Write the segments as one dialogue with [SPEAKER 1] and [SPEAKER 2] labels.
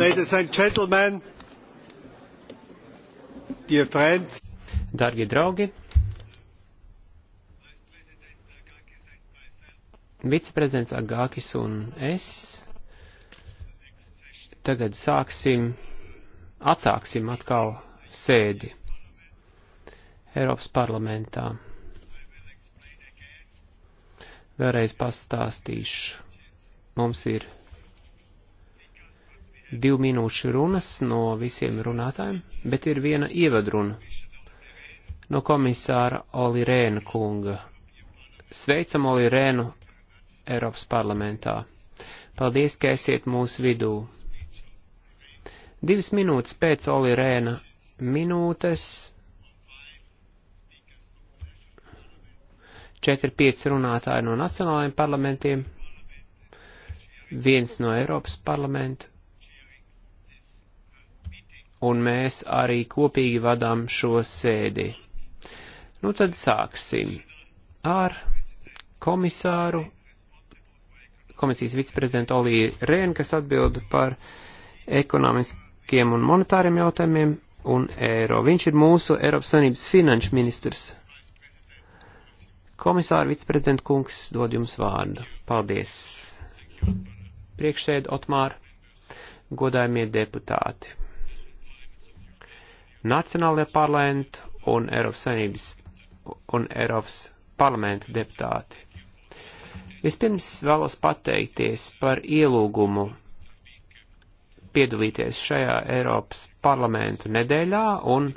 [SPEAKER 1] Ladies and gentlemen,
[SPEAKER 2] dear friends. Dargie draugi, viceprezidents Agākis un es tagad sāksim, atsāksim atkal sēdi Eiropas parlamentā. Vēlreiz pastāstīšu. Mums ir divu minūšu runas no visiem runātājiem, bet ir viena ievadruna no komisāra Oli Rēna kunga. Sveicam Oli Rēnu Eiropas parlamentā. Paldies, ka esiet mūsu vidū. Divas minūtes pēc Oli Rēna minūtes 4-5 runātāji no nacionālajiem parlamentiem, viens no Eiropas parlamenta un mēs arī kopīgi vadām šo sēdi. Nu tad sāksim ar komisāru, komisijas viceprezidentu Oliju Rēnu, kas atbild par ekonomiskiem un monetāriem jautājumiem un eiro. Viņš ir mūsu Eiropas Savienības finanšu ministrs. Komisāra viceprezidenta kungs dod jums vārdu. Paldies. Priekšsēd Otmār, godājumie deputāti nacionālajie parlamenti un Eiropas Savienības un Eiropas parlamenta deputāti. Vispirms vēlos pateikties par ielūgumu piedalīties šajā Eiropas parlamentu nedēļā un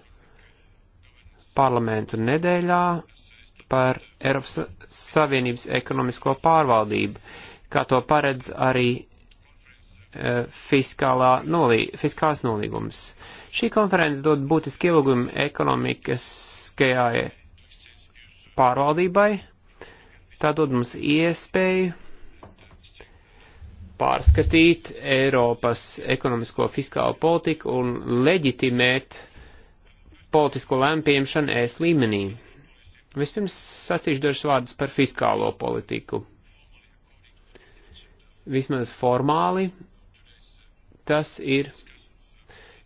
[SPEAKER 2] parlamentu nedēļā par Eiropas Savienības ekonomisko pārvaldību, kā to paredz arī Eh, fiskālā nolī, fiskālās nolīgums. Šī konferences dod būtiski ielūgumu ekonomikaskajai pārvaldībai. Tā dod mums iespēju pārskatīt Eiropas ekonomisko fiskālo politiku un leģitimēt politisko lēmu pieņemšanu ēs līmenī. Vispirms sacīšu dažus vārdus par fiskālo politiku. Vismaz formāli Tas ir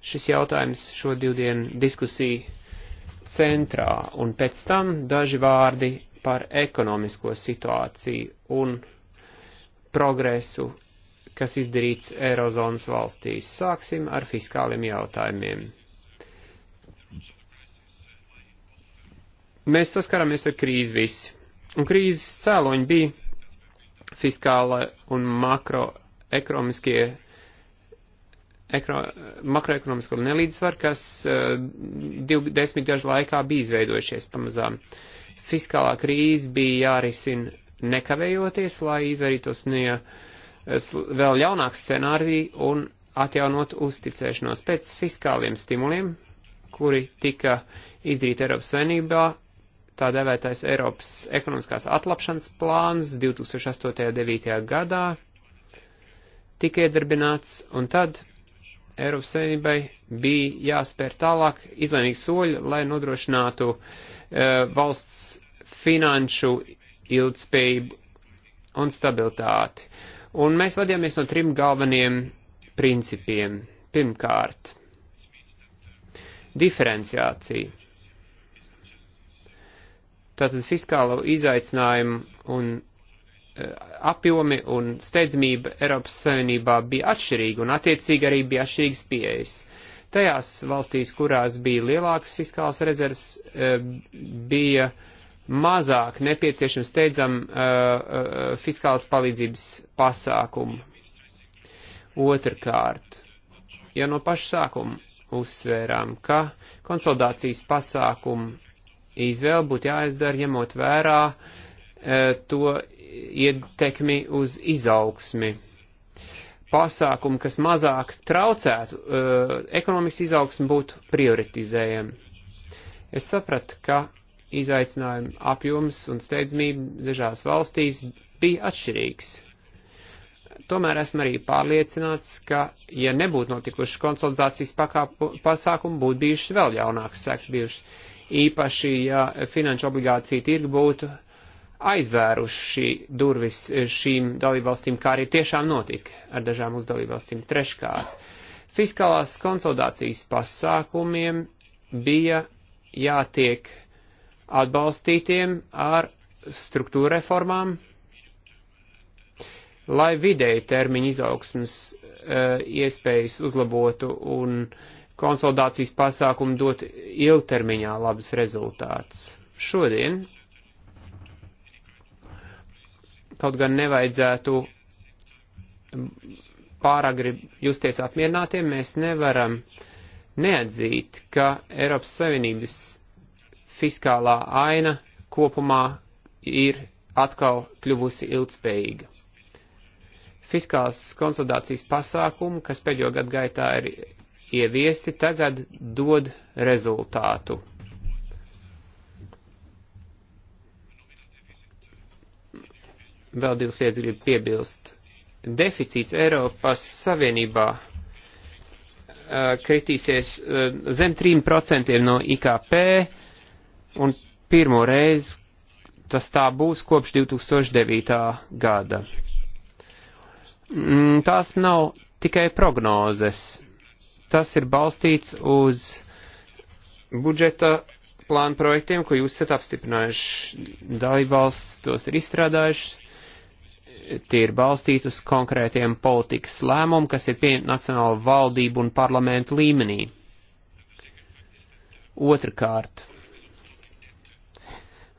[SPEAKER 2] šis jautājums šo divdienu diskusiju centrā, un pēc tam daži vārdi par ekonomisko situāciju un progresu, kas izdarīts Eirozonas valstīs. Sāksim ar fiskāliem jautājumiem. Mēs saskaramies ar krīzi visi, un krīzes cēloņi bija fiskāla un makroekonomiskie ekro, makroekonomisko nelīdzsvaru, kas uh, eh, divu desmitgažu laikā bija izveidojušies pamazām. Fiskālā krīze bija jārisina nekavējoties, lai izvarītos no eh, vēl jaunāks scenārija un atjaunot uzticēšanos pēc fiskāliem stimuliem, kuri tika izdarīti Eiropas Savienībā, tā devētais Eiropas ekonomiskās atlapšanas plāns 2008. un 2009. gadā tika iedarbināts, un tad Eiropas Savienībai bija jāspēr tālāk izlēmīgi soļi, lai nodrošinātu uh, valsts finanšu ilgspējību un stabilitāti. Un mēs vadījāmies no trim galveniem principiem. Pirmkārt, diferenciācija. Tātad fiskālo izaicinājumu un Eh, apjomi un steidzamība Eiropas Savienībā bija atšķirīga un attiecīgi arī bija atšķirīgas pieejas. Tajās valstīs, kurās bija lielākas fiskālas rezerves, eh, bija mazāk nepieciešams steidzam eh, fiskālas palīdzības pasākumu. Otrkārt, jau no paša sākuma uzsvērām, ka konsolidācijas pasākumu izvēle būtu jāizdara ņemot vērā uh, E, to ietekmi uz izaugsmi. Pasākumi, kas mazāk traucētu e, ekonomikas izaugsmi, būtu prioritizējami. Es sapratu, ka izaicinājumu apjoms un steidzamība dažās valstīs bija atšķirīgs. Tomēr esmu arī pārliecināts, ka, ja nebūtu notikušas konsolidācijas pakāpu, pasākumu, būtu bijušas vēl jaunākas seks bijušas. Īpaši, ja finanšu obligāciju tirgi būtu aizvēruši durvis šīm dalībvalstīm, kā arī tiešām notika ar dažām uz dalībvalstīm. Treškārt, fiskālās konsolidācijas pasākumiem bija jātiek atbalstītiem ar struktūra reformām, lai vidēji termiņa izaugsmas uh, iespējas uzlabotu un konsolidācijas pasākumu dot ilgtermiņā labas rezultāts. Šodien Kaut gan nevajadzētu pāragri justies apmierinātiem, mēs nevaram neatzīt, ka Eiropas Savienības fiskālā aina kopumā ir atkal kļuvusi ilgspējīga. Fiskālās konsolidācijas pasākumi, kas pēdējo gadu gaitā ir ieviesti, tagad dod rezultātu. Vēl divas lietas gribu piebilst. Deficīts Eiropas Savienībā kritīsies zem 3% no IKP, un pirmo reizi tas tā būs kopš 2009. gada. Mm, tās nav tikai prognozes. Tas ir balstīts uz budžeta plānu projektiem, ko jūs esat apstiprinājuši. Dalībvalsts tos ir izstrādājuši tie ir balstīti uz konkrētiem politikas lēmumu, kas ir pieņemti nacionālu valdību un parlamentu līmenī. Otrakārt,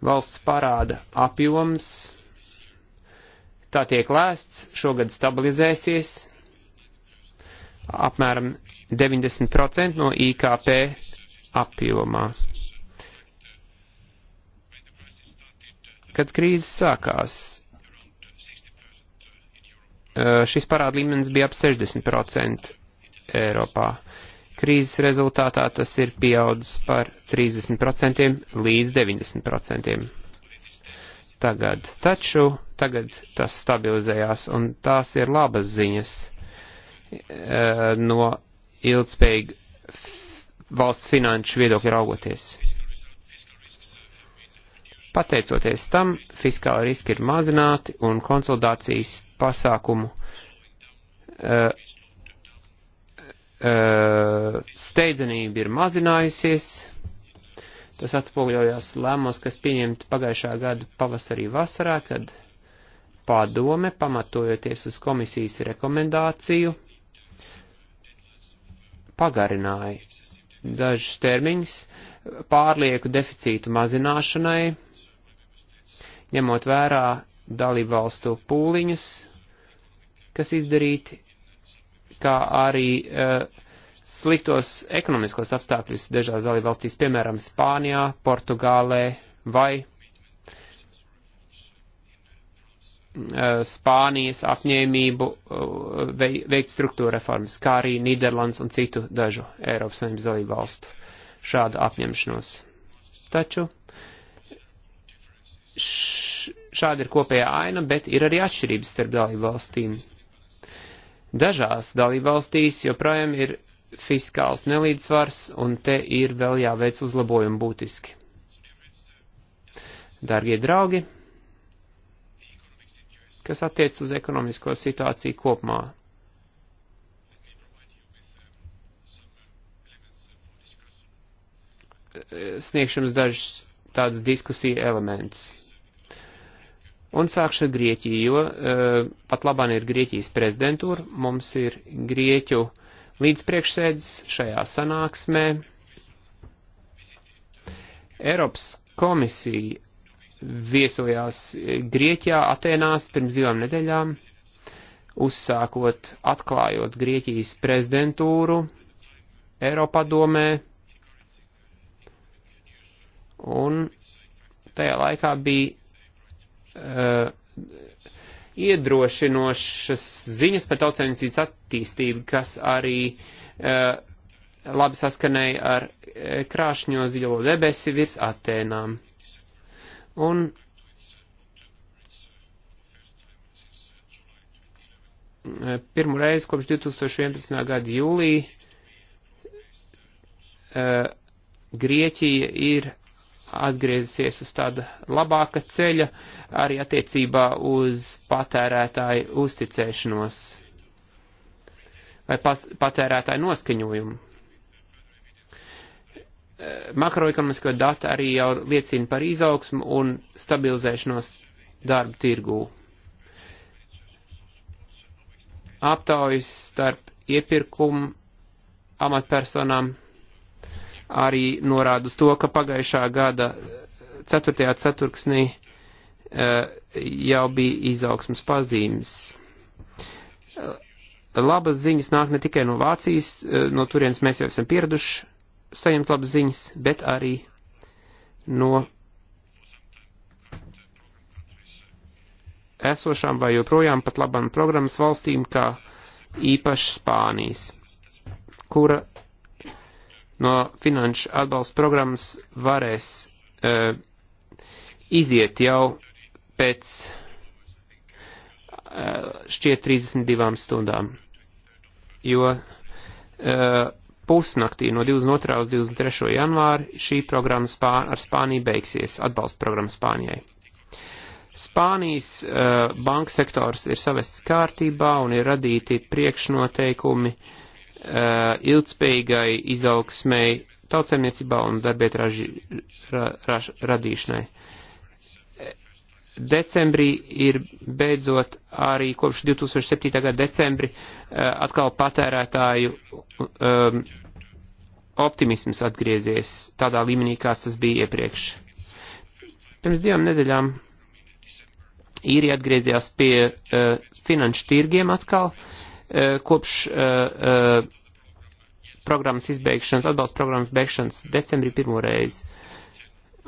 [SPEAKER 2] valsts parāda apjoms, tā tiek lēsts, šogad stabilizēsies apmēram 90% no IKP apjomā. Kad krīze sākās, Eh, šis parāda līmenis bija ap 60% Eiropā. Krīzes rezultātā tas ir pieaudzis par 30% līdz 90% tagad. Taču tagad tas stabilizējās, un tās ir labas ziņas eh, no ilgspējīga valsts finanšu viedokļa raugoties. Pateicoties tam, fiskāla riski ir mazināti un konsolidācijas pasākumu uh, e, uh, e, steidzenība ir mazinājusies. Tas atspoguļojās lēmumos, kas pieņemti pagājušā gada pavasarī vasarā, kad padome, pamatojoties uz komisijas rekomendāciju, pagarināja dažus termiņus pārlieku deficītu mazināšanai, ņemot vērā dalību valstu pūliņus, kas izdarīti, kā arī uh, sliktos ekonomiskos apstākļus dažās dalību valstīs, piemēram, Spānijā, Portugālē vai eh, Spānijas apņēmību eh, veikt struktūra reformas, kā arī Nīderlands un citu dažu Eiropas Savienības dalību valstu šādu apņemšanos. Taču š šāda ir kopējā aina, bet ir arī atšķirības starp dalību valstīm. Dažās dalību valstīs joprojām ir fiskāls nelīdzsvars, un te ir vēl jāveic uzlabojumi būtiski. Dargie draugi, kas attiec uz ekonomisko situāciju kopumā, sniegšu jums dažus tādus diskusiju elementus. Un sākšu ar Grieķiju, jo uh, pat labāk ir Grieķijas prezidentūra, mums ir Grieķu līdzpriekšsēdis šajā sanāksmē. Eiropas komisija viesojās eh, Grieķijā, Atenās pirms divām nedēļām, uzsākot, atklājot Grieķijas prezidentūru Eiropadomē, un tajā laikā bija Uh, iedrošinošas ziņas par tautsainicības attīstību, kas arī uh, labi saskanēja ar uh, krāšņo zilo debesi virs Atēnām. Un pirmo reizi kopš 2011. gada jūlī uh, Grieķija ir atgriezies uz tāda labāka ceļa, arī attiecībā uz patērētāju uzticēšanos vai pas, patērētāju noskaņojumu. Makroekonomisko data arī jau liecina par izaugsmu un stabilizēšanos darba tirgū. Aptaujas starp iepirkumu amatpersonām arī norāda uz to, ka pagājušā gada 4. ceturksnī e, jau bija izaugsmas pazīmes. E, labas ziņas nāk ne tikai no Vācijas, e, no turienes mēs jau esam pieraduši saņemt labas ziņas, bet arī no esošām vai joprojām pat labām programmas valstīm, kā īpaši Spānijas, kura no finanšu atbalsta programmas varēs uh, iziet jau pēc uh, šķiet 32 stundām, jo uh, pusnaktī no 22. uz 23. janvāri šī programma spā, ar Spāniju beigsies, atbalsta programma Spānijai. Spānijas uh, banka sektors ir savests kārtībā un ir radīti priekšnoteikumi uh, Uh, ilgspējīgai izaugsmēji tautsēmniecībā un darbiet raži, ra, raž, radīšanai. Decembrī ir beidzot arī kopš 2007. gada decembri uh, atkal patērētāju um, optimisms atgriezies tādā līmenī, kāds tas bija iepriekš. Pirms divām nedēļām īri atgriezījās pie uh, finanšu tirgiem atkal. Uh, E, kopš e, e, programmas izbeigšanas, atbalsta programmas beigšanas decembrī pirmo reizi.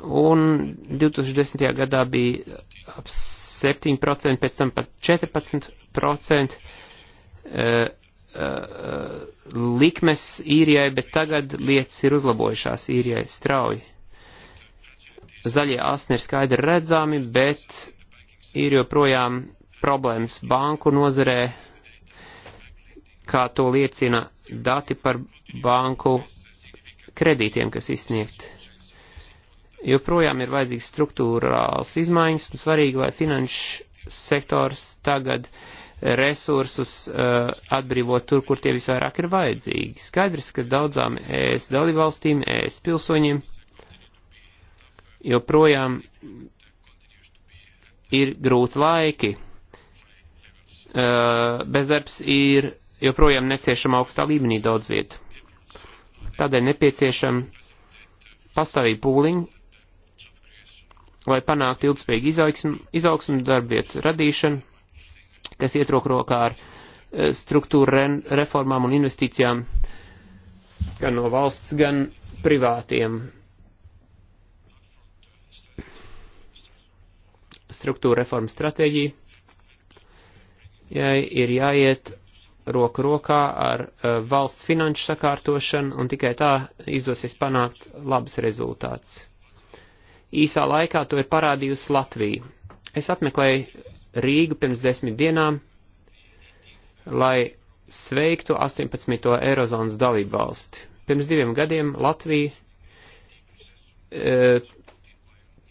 [SPEAKER 2] Un 2010. gadā bija ap 7%, pēc tam pat 14% likmes īrijai, bet tagad lietas ir uzlabojušās īrijai strauji. Zaļie asni ir skaidri redzami, bet ir joprojām problēmas banku nozarē, kā to liecina dati par banku kredītiem, kas izsniegt. Joprojām ir vajadzīgs struktūrāls izmaiņas un svarīgi, lai finanšu sektors tagad resursus uh, eh, atbrīvot tur, kur tie visvairāk ir vajadzīgi. Skaidrs, ka daudzām ES dalībvalstīm, ES pilsoņiem joprojām ir grūti laiki. Uh, bezdarbs ir joprojām neciešama augstā līmenī daudz vietu. Tādēļ nepieciešama pastāvīga pūliņa, lai panāktu ilgspējīgu izaugsmu, izaugsmu darbvietu radīšanu, kas iet roku rokā ar e, struktūra reformām un investīcijām gan no valsts, gan privātiem struktūra reforma stratēģija, jai ir jāiet roku rokā ar eh, valsts finanšu sakārtošanu, un tikai tā izdosies panākt labs rezultāts. Īsā laikā to ir parādījusi Latvija. Es apmeklēju Rīgu pirms desmit dienām, lai sveiktu 18. Eirozonas dalību valsti. Pirms diviem gadiem Latvija e,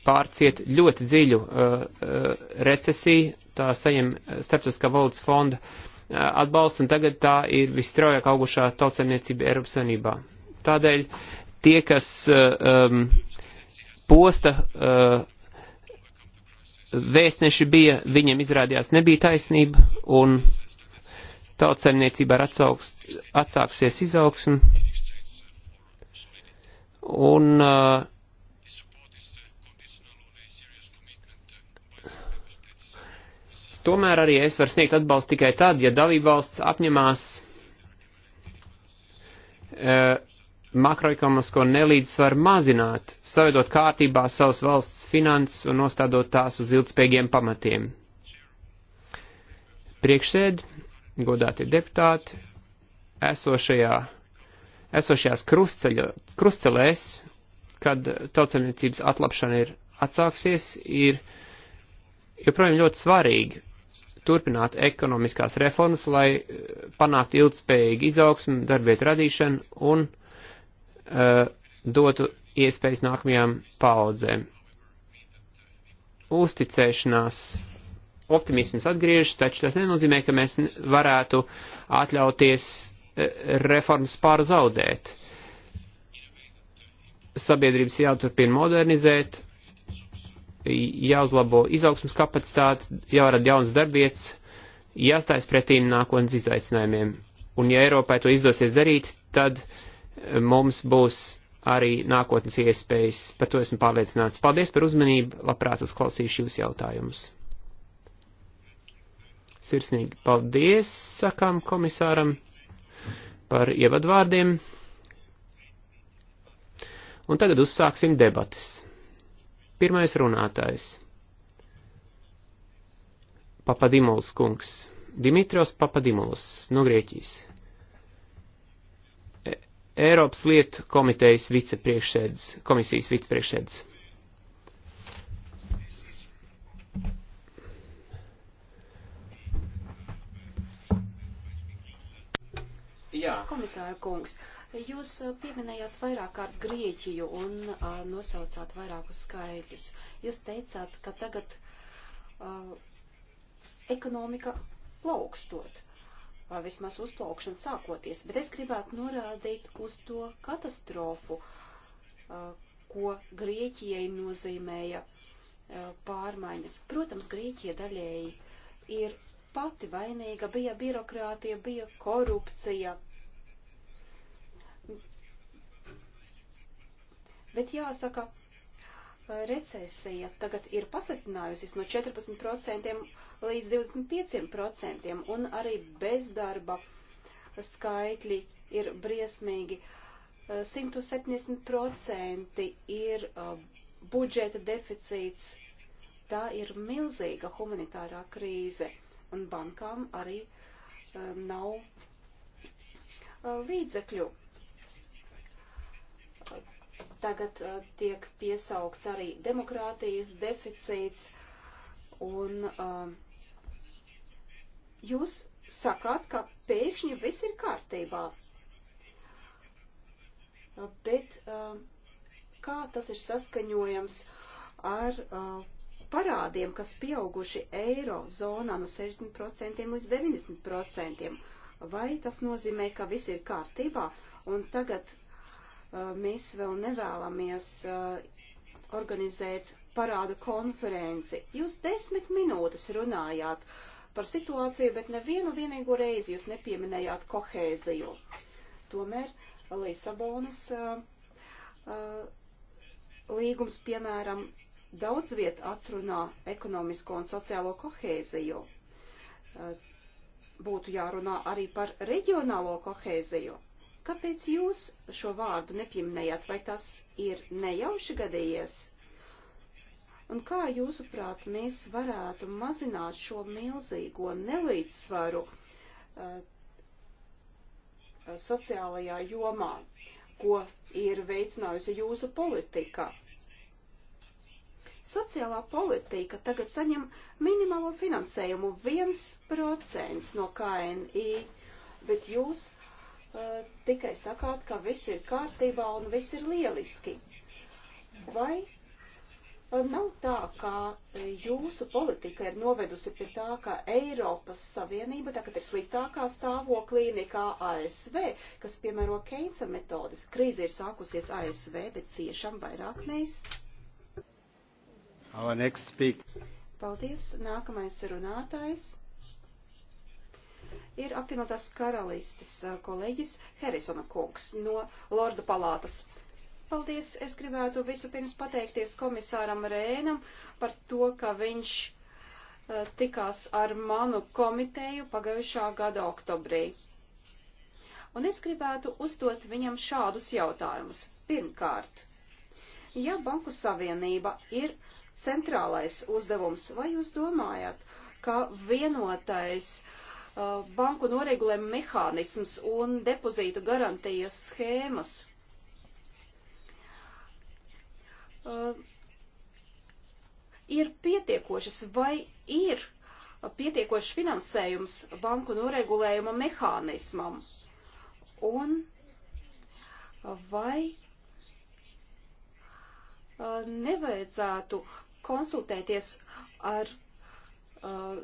[SPEAKER 2] pārciet ļoti dziļu e, recesiju, tā saņem starptautiskā valodas fonda e, atbalstu, un tagad tā ir visstraujāk augušā tautsaimniecība Eiropas Savienībā. Tādēļ tie, kas um, posta uh, vēstneši bija, viņiem izrādījās nebija taisnība, un tautsaimniecībā ir atsauks, atsāksies izaugsme. Un uh, Tomēr arī es varu sniegt atbalstu tikai tad, ja dalībvalsts apņemās uh, makroekonomisko nelīdzsvaru mazināt, savedot kārtībā savas valsts finanses un nostādot tās uz ilgspējīgiem pamatiem. Priekšsēd, godātie deputāti, esošajā, esošajās krustcelēs, kad tautsamniecības atlapšana ir atsāksies, ir joprojām ļoti svarīgi turpināt ekonomiskās reformas, lai eh, panāktu ilgspējīgu izaugsmu, darbvietu radīšanu un uh, dotu iespējas nākamajām paudzēm. Uzticēšanās optimisms atgriežas, taču tas nenozīmē, ka mēs varētu atļauties eh, reformas pārzaudēt. Sabiedrības jāturpina modernizēt, jāuzlabo izaugsmas kapacitāte, jārada jauns darbietis, jāstājas pretīm nākotnes izaicinājumiem. Un ja Eiropai to izdosies darīt, tad eh, mums būs arī nākotnes iespējas. Par to esmu pārliecināts. Paldies par uzmanību, labprāt uzklausīšu jūs jautājumus. Sirsnīgi paldies, sakām komisāram, par ievadvārdiem. Un tagad uzsāksim debatas. Pirmais runātājs. Papadimuls kungs. Dimitrios Papadimuls no Grieķijas. E Eiropas lietu komitejas vicepriekšsēdz, komisijas vicepriekšsēdz.
[SPEAKER 3] Jā. Komisāra kungs, Jūs eh, pieminējāt vairāk kārt Grieķiju un a, eh, nosaucāt vairākus skaidrus. Jūs teicāt, ka tagad a, eh, ekonomika plaukstot, a, vismaz uzplaukšana sākoties, bet es gribētu norādīt uz to katastrofu, a, ko Grieķijai nozīmēja a, pārmaiņas. Protams, Grieķija daļēji ir pati vainīga, bija birokrātija, bija korupcija, Bet jāsaka, recesija tagad ir pasliktinājusies no 14% līdz 25%, un arī bezdarba skaitļi ir briesmīgi. 170% ir budžeta deficīts. Tā ir milzīga humanitārā krīze, un bankām arī nav līdzekļu tagad uh, tiek piesaukts arī demokrātijas deficīts. Un uh, jūs sakāt, ka pēkšņi viss ir kārtībā. Uh, bet uh, kā tas ir saskaņojams ar uh, parādiem, kas pieauguši eiro zonā no 60% līdz 90%? Vai tas nozīmē, ka viss ir kārtībā? Un tagad Uh, mēs vēl nevēlamies uh, organizēt parādu konferenci. Jūs desmit minūtes runājāt par situāciju, bet nevienu vienīgo reizi jūs nepieminējāt kohēziju. Tomēr Lisabonas uh, līgums, piemēram, daudz viet atrunā ekonomisko un sociālo kohēziju. Būtu jārunā arī par reģionālo kohēziju. Kāpēc jūs šo vārdu nepieminējāt, vai tas ir nejauši gadījies? Un kā jūsuprāt mēs varētu mazināt šo milzīgo nelīdzsvaru uh, sociālajā jomā, ko ir veicinājusi jūsu politika? Sociālā politika tagad saņem minimālo finansējumu 1% no KNI, bet jūs Eh, tikai sakāt, ka viss ir kārtībā un viss ir lieliski. Vai eh, nav tā, ka jūsu politika ir novedusi pie tā, ka Eiropas Savienība tagad ir sliktākā stāvoklī nekā ASV, kas piemēro Keinsa metodas. Krīze ir sākusies ASV, bet ciešam vairāk mēs. Paldies. Nākamais runātājs ir apvienotās karalistes kolēģis Harrisona kungs no Lordu palātas. Paldies! Es gribētu visu pirms pateikties komisāram Rēnam par to, ka viņš tikās ar manu komiteju pagājušā gada oktobrī. Un es gribētu uzdot viņam šādus jautājumus. Pirmkārt, ja Banku Savienība ir centrālais uzdevums, vai jūs domājat, ka vienotais uh, Uh, banku noregulējuma mehānisms un depozītu garantijas schēmas. Uh, ir pietiekošas vai ir pietiekošs finansējums banku noregulējuma mehānismam? Un vai uh, nevajadzētu konsultēties ar uh,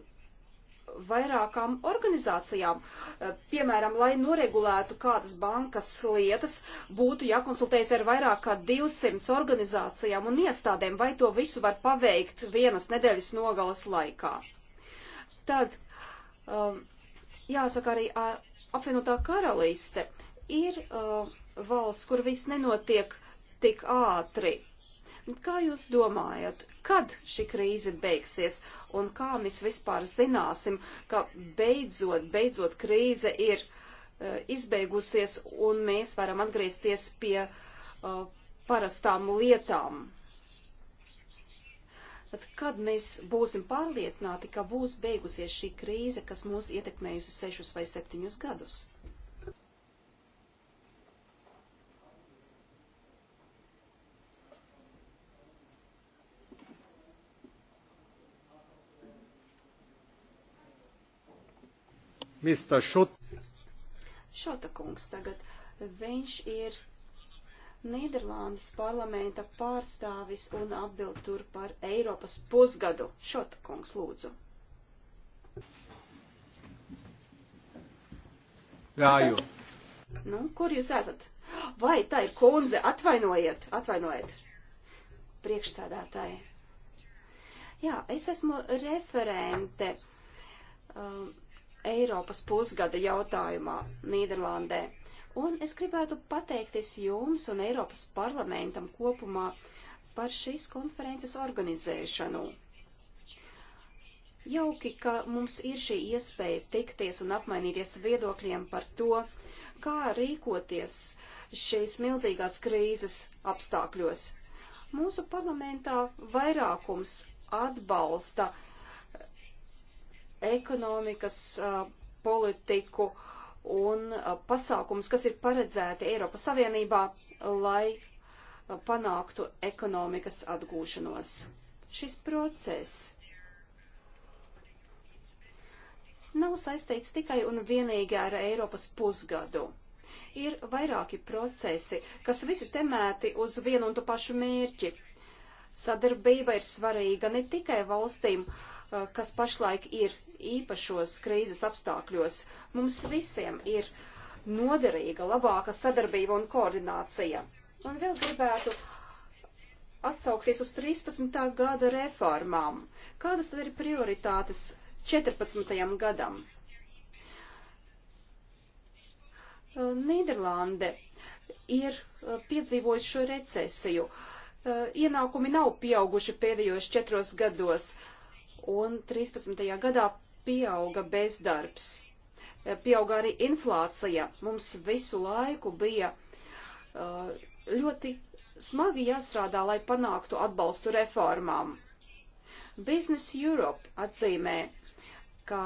[SPEAKER 3] vairākām organizācijām. Eh, piemēram, lai noregulētu kādas bankas lietas, būtu jākonsultējas ar vairāk kā 200 organizācijām un iestādēm, vai to visu var paveikt vienas nedēļas nogalas laikā. Tad, um, jāsaka arī apvienotā karaliste, ir um, valsts, kur viss nenotiek tik ātri. Kā jūs domājat, kad šī krīze beigsies un kā mēs vispār zināsim, ka beidzot, beidzot krīze ir uh, izbeigusies un mēs varam atgriezties pie uh, parastām lietām? Tad, kad mēs būsim pārliecināti, ka būs beigusies šī krīze, kas mūs ietekmējusi sešus vai septiņus gadus?
[SPEAKER 1] Mr. Šut.
[SPEAKER 3] Šota kungs tagad. Viņš ir Nīderlandes parlamenta pārstāvis un atbild tur par Eiropas pusgadu. Šota kungs, lūdzu. Gāju. Nu, kur jūs esat? Vai tā ir kundze? Atvainojiet, atvainojiet. Priekšsēdētāji. Jā, es esmu referente. Um, Eiropas pusgada jautājumā Nīderlandē. Un es gribētu pateikties jums un Eiropas parlamentam kopumā par šīs konferences organizēšanu. Jauki, ka mums ir šī iespēja tikties un apmainīties viedokļiem par to, kā rīkoties šīs milzīgās krīzes apstākļos. Mūsu parlamentā vairākums atbalsta uh, ekonomikas politiku un pasākumus, kas ir paredzēti Eiropas Savienībā, lai panāktu ekonomikas atgūšanos. Šis process nav saistīts tikai un vienīgi ar Eiropas pusgadu. Ir vairāki procesi, kas visi temēti uz vienu un to pašu mērķi. Sadarbība ir svarīga ne tikai valstīm, kas pašlaik ir īpašos krīzes apstākļos. Mums visiem ir noderīga labāka sadarbība un koordinācija. Un vēl gribētu atsaukties uz 13. gada reformām. Kādas tad ir prioritātes 14. gadam? Nīderlande ir piedzīvojuši šo recesiju. Ienākumi nav pieauguši pēdējos četros gados, un 13. gadā pieauga bezdarbs, e, pieauga arī inflācija. Mums visu laiku bija e, ļoti smagi jāstrādā, lai panāktu atbalstu reformām. Business Europe atzīmē, ka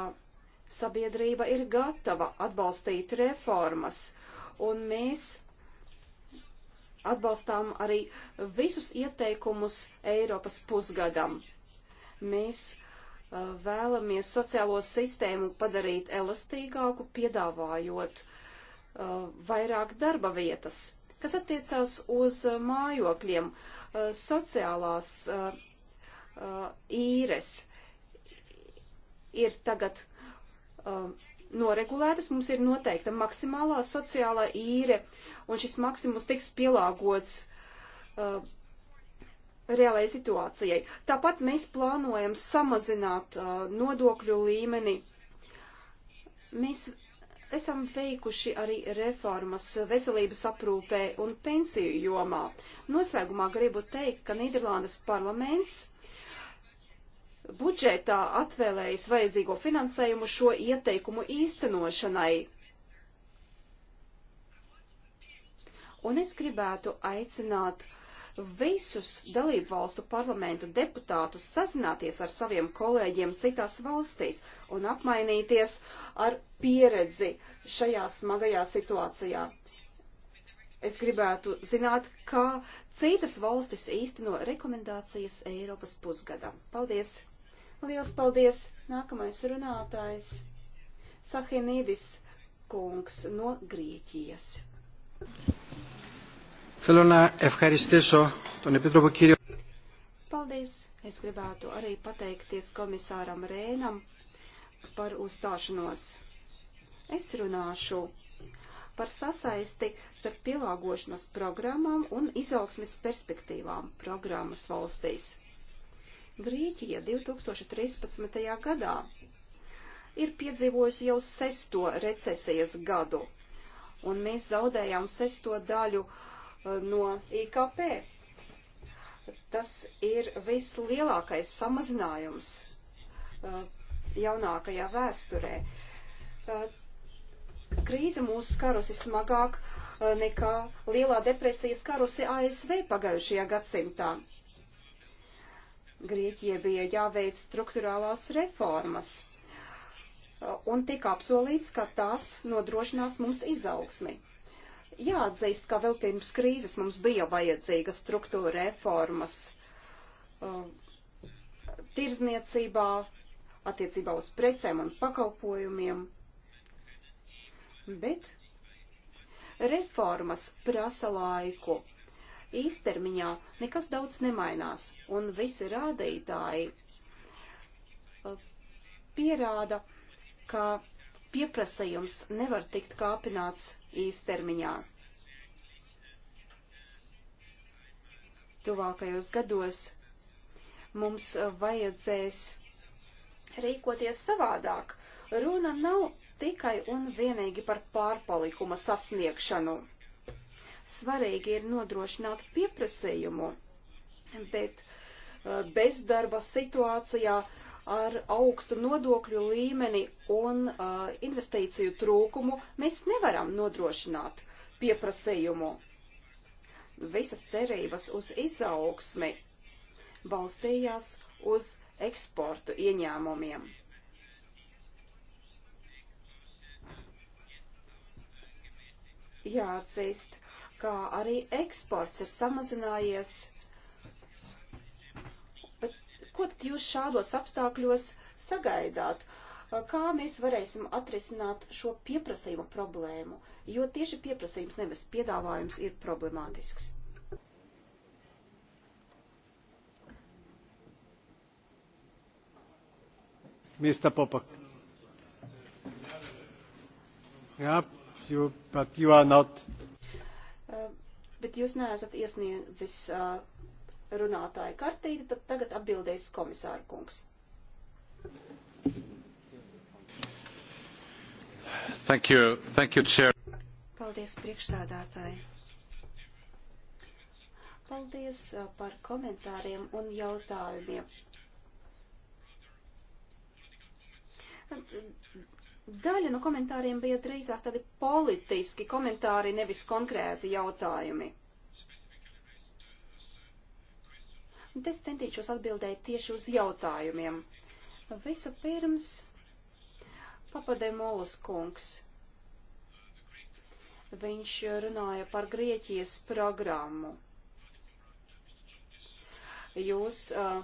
[SPEAKER 3] sabiedrība ir gatava atbalstīt reformas, un mēs atbalstām arī visus ieteikumus Eiropas pusgadam. Mēs uh, vēlamies sociālo sistēmu padarīt elastīgāku, piedāvājot uh, vairāk darba vietas, kas attiecās uz uh, mājokļiem, uh, sociālās īres ir tagad noregulētas, mums ir noteikta maksimālā sociālā īre, un šis maksimums tiks pielāgots reālajai situācijai. Tāpat mēs plānojam samazināt uh, nodokļu līmeni. Mēs esam veikuši arī reformas veselības aprūpē un pensiju jomā. Noslēgumā gribu teikt, ka Nīderlandes parlaments budžetā atvēlējis vajadzīgo finansējumu šo ieteikumu īstenošanai. Un es gribētu aicināt uh, visus dalību valstu parlamentu deputātus sazināties ar saviem kolēģiem citās valstīs un apmainīties ar pieredzi šajā smagajā situācijā. Es gribētu zināt, kā citas valstis īsteno rekomendācijas Eiropas pusgadam. Paldies! Liels paldies! Nākamais runātājs Sahinīdis kungs no Grieķijas.
[SPEAKER 1] Θέλω να ευχαριστήσω τον Επίτροπο κύριο.
[SPEAKER 3] Paldies! Es gribētu arī pateikties komisāram Rēnam par uzstāšanos. Es runāšu par sasaisti starp pielāgošanas programmām un izaugsmes perspektīvām programmas valstīs. Grieķija 2013. gadā ir piedzīvojusi jau sesto recesijas gadu, un mēs zaudējām sesto daļu uh, no IKP. Tas ir vislielākais samazinājums uh, jaunākajā vēsturē. Uh, krīze mūs skarusi smagāk uh, nekā lielā depresija skarusi ASV pagājušajā gadsimtā. Grieķija bija jāveic struktūrālās reformas un tika apsolīts, ka tās nodrošinās mums izaugsmi. Jāatzīst, ka vēl pirms krīzes mums bija vajadzīga struktūra reformas uh, tirzniecībā, attiecībā uz precēm un pakalpojumiem, bet reformas prasa laiku. Īstermiņā nekas daudz nemainās, un visi rādītāji uh, pierāda, ka pieprasījums nevar tikt kāpināts īstermiņā. Tuvākajos gados mums vajadzēs rīkoties savādāk. Runa nav tikai un vienīgi par pārpalikuma sasniegšanu. Svarīgi ir nodrošināt pieprasījumu, bet eh, bezdarba situācijā uh, ar augstu nodokļu līmeni un uh, investīciju trūkumu mēs nevaram nodrošināt pieprasījumu. Visas cerības uz izaugsmi balstījās uz eksportu ieņēmumiem. Jāatzīst, kā arī eksports ir samazinājies Ko tad jūs šādos apstākļos sagaidāt? Kā mēs varēsim atrisināt šo pieprasījuma problēmu? Jo tieši pieprasījums, nevis piedāvājums, ir problemātisks. Mr. Popak.
[SPEAKER 1] Yeah, you, but you are not.
[SPEAKER 3] Uh, bet jūs neesat iesniedzis uh, runātāja kartīti, tad tagad atbildēs komisāra kungs. Thank you. Thank you, chair. Paldies priekšsādātāji. Paldies uh, par komentāriem un jautājumiem. Daļa no komentāriem bija drīzāk tādi politiski komentāri, nevis konkrēti jautājumi. Un es centīšos atbildēt tieši uz jautājumiem. Visu pirms Papademolas kungs. Viņš runāja par Grieķijas programmu. Jūs uh,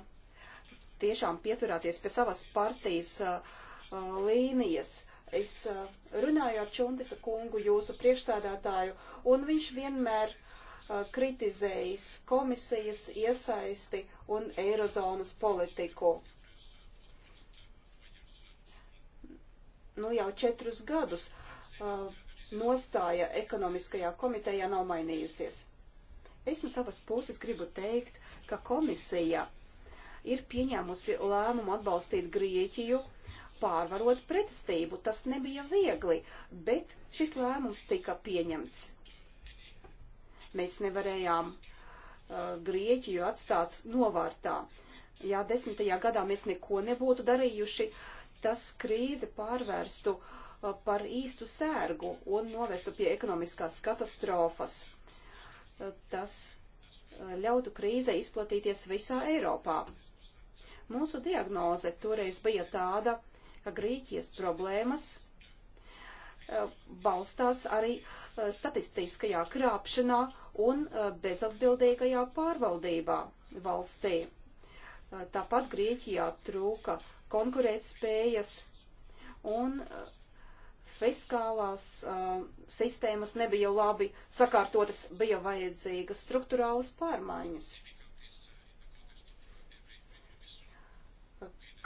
[SPEAKER 3] tiešām pieturāties pie savas partijas uh, uh līnijas. Es uh, runāju ar Čuntisa kungu, jūsu priekšsēdētāju, un viņš vienmēr uh, Uh, kritizējis komisijas iesaisti un eirozonas politiku. Nu, jau četrus gadus uh, nostāja ekonomiskajā komitejā nav mainījusies. Es no savas puses gribu teikt, ka komisija ir pieņēmusi lēmumu atbalstīt Grieķiju, pārvarot pretestību. Tas nebija viegli, bet šis lēmums tika pieņemts. Mēs nevarējām uh, Grieķiju atstāt novārtā. Ja desmitajā gadā mēs neko nebūtu darījuši, tas krīze pārvērstu uh, par īstu sērgu un novestu pie ekonomiskās katastrofas. Uh, tas ļautu krīze izplatīties visā Eiropā. Mūsu diagnoze toreiz bija tāda, ka Grieķijas problēmas Eh, balstās arī eh, statistiskajā krāpšanā un eh, bezatbildīgajā pārvaldībā valstī. Tāpat Grieķijā trūka konkurētspējas un fiskālās uh, sistēmas nebija labi sakārtotas, bija vajadzīgas struktūrālas pārmaiņas.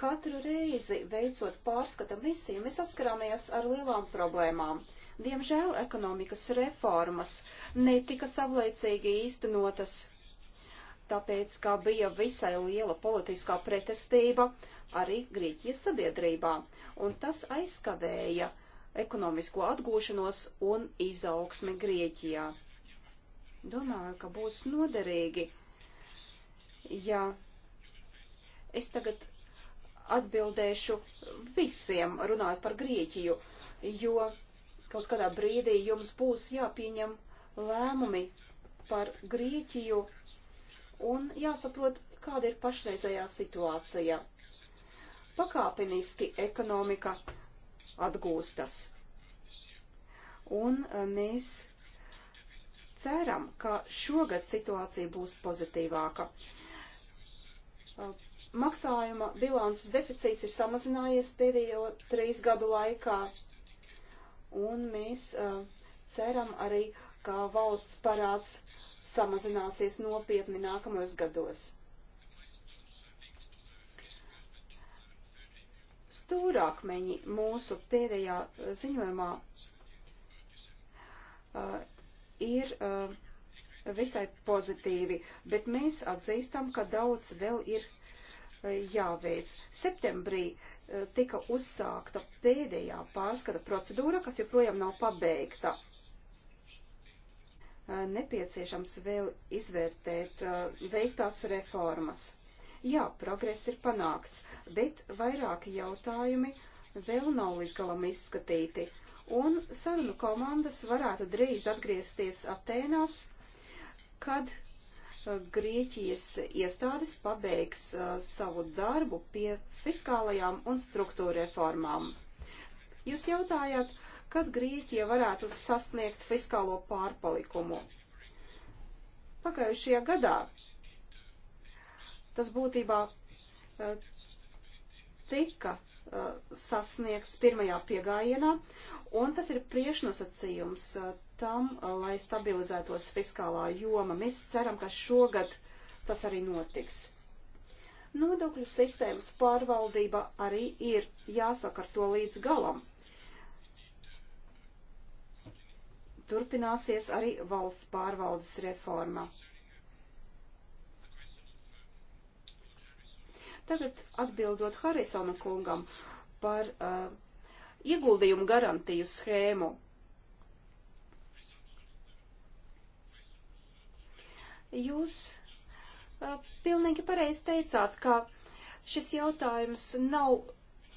[SPEAKER 3] Katru reizi veicot pārskata misiju, mēs saskarāmies ar lielām problēmām. Diemžēl ekonomikas reformas netika savlaicīgi īstenotas, tāpēc, kā bija visai liela politiskā pretestība arī Grieķijas sabiedrībā, un tas aizskavēja ekonomisko atgūšanos un izaugsmi Grieķijā. Domāju, ka būs noderīgi, ja es tagad atbildēšu visiem runājot par Grieķiju, jo kaut kādā brīdī jums būs jāpieņem lēmumi par Grieķiju un jāsaprot, kāda ir pašreizējā situācija. Pakāpeniski ekonomika atgūstas. Un e, mēs ceram, ka šogad situācija būs pozitīvāka e, maksājuma bilances deficīts ir samazinājies pēdējo trīs gadu laikā. Un mēs uh, ceram arī, ka valsts parāds samazināsies nopietni nākamajos gados. Stūrākmeņi mūsu pēdējā uh, ziņojumā uh, ir uh, visai pozitīvi, bet mēs atzīstam, ka daudz vēl ir E, jāveic. Septembrī e, tika uzsākta pēdējā pārskata procedūra, kas joprojām nav pabeigta. E, nepieciešams vēl izvērtēt veiktās reformas. Jā, progress ir panākts, bet vairāki jautājumi vēl nav līdz galam izskatīti, un sarunu komandas varētu drīz atgriezties Atēnās, kad Uh, Grieķijas iestādes pabeigs uh, savu darbu pie fiskālajām un struktūra reformām. Jūs jautājāt, kad Grieķija varētu sasniegt fiskālo pārpalikumu. Pagājušajā gadā tas būtībā uh, tika Uh, sasniegts pirmajā piegājienā, un tas ir priešnosacījums uh, tam, uh, lai stabilizētos fiskālā joma. Mēs ceram, ka šogad tas arī notiks. Nodokļu sistēmas pārvaldība arī ir jāsakarto līdz galam. Turpināsies arī valsts pārvaldes reforma. Tagad atbildot Harisona kungam par uh, ieguldījumu garantiju schēmu. Jūs uh, pilnīgi pareizi teicāt, ka šis jautājums nav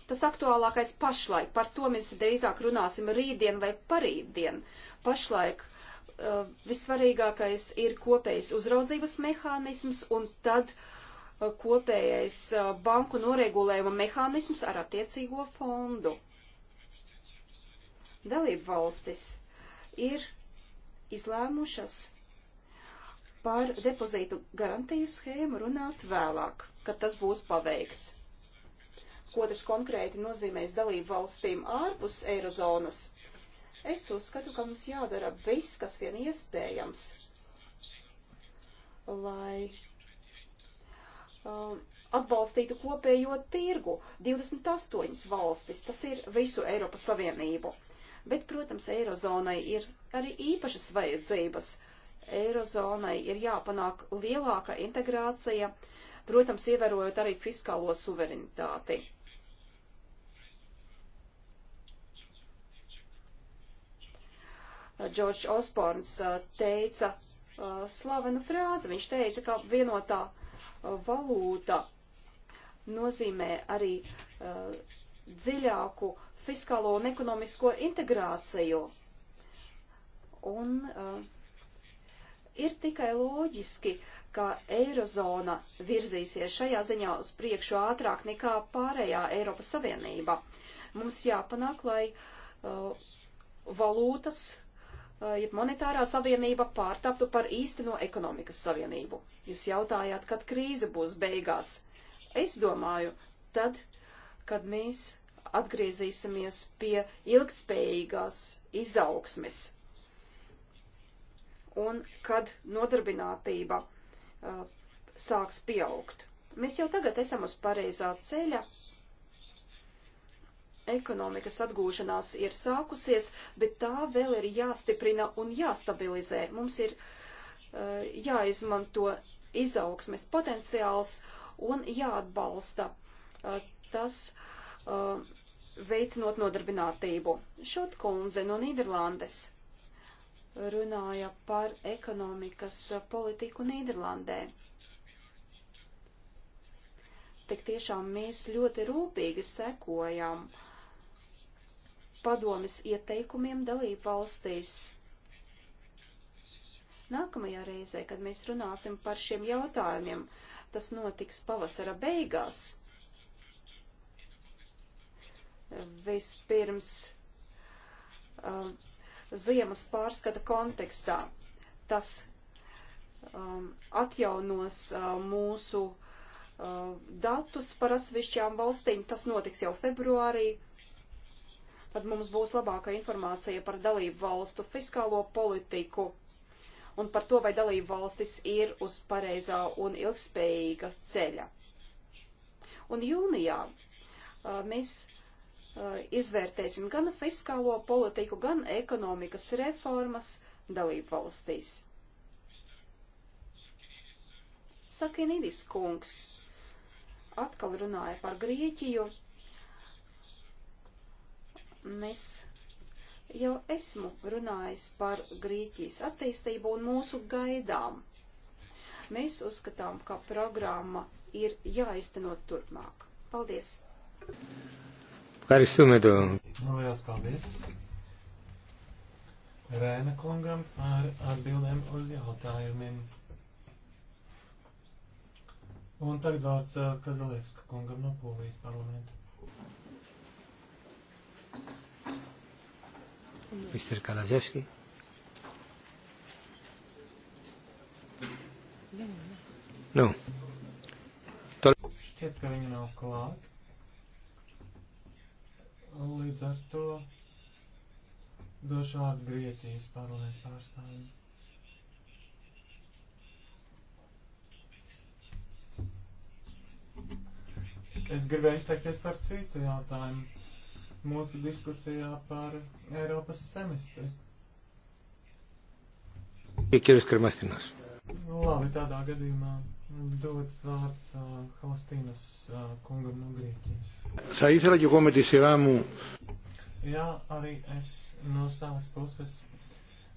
[SPEAKER 3] tas aktuālākais pašlaik. Par to mēs drīzāk runāsim rītdien vai parītdien. Pašlaik uh, vissvarīgākais ir kopējs uzraudzības mehānisms un tad uh, kopējais banku noregulējuma mehānisms ar attiecīgo fondu. Dalību valstis ir izlēmušas par depozītu garantiju schēmu runāt vēlāk, kad tas būs paveikts. Ko tas konkrēti nozīmēs dalību valstīm ārpus Eirozonas? Es uzskatu, ka mums jādara viss, kas vien iespējams, lai um, atbalstītu kopējo tirgu 28 valstis, tas ir visu Eiropas Savienību. Bet, protams, Eirozonai ir arī īpašas vajadzības. Eirozonai ir jāpanāk lielāka integrācija, protams, ievērojot arī fiskālo suverenitāti. Džordžs Osborns uh, teica uh, slavenu frāzi. Viņš teica, ka vienotā valūta nozīmē arī uh, dziļāku fiskālo un ekonomisko integrāciju. Un uh, ir tikai loģiski, ka Eirozona virzīsies šajā ziņā uz priekšu ātrāk nekā pārējā Eiropas Savienība. Mums jāpanāk, lai uh, valūtas Uh, ja monetārā savienība pārtaptu par īsteno ekonomikas savienību. Jūs jautājāt, kad krīze būs beigās. Es domāju, tad, kad mēs atgriezīsimies pie ilgtspējīgās izaugsmes un kad nodarbinātība uh, sāks pieaugt. Mēs jau tagad esam uz pareizā ceļa, ekonomikas atgūšanās ir sākusies, bet tā vēl ir jāstiprina un jāstabilizē. Mums ir uh, jāizmanto izaugsmes potenciāls un jāatbalsta uh, tas, uh, eh, veicinot nodarbinātību. Šot kundze no Nīderlandes runāja par ekonomikas politiku Nīderlandē. Tik tiešām mēs ļoti rūpīgi sekojam uh, padomis ieteikumiem dalību valstīs. Nākamajā reizē, kad mēs runāsim par šiem jautājumiem, tas notiks pavasara beigās. Vispirms um, ziemas pārskata kontekstā. Tas um, atjaunos um, mūsu uh, datus par asvišķām valstīm. Tas notiks jau februārī tad mums būs labāka informācija par dalību valstu fiskālo politiku un par to, vai dalību valstis ir uz pareizā un ilgspējīga ceļa. Un jūnijā mēs izvērtēsim gan fiskālo politiku, gan ekonomikas reformas dalību valstīs. Sakinidis kungs atkal runāja par Grieķiju Mēs jau esmu runājis par Grieķijas attīstību un mūsu gaidām. Mēs uzskatām, ka programma ir jāiztenot turpmāk. Paldies!
[SPEAKER 2] Karistumēdu.
[SPEAKER 1] Nu, Lielas paldies! Rēna kungam ar atbildēm uz jautājumiem. Un tagad vārds uh, Kazalievska kungam no Polijas parlamenta. Mr. Kalazewski. Nu. To... Šķiet, ka viņa nav klāt. Līdz ar to došu vārdu Grieķijas parlamentu pārstāvjiem. Es gribēju izteikties par citu jautājumu mūsu diskusijā par Eiropas semestri. Kieris Kramastinas. Labi, tādā gadījumā dodas vārds uh, Halastinas uh, kungam no Grieķijas. Θα ήθελα και εγώ με τη σειρά μου. Jā, arī es no savas puses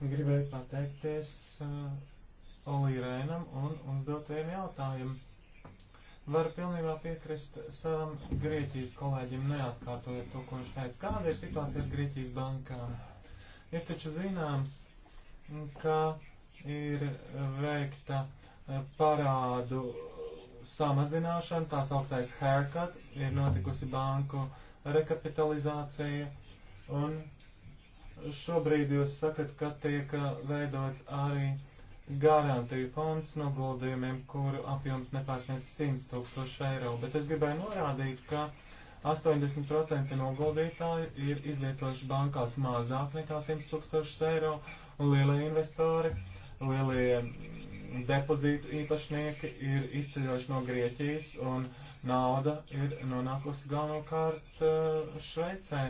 [SPEAKER 1] gribēju pateikties uh, Olī Rēnam un uzdotiem jautājumiem. Varu pilnībā piekrist savam Grieķijas kolēģim, neatkārtojot to, ko viņš teica. Kāda ir situācija ar Grieķijas bankām? Ir taču zināms, ka ir veikta eh, parādu samazināšana, tā sauktais haircut, ir notikusi banku rekapitalizācija, un šobrīd jūs sakat, ka tiek eh, veidots arī garantiju fonds noguldījumiem, kuru apjoms nepārsniec 100 tūkstoši eiro, bet es gribēju norādīt, ka 80% noguldītāju ir izlietojuši bankās mazāk nekā 100 tūkstoši eiro, un lielie investori, lielie mm, depozītu īpašnieki ir izceļojuši no Grieķijas, un nauda ir nonākusi galvenokārt eh, Šveicē.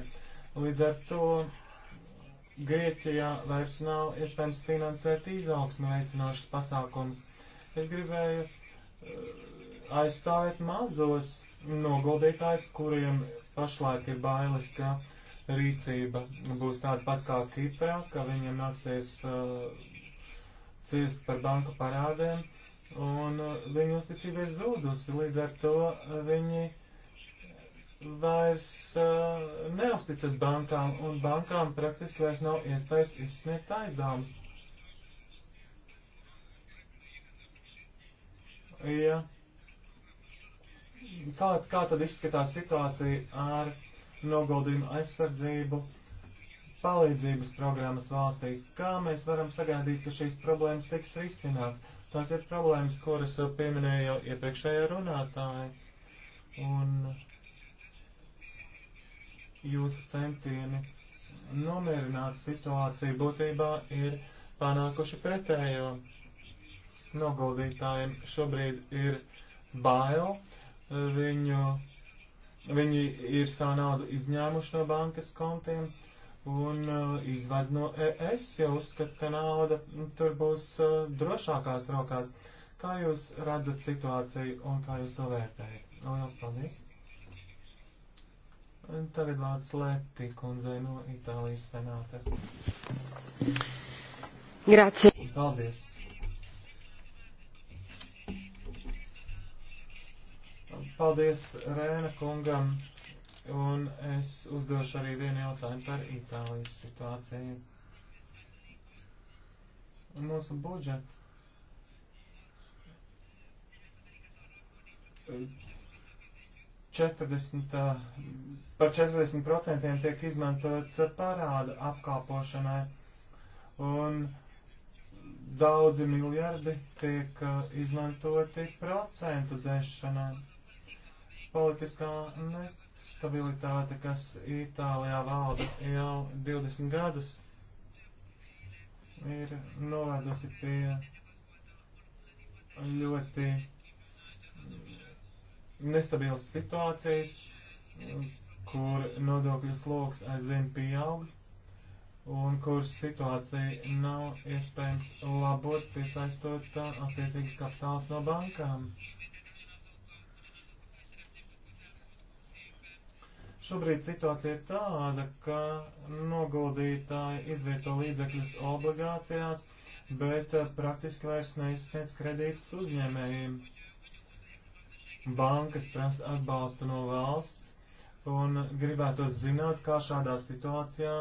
[SPEAKER 1] Līdz ar to Grieķijā vairs nav iespējams finansēt izaugsmu veicinošas pasākumus. Es gribēju eh, aizstāvēt mazos noguldītājus, kuriem pašlaik ir bailes, ka rīcība būs tāda pat kā Kiprā, ka viņiem nāksies uh, ciest par banku parādēm, un uh, viņu uzticība ir zudusi, līdz ar to viņi uh, vairs uh, neusticas bankām, un bankām praktiski vairs nav iespējas izsniegt aizdevumus. Ja. Kā, kā tad izskatās situācija ar noguldījumu aizsardzību palīdzības programmas valstīs? Kā mēs varam sagaidīt, ka šīs problēmas tiks risināts? Tās ir problēmas, kuras jau pieminēja jau iepriekšējā runātāja. Un jūsu centieni nomierināt situāciju būtībā ir panākuši pretējo. Noguldītājiem šobrīd ir bail, viņu, viņi ir savu naudu izņēmuši no bankas kontiem un uh, izved no ES, jo uzskata, ka nauda tur būs uh, drošākās rokās. Kā jūs redzat situāciju un kā jūs to vērtējat? Lielas paldies! Tagad vārds Leti kundzei no Itālijas senāta. Grazie. Paldies. Paldies Rēna kungam, un es uzdošu arī vienu jautājumu par Itālijas situāciju. Mūsu budžets 40, par 40% tiek izmantots parāda apkalpošanai, un daudzi miljardi tiek izmantoti procentu dzēšanai. Politiskā nestabilitāte, kas Itālijā valda jau 20 gadus, ir novedusi pie ļoti nestabilas situācijas, kur nodokļu sloks aizvien pieaug un kur situācija nav iespējams labot, piesaistot uh, attiecīgas kapitāls no bankām. Šobrīd situācija ir tāda, ka noguldītāji izvieto līdzekļus obligācijās, bet uh, praktiski vairs neizsniedz kredītus uzņēmējiem bankas prasa atbalstu no valsts un gribētos zināt, kā šādā situācijā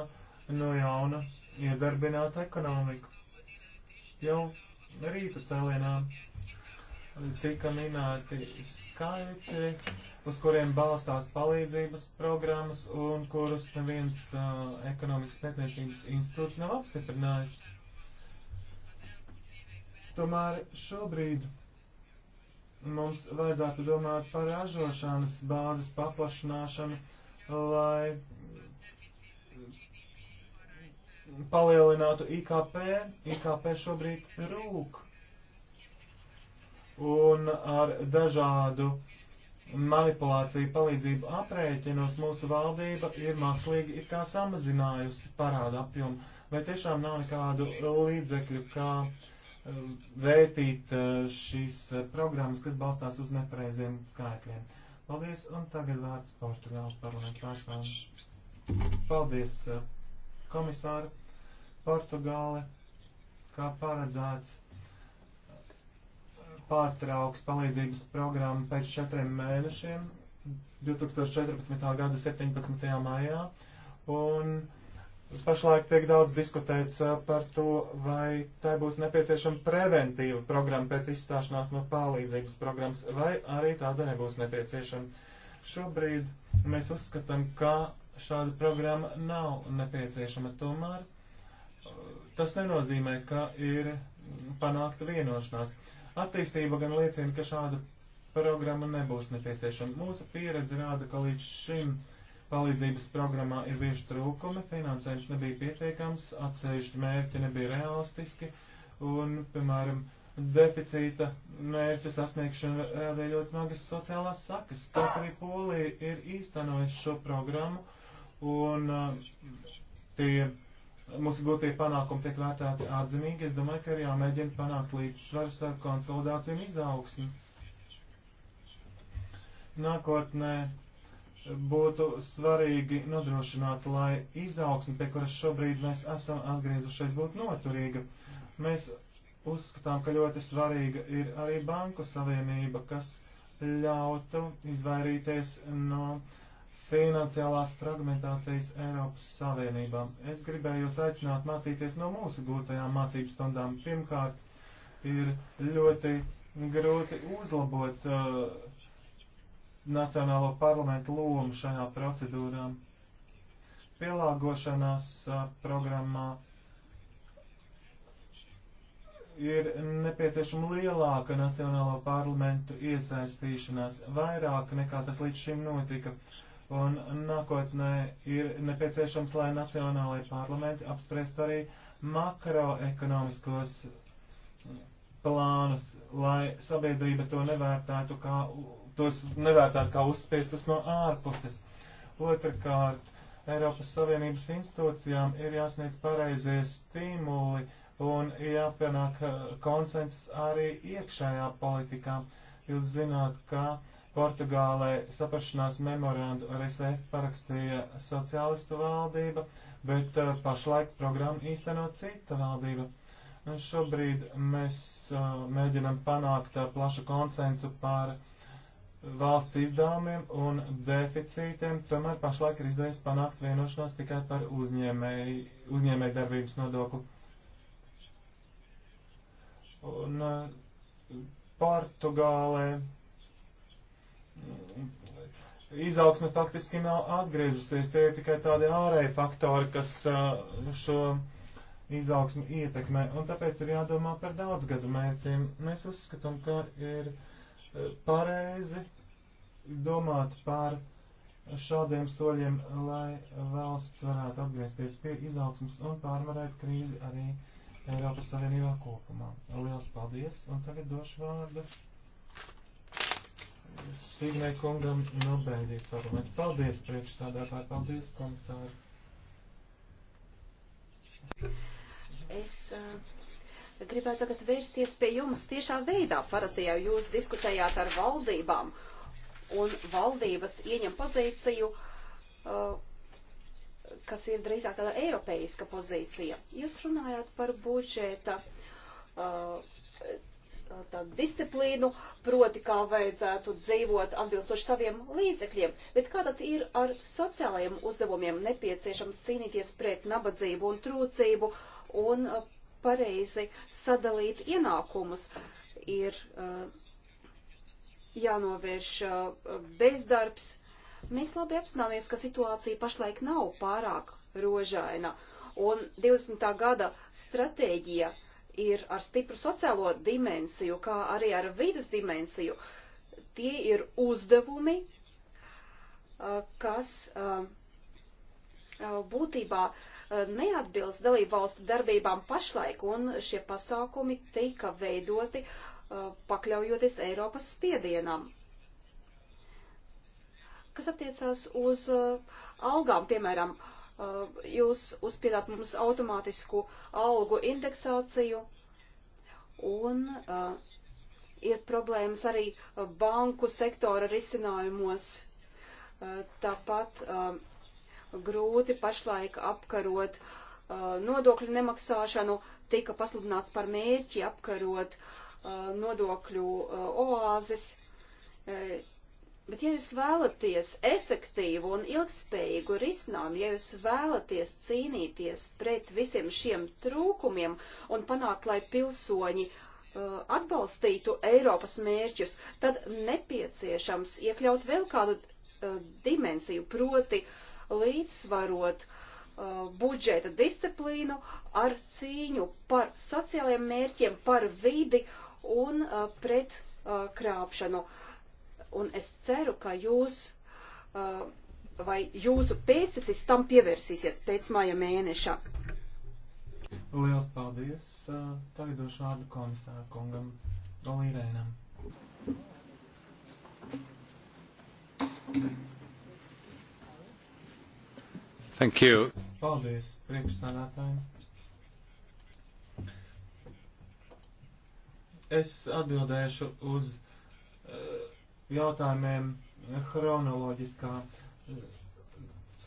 [SPEAKER 1] no jauna iedarbināt ekonomiku. Jau rīta cēlienā tika minēti skaitļi, uz kuriem balstās palīdzības programmas un kurus neviens uh, ekonomikas pētniecības institūts nav apstiprinājis. Tomēr šobrīd Mums vajadzētu domāt par ražošanas bāzes paplašināšanu, lai palielinātu IKP. IKP šobrīd rūk. Un ar dažādu manipulāciju palīdzību aprēķinos mūsu valdība ir mākslīgi it kā samazinājusi parāda apjomu. Vai tiešām nav nekādu līdzekļu, kā uh, vētīt eh, šīs eh, programmas, kas balstās uz nepareiziem skaitļiem. Paldies, un tagad vārds Portugāles parlamentu pārstāvjiem. Paldies, eh, komisāri. Portugāle, kā paredzēts, pārtrauks palīdzības programmu pēc četriem mēnešiem, 2014. gada 17. maijā, un Pašlaik tiek daudz diskutēts par to, vai tai būs nepieciešama preventīva programma pēc izstāšanās no palīdzības programmas, vai arī tāda nebūs nepieciešama. Šobrīd mēs uzskatām, ka šāda programma nav nepieciešama. Tomēr tas nenozīmē, ka ir panākta vienošanās. Attīstība gan liecina, ka šāda programma nebūs nepieciešama. Mūsu pieredze rāda, ka līdz šim uh, palīdzības programmā ir bieži trūkumi, finansējums nebija pietiekams, atsevišķi mērķi nebija realistiski un, piemēram, deficīta mērķa sasniegšana radīja ļoti smagas sociālās sakas. Tā arī Polija ir īstenojusi šo programmu un uh, tie mūsu gūtie panākumi tiek vērtēti atzinīgi. Es domāju, ka ir jāmēģina panākt līdzsvars ar konsolidāciju un izaugsmu. Nākotnē būtu svarīgi nodrošināt, lai izaugsme, pie kuras šobrīd mēs esam atgriezušies, būtu noturīga. Mēs uzskatām, ka ļoti svarīga ir arī banku savienība, kas ļautu izvairīties no finansiālās fragmentācijas Eiropas Savienībā. Es gribēju jūs aicināt mācīties no mūsu gūtajām mācību stundām. Pirmkārt, ir ļoti grūti uzlabot uh, Nacionālo parlamentu lomu šajā procedūrā. Pielāgošanās programmā ir nepieciešama lielāka nacionālo parlamentu iesaistīšanās, vairāk nekā tas līdz šim notika. Un nākotnē ir nepieciešams, lai nacionālai parlamenti apspriest arī makroekonomiskos plānus, lai sabiedrība to nevērtētu kā tos nevērtētu kā uzspiestas no ārpuses. Otrakārt, Eiropas Savienības institūcijām ir jāsniedz pareizie stimuli un jāpanāk eh, konsensus arī iekšējā politikā. Jūs zināt, ka Portugālē saprašanās memorandu ar SF parakstīja sociālistu valdība, bet uh, pašlaik programmu īsteno cita valdība. Un šobrīd mēs uh, mēģinam panākt uh, plašu konsensu par uh, valsts izdevumiem un deficītiem, tomēr pašlaik ir izdevies panākt vienošanās tikai par uzņēmēju, uzņēmēju darbības nodokli. Un eh, Portugālē mm, izaugsme faktiski nav atgriezusies, tie ir tikai tādi ārēji faktori, kas eh, šo izaugsmi ietekmē, un tāpēc ir jādomā par daudzgadu mērķiem. Mēs uzskatām, ka ir eh, pareizi domāt par šādiem soļiem, lai valsts varētu atgriezties pie izaugsmas un pārvarēt krīzi arī Eiropas Savienībā kopumā. Lielas paldies, un tagad došu vārdu Signai kungam no Beļģijas parlamenta. Paldies, priekšstādātāji, paldies, komisāri.
[SPEAKER 3] Es uh, gribētu tagad vērsties pie jums tiešā veidā. Parasti jau jūs diskutējāt ar valdībām un valdības ieņem pozīciju, uh, kas ir drīzāk tāda eiropeiska pozīcija. Jūs runājāt par budžeta uh, tādu disciplīnu, proti, kā vajadzētu dzīvot atbilstoši saviem līdzekļiem. Bet kā tad ir ar sociālajiem uzdevumiem nepieciešams cīnīties pret nabadzību un trūcību un uh, pareizi sadalīt ienākumus? Ir uh, jānovērš uh, bezdarbs. Mēs labi apzināmies, ka situācija pašlaik nav pārāk rožaina, un 20. gada stratēģija ir ar stipru sociālo dimensiju, kā arī ar vidas dimensiju. Tie ir uzdevumi, uh, kas uh, būtībā uh, Eh, neatbilst dalību valstu darbībām pašlaik, un šie pasākumi tika veidoti eh, pakļaujoties Eiropas spiedienam. Kas attiecās uz eh, algām, piemēram, jūs uzspiedāt mums automātisku algu indeksāciju, un ir problēmas arī banku sektora risinājumos. Tāpat uh, grūti pašlaik apkarot uh, nodokļu nemaksāšanu, tika pasludināts par mērķi apkarot uh, nodokļu uh, oāzes. Uh, bet ja jūs vēlaties efektīvu un ilgspējīgu risinājumu, ja jūs vēlaties cīnīties pret visiem šiem trūkumiem un panākt, lai pilsoņi uh, atbalstītu Eiropas mērķus, tad nepieciešams iekļaut vēl kādu uh, dimensiju, proti uh, līdzsvarot uh, budžeta disciplīnu ar cīņu par sociālajiem mērķiem, par vidi un uh, pret uh, krāpšanu. Un es ceru, ka jūs uh, vai jūsu pēctecis tam pievērsīsies pēc māja mēneša.
[SPEAKER 1] Liels paldies. Uh, tagad došu vārdu komisāru kungam Dolīrēnam.
[SPEAKER 3] Thank you. Thank you.
[SPEAKER 1] Paldies, priekšstādātāji. Es atbildēšu uz eh, jautājumiem chronoloģiskā eh,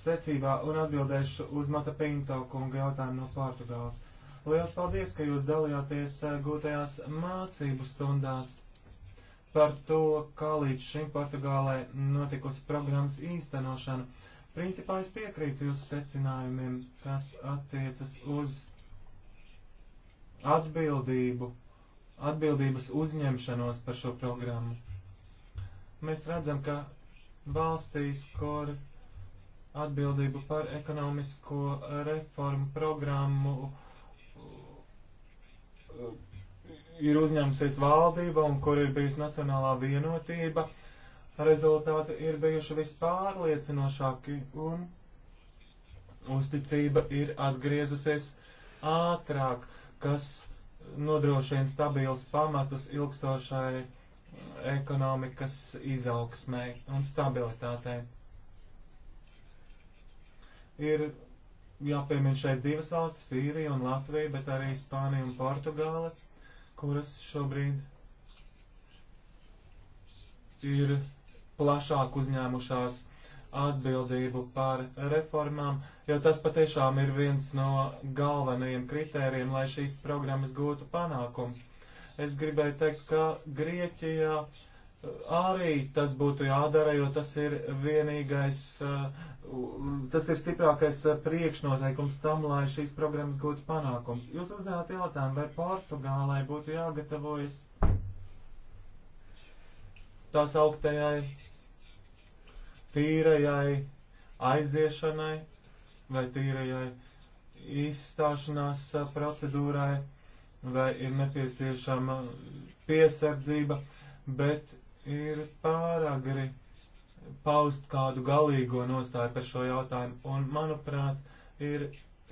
[SPEAKER 1] secībā un atbildēšu uz Mata Pinto kunga jautājumu no Portugāles. Liels paldies, ka jūs dalījāties eh, gūtajās mācību stundās par to, kā līdz šim Portugālē notikusi programmas īstenošana Principā es piekrītu jūsu secinājumiem, kas attiecas uz atbildību, atbildības uzņemšanos par šo programmu. Mēs redzam, ka valstīs, kur atbildību par ekonomisko reformu programmu uh, ir uzņēmusies valdība un kur ir bijusi nacionālā vienotība, uh, rezultāti ir bijuši vispārliecinošāki un uzticība ir atgriezusies ātrāk, kas nodrošina stabils pamatus ilgstošai ekonomikas izaugsmai un stabilitātei. Ir jāpiemin šeit divas valstis - Sīrija un Latvija, bet arī Spānija un Portugāla, kuras šobrīd ir plašāk uzņēmušās atbildību par reformām, jo tas patiešām ir viens no galvenajiem kritērijiem, lai šīs programmas gūtu panākums. Es gribēju teikt, ka Grieķijā eh, arī tas būtu jādara, jo tas ir vienīgais, eh, tas ir stiprākais eh, priekšnoteikums tam, lai šīs programmas gūtu panākums. Jūs uzdevāt jautājumu, vai Portugālai būtu jāgatavojas tās augtajai tīrajai aiziešanai vai tīrajai izstāšanās uh, procedūrai, vai ir nepieciešama piesardzība, bet ir pāragri paust kādu galīgo nostāju par šo jautājumu. Un, manuprāt, ir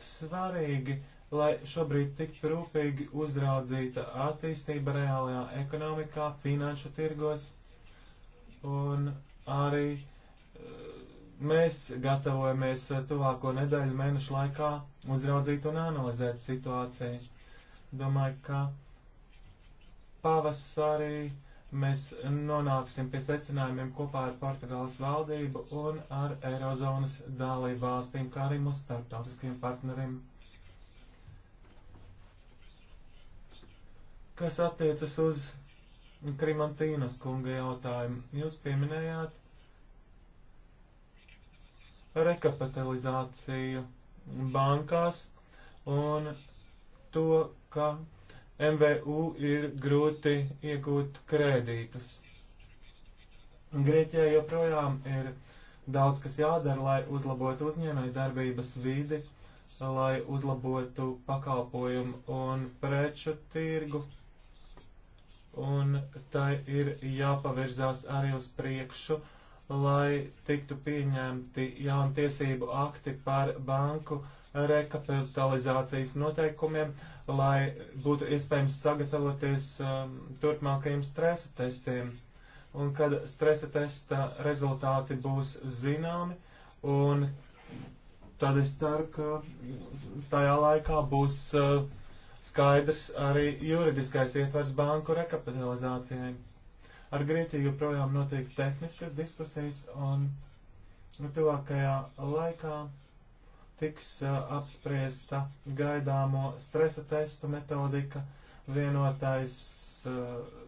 [SPEAKER 1] svarīgi, lai šobrīd tiktu rūpīgi uzraudzīta attīstība reālajā ekonomikā, finanšu tirgos un arī uh, Mēs gatavojamies eh, tuvāko nedēļu mēnešu laikā uzraudzīt un analizēt situāciju. Domāju, ka pavasarī mēs nonāksim pie secinājumiem kopā ar Portugāles valdību un ar Eirozonas dalību valstīm, kā arī mūsu starptautiskiem partneriem. Kas attiecas uz Krimantīnas kunga jautājumu, jūs pieminējāt rekapitalizāciju bankās un to, ka MVU ir grūti iegūt kredītus. Grieķijai joprojām ir daudz kas jādara, lai uzlabotu uzņēmēju darbības vidi, lai uzlabotu pakalpojumu un preču tirgu, un tai ir jāpavirzās arī uz priekšu, uh, lai tiktu pieņemti jauni tiesību akti par banku rekapitalizācijas noteikumiem, lai būtu iespējams sagatavoties um, turpmākajiem stresa testiem. Un kad stresa testa rezultāti būs zināmi, un tad es ceru, ka tajā laikā būs uh, skaidrs arī juridiskais ietvers banku rekapitalizācijai. Ar Grieķiju joprojām notiek tehniskas diskusijas, un nu, tuvākajā laikā tiks uh, apspriesta gaidāmo stresa testu metodika, vienotais uh,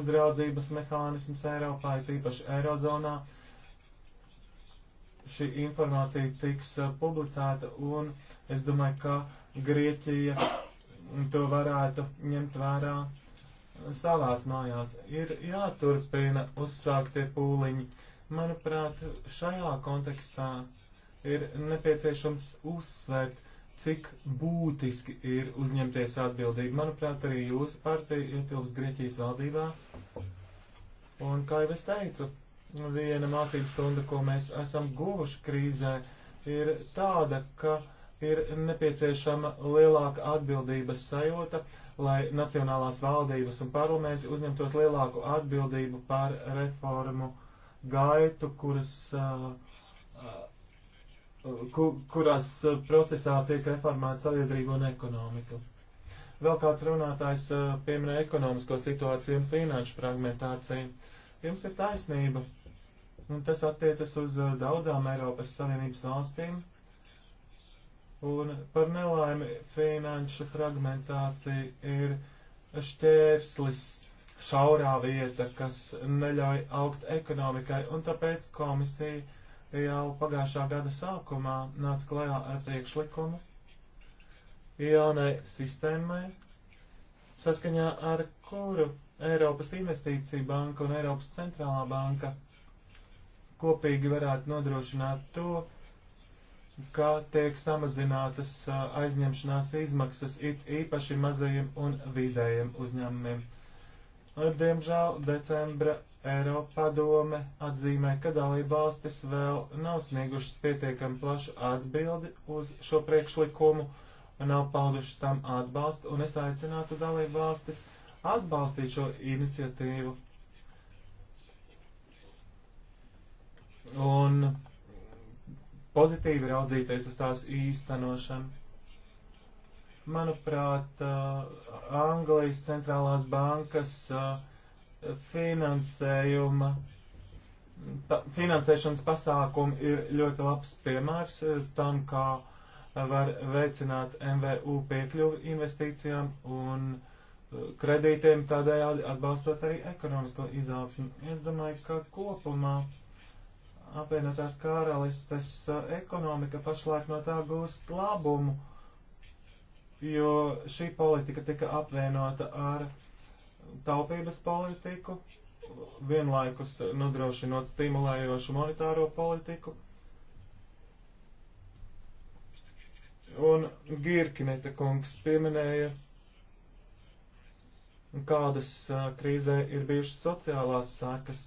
[SPEAKER 1] uzraudzības mehānisms Eiropā, ir tīpaši Eirozonā. Šī informācija tiks uh, publicēta, un es domāju, ka Grieķija to varētu ņemt vērā savās mājās. Ir jāturpina uzsāktie pūliņi. Manuprāt, šajā kontekstā ir nepieciešams uzsvērt, cik būtiski ir uzņemties atbildību. Manuprāt, arī jūsu partija ietilps Grieķijas valdībā. Un, kā jau es teicu, viena mācības stunda, ko mēs esam guvuši krīzē, ir tāda, ka ir nepieciešama lielāka atbildības sajūta, lai nacionālās valdības un parlamenti uzņemtos lielāku atbildību par reformu gaitu, kuras, uh, uh, kur, kurās uh, procesā tiek reformēta sabiedrība un ekonomika. Vēl kāds runātājs pieminēja ekonomisko situāciju un finanšu fragmentāciju. Jums ir taisnība, un tas attiecas uz daudzām Eiropas Savienības valstīm Un par nelaimi finanšu fragmentācija ir šķērslis, šaurā vieta, kas neļauj augt ekonomikai, un tāpēc komisija jau pagājušā gada sākumā nāca klajā ar priekšlikumu jaunai sistēmai, saskaņā ar kuru Eiropas Investīcija banka un Eiropas Centrālā banka kopīgi varētu nodrošināt to, kā tiek samazinātas aizņemšanās izmaksas īpaši mazajiem un vidējiem uzņēmumiem. Diemžēl decembra Eiropadome atzīmē, ka dalība valstis vēl nav sniegušas pietiekami plašu atbildi uz šo priekšlikumu, nav paudušas tam atbalstu, un es aicinātu dalību valstis atbalstīt šo iniciatīvu. Un pozitīvi raudzīties uz tās īstenošanu. Manuprāt, Anglijas centrālās bankas finansējuma Pa, finansēšanas pasākumi ir ļoti labs piemērs tam, kā var veicināt MVU piekļuvi investīcijām un kredītiem, tādējādi atbalstot arī ekonomisko izaugsmu. Es domāju, ka kopumā apvienotās karalistes ekonomika pašlaik no tā gūst labumu, jo šī politika tika apvienota ar taupības politiku, vienlaikus nodrošinot stimulējošu monetāro politiku. Un Girkineta kungs pieminēja, kādas krīzē ir bijušas sociālās sākas.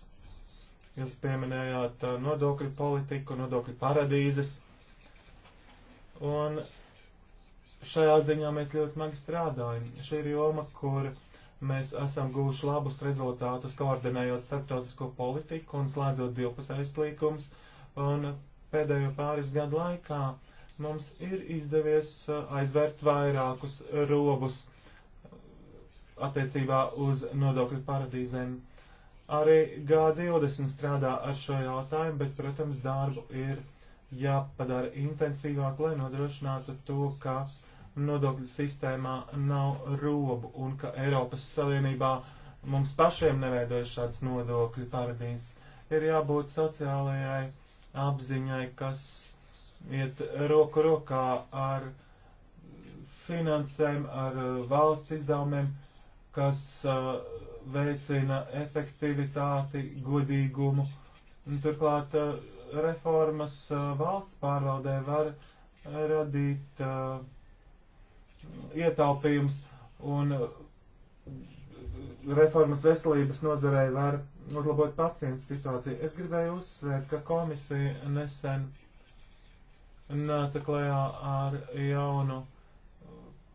[SPEAKER 1] Jūs pieminējāt uh, nodokļu politiku, nodokļu paradīzes. Un šajā ziņā mēs ļoti smagi strādājam. Šī ir joma, kur mēs esam gūši labus rezultātus, koordinējot starptautisko politiku un slēdzot divpusējas līkumus. Un pēdējo pāris gadu laikā mums ir izdevies uh, aizvērt vairākus robus uh, attiecībā uz nodokļu paradīzēm. Arī G20 strādā ar šo jautājumu, bet, protams, darbu ir jāpadara intensīvāk, lai nodrošinātu to, ka nodokļu sistēmā nav robu un ka Eiropas Savienībā mums pašiem neveidojas šāds nodokļu paradīzes. Ir jābūt sociālajai apziņai, kas iet roku rokā ar finansēm, ar valsts izdevumiem, kas uh, veicina efektivitāti, godīgumu. Turklāt eh, reformas eh, valsts pārvaldē var radīt eh, ietaupījums un reformas veselības nozarei var uzlabot pacientu situāciju. Es gribēju uzsvērt, ka komisija nesen nāca klajā ar jaunu uh,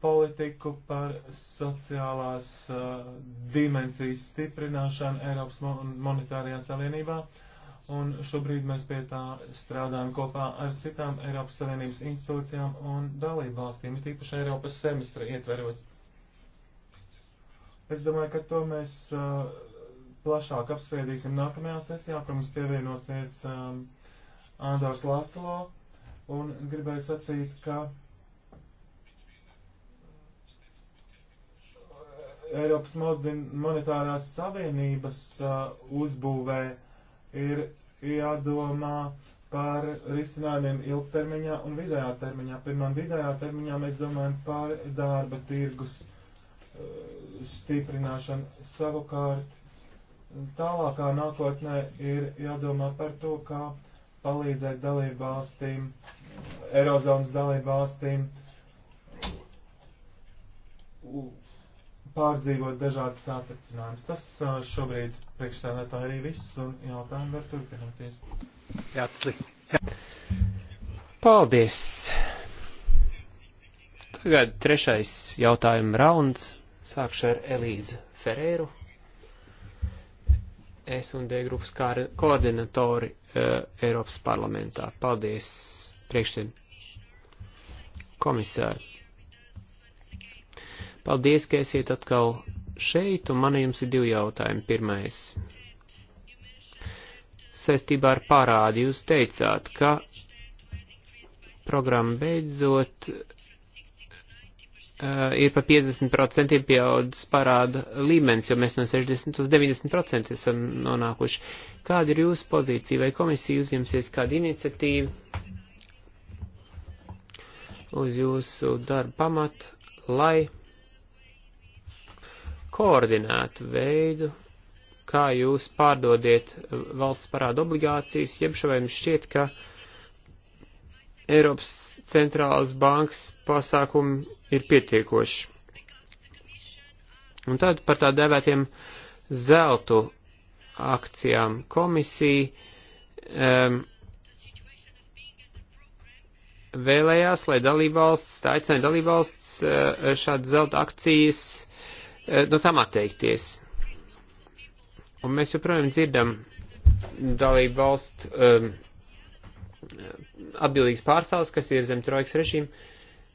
[SPEAKER 1] politiku par sociālās uh, dimensijas stiprināšanu Eiropas monetārajā savienībā. Un šobrīd mēs pie tā strādājam kopā ar citām Eiropas Savienības institūcijām un dalību valstīm, it īpaši Eiropas semestra ietveros. Es domāju, ka to mēs uh, plašāk apspriedīsim nākamajā sesijā, kur mums pievienosies um, Andors Laslo. Un gribēju sacīt, ka Eiropas monetārās savienības uzbūvē ir jādomā par risinājumiem ilgtermiņā un vidējā termiņā. Piemēram, vidējā termiņā mēs domājam par darba tirgus stiprināšanu. Savukārt, tālākā nākotnē ir jādomā par to, kā palīdzēt dalību valstīm, Eirozonas dalību valstīm pārdzīvot dažādas satricinājumus. Tas šobrīd priekšstādātā arī viss, un jautājumi var turpināties. Jā,
[SPEAKER 2] jā. Paldies! Tagad trešais jautājuma rauns. Sākšu ar Elīzu Ferēru. S un D grupas koordinatori uh, Eiropas parlamentā. Paldies, priekšsēd komisāri. Paldies, ka esiet atkal šeit, un man jums ir divi jautājumi. Pirmais. Saistībā ar parādi jūs teicāt, ka programma beidzot uh, ir pa 50% pieaudzis parāda līmenis, jo mēs no 60 uz 90% esam nonākuši. Kāda ir jūsu pozīcija vai komisija uzņemsies kādu iniciatīvu uz jūsu darbu pamatu, lai koordinētu veidu, kā jūs pārdodiet valsts parāda obligācijas, jeb šovēm šķiet, ka Eiropas centrālās bankas pasākumi ir pietiekoši. Un tad par tā dēvētiem zeltu akcijām komisija um, vēlējās, lai dalībvalsts, tā aicināja dalībvalsts uh, šādas zelta akcijas Eh, no tam atteikties. Un mēs joprojām dzirdam dalību valstu um, ehm, atbildīgs pārstāvs, kas ir zem trojkas režīma,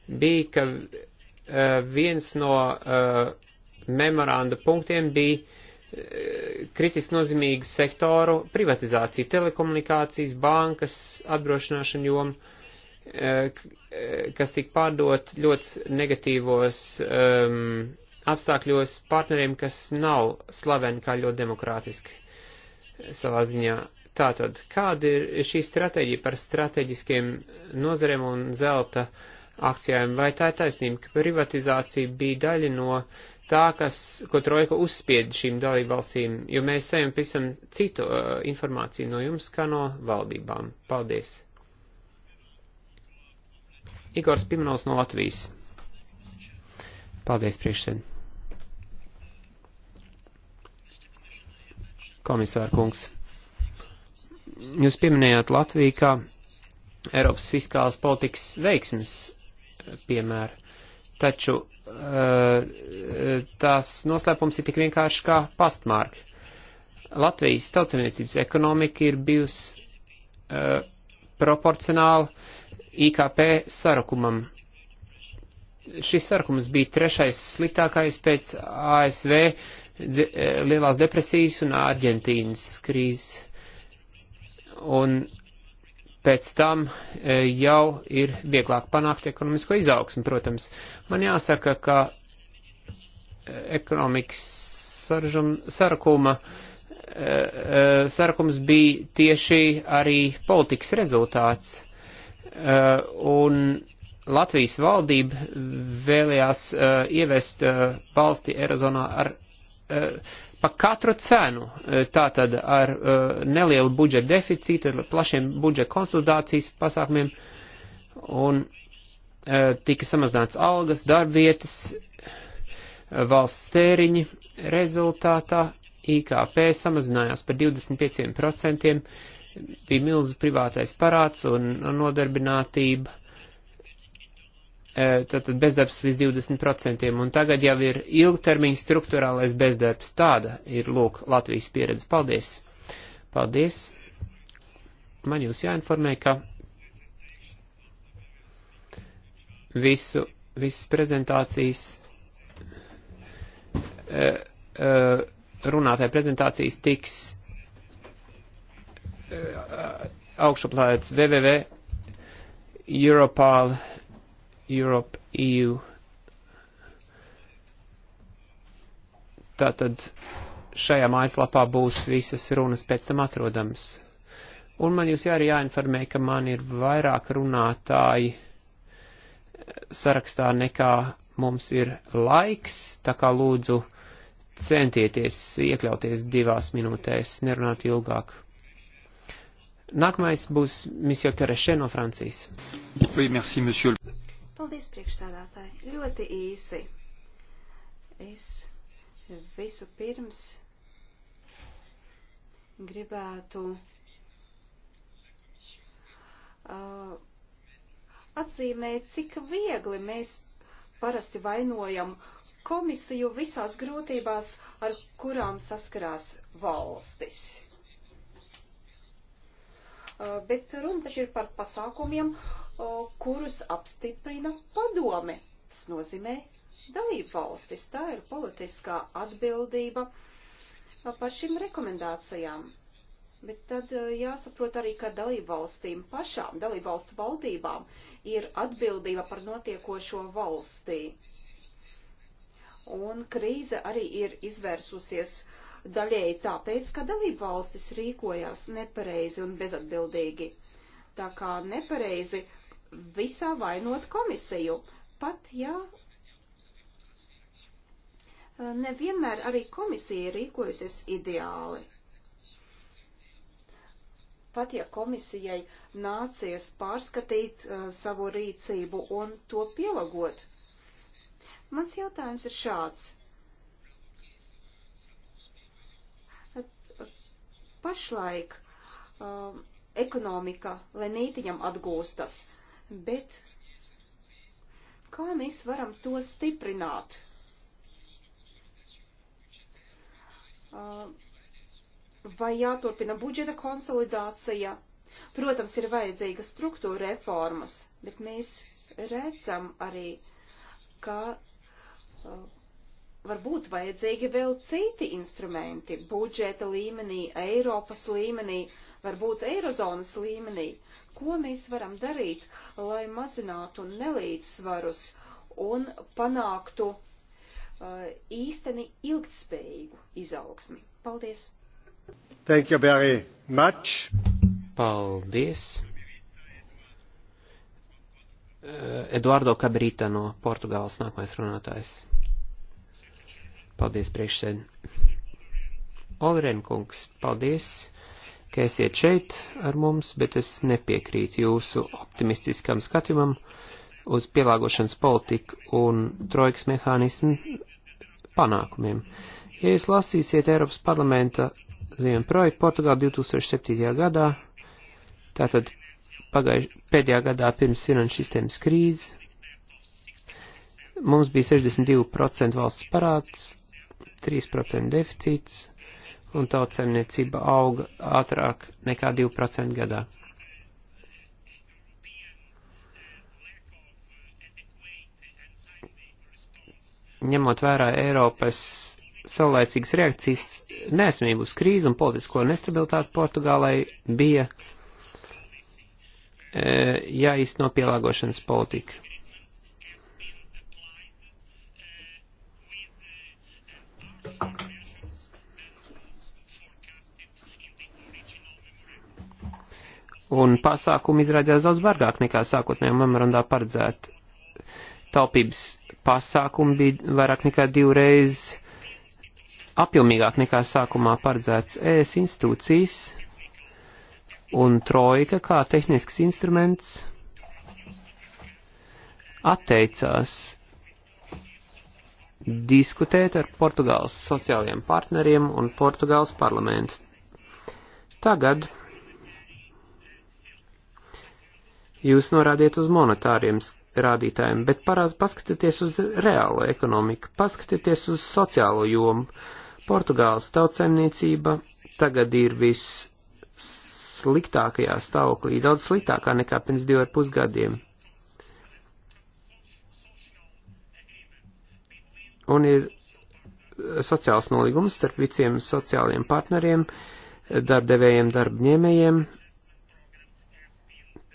[SPEAKER 2] bija, ka uh, viens no uh, memoranda punktiem bija uh, kritiski nozīmīgu sektoru privatizācija, telekomunikācijas, bankas, apdrošināšana joma, uh, kas tika pārdot ļoti negatīvos um, apstākļos partneriem, kas nav slaveni kā ļoti demokrātiski savā ziņā. Tātad, kāda ir šī stratēģija par strateģiskiem nozarēm un zelta akcijām? Vai tā ir taisnība, ka privatizācija bija daļa no tā, kas, ko Trojka uzspied šīm dalībvalstīm, jo mēs saņemam pavisam citu uh, informāciju no jums, kā no valdībām? Paldies! Igors Pimanovs no Latvijas. Paldies, priekšsēdētāj. komisārkungs. Jūs pieminējāt Latviju kā Eiropas fiskālas politikas veiksmes piemēru, taču eh, tās noslēpums ir tik vienkārši kā pastmārki. Latvijas tautsamiecības ekonomika ir bijusi uh, proporcionāla IKP sarakumam. Šis sarakums bija trešais sliktākais pēc ASV uh, E, lielās depresijas un Argentīnas krīzes. Un pēc tam e, jau ir vieglāk panākt ekonomisko izaugsmu, protams. Man jāsaka, ka e, ekonomikas saržum, sarakuma, sarakums bija tieši arī politikas rezultāts. Un Latvijas valdība vēlējās uh, ievest uh, valsti Eirozonā ar Eh, pa katru cenu, eh, tātad ar eh, nelielu budžeta deficītu, ar plašiem budžeta konsolidācijas pasākumiem, un tika samazināts algas, darbvietas, valsts tēriņi, rezultātā IKP samazinājās par 25%, bija milzu privātais parāds un nodarbinātība E, tātad bezdarbs līdz 20%, un tagad jau ir ilgtermiņa struktūrālais bezdarbs. Tāda ir, lūk, Latvijas pieredze. Paldies! Paldies! Man jūs jāinformē, ka visu, visas prezentācijas, e, e, runātāja prezentācijas tiks augšuplēts www.europal.com Europe EU. Tātad šajā mājaslapā būs visas runas pēc tam atrodams. Un man jūs arī jāinformē, ka man ir vairāk runātāji sarakstā nekā mums ir laiks, tā kā lūdzu centieties iekļauties divās minūtēs, nerunāt ilgāk. Nākamais būs Misija Kereše no Francijas. Oui, merci, monsieur.
[SPEAKER 3] Paldies priekšsādātāji. Ļoti īsi. Es visu pirms gribētu uh, atzīmēt, cik viegli mēs parasti vainojam komisiju visās grūtībās, ar kurām saskarās valstis. Uh, bet runa taču ir par pasākumiem, uh, kurus apstiprina padome. Tas nozīmē dalību valstis. Tā ir politiskā atbildība par šīm rekomendācijām. Bet tad jāsaprot arī, ka dalību valstīm pašām, dalību valstu valdībām ir atbildība par notiekošo valstī. Un krīze arī ir izvērsusies daļēji tāpēc, ka dalību valstis rīkojās nepareizi un bezatbildīgi. Tā kā nepareizi visā vainot komisiju, pat ja eh, nevienmēr arī komisija rīkojusies ideāli. Pat ja komisijai nācies pārskatīt uh, savu rīcību un to pielāgot, mans jautājums ir šāds. Pašlaik um, ekonomika lenītiņam atgūstas. Uh, bet kā mēs varam to stiprināt? Uh, vai jāturpina budžeta konsolidācija? Protams, ir vajadzīga struktūra reformas, bet mēs redzam arī, ka uh, varbūt vajadzīgi vēl citi instrumenti - budžeta līmenī, Eiropas līmenī, varbūt Eirozonas līmenī. Ko mēs varam darīt, lai mazinātu nelīdzsvarus un panāktu uh, īsteni ilgtspējīgu izaugsmi? Paldies!
[SPEAKER 2] Thank you very much. Paldies! Uh, Eduardo Cabrita no Portugāles nākamais runātājs. Paldies, priekšsēd. Olren kungs, paldies, ka esiet šeit ar mums, bet es nepiekrītu jūsu optimistiskam skatījumam uz pielāgošanas politiku un trojkas mehānismu panākumiem. Ja jūs lasīsiet Eiropas parlamenta ziņojumu projektu Portugāla 2007. gadā, tātad pagaiž, pēdējā gadā pirms finanšu sistēmas krīzes, mums bija 62% valsts parāds 3% deficīts un tautsemniecība auga ātrāk nekā 2% gadā. Ņemot vērā Eiropas saulēcīgas reakcijas nesmību uz krīzi un politisko nestabilitāti Portugālai bija e, jāizno pielāgošanas politika. un pasākumi izrādījās daudz bargāk nekā sākotnējā memorandā paredzēt. Taupības pasākumi bija vairāk nekā divreiz apjomīgāk nekā sākumā paredzēts ES institūcijas un trojka kā tehnisks instruments atteicās diskutēt ar Portugāles sociālajiem partneriem un Portugāles parlamentu. Tagad Jūs norādiet uz monetāriem rādītājiem, bet parāds paskatieties uz reālo ekonomiku, paskatieties uz sociālo jomu. Portugāles tautsaimniecība tagad ir vissliktākajā stāvoklī, daudz sliktākā nekā pirms divi ar pusgadiem. Un ir eh, sociāls nolīgums starp visiem sociāliem partneriem, darbdevējiem, darbņēmējiem,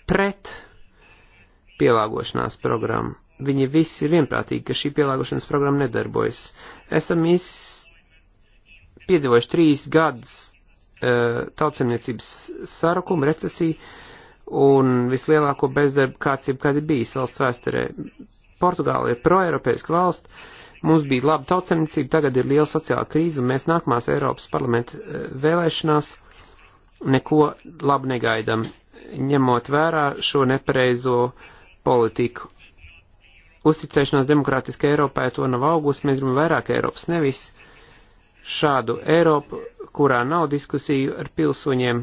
[SPEAKER 2] pret pielāgošanās programmu. Viņi visi ir vienprātīgi, ka šī pielāgošanas programma nedarbojas. Esam iz... piedzīvojuši trīs gadus uh, e, tautsemniecības sarukumu, recesiju un vislielāko bezdarbu kāds jebkad ir bijis valsts vēsturē. Portugāla ir proeiropeiska valsts, mums bija laba tautsemniecība, tagad ir liela sociāla krīze, un mēs nākamās Eiropas parlamenta e, vēlēšanās neko labu negaidam ņemot vērā šo nepareizo politiku. Uzticēšanās demokrātiskai Eiropai to nav augusi, mēs gribam vairāk Eiropas, nevis šādu Eiropu, kurā nav diskusiju ar pilsoņiem,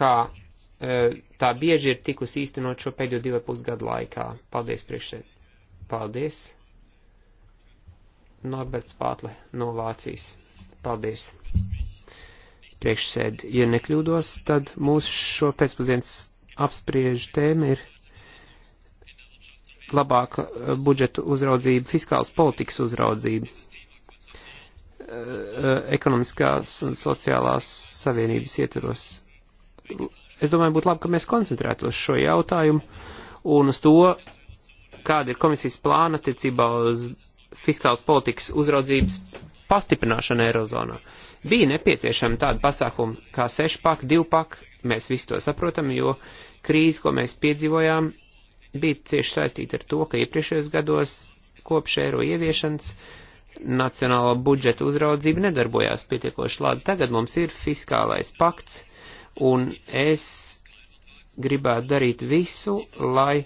[SPEAKER 2] kā e, tā bieži ir tikusi īstenot šo pēdējo divu pusgadu laikā. Paldies priekšsēd. Paldies. Norberts Pātle no Vācijas. Paldies priekšsēdi. Ja nekļūdos, tad mūsu šo pēcpusdienas apspriežu tēma ir labāka eh, budžetu uzraudzība, fiskāls politikas uzraudzība, eh, eh, ekonomiskās un sociālās savienības ietveros. Es domāju, būtu labi, ka mēs koncentrētos šo jautājumu un uz to, kāda ir komisijas plāna attiecībā uz fiskālas politikas uzraudzības pastiprināšanu Eirozonā. Uh, Bija nepieciešama tāda pasākuma kā sešpak, divpak, mēs visi to saprotam, jo krīze, ko mēs piedzīvojām, bija cieši saistīta ar to, ka iepriekšējos gados kopš eiro ieviešanas nacionālo budžetu uzraudzība nedarbojās pietiekoši labi. Tagad mums ir fiskālais pakts, un es gribētu darīt visu, lai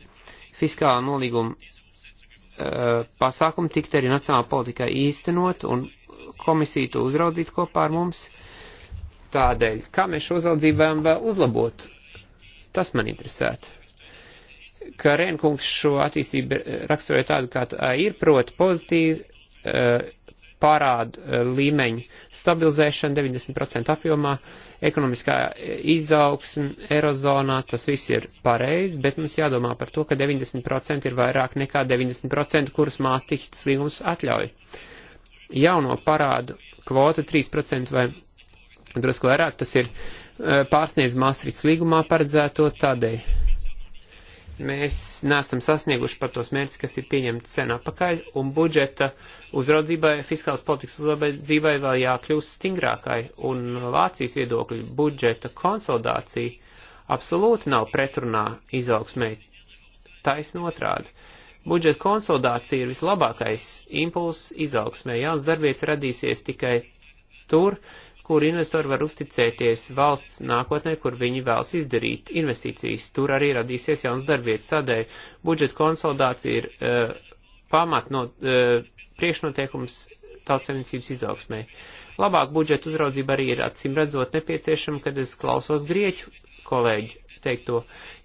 [SPEAKER 2] fiskāla nolīguma uh, pasākumi tikt arī nacionāla politikā īstenot un komisija to uzraudzītu kopā ar mums. Tādēļ, kā mēs šo uzraudzību varam vēl uzlabot, tas man interesētu. Kā Rēnkungs šo attīstību raksturoja tādu, kā tā ir, proti pozitīvi eh, parādu eh, līmeņu stabilizēšana 90% apjomā, ekonomiskā eh, izaugsme Eirozonā, tas viss ir pareizi, bet mums jādomā par to, ka 90% ir vairāk nekā 90%, kurus māstīšas līgums atļauj. Uh, jauno parādu kvota 3% vai drusku vairāk, tas ir e, pārsniedz Maastrichts līgumā paredzēto tādēļ. Mēs nesam sasnieguši par tos mērķus, kas ir pieņemti sen apakaļ, un budžeta uzraudzībai, fiskālas politikas uzraudzībai vēl jākļūst stingrākai, un Vācijas viedokļu budžeta konsolidācija absolūti nav pretrunā izaugsmē taisnotrādi. otrādi Budžeta konsolidācija ir vislabākais impulss izaugsmē. Jauns darbietis radīsies tikai tur, kur investori var uzticēties valsts nākotnē, kur viņi vēlas izdarīt investīcijas. Tur arī radīsies jauns darbietis. Tādēļ budžeta konsolidācija ir uh, pamat no uh, priekšnoteikums tautsēmniecības izaugsmē. Labāk budžeta uzraudzība arī ir acīm redzot nepieciešama, kad es klausos grieķu kolēģi teikto,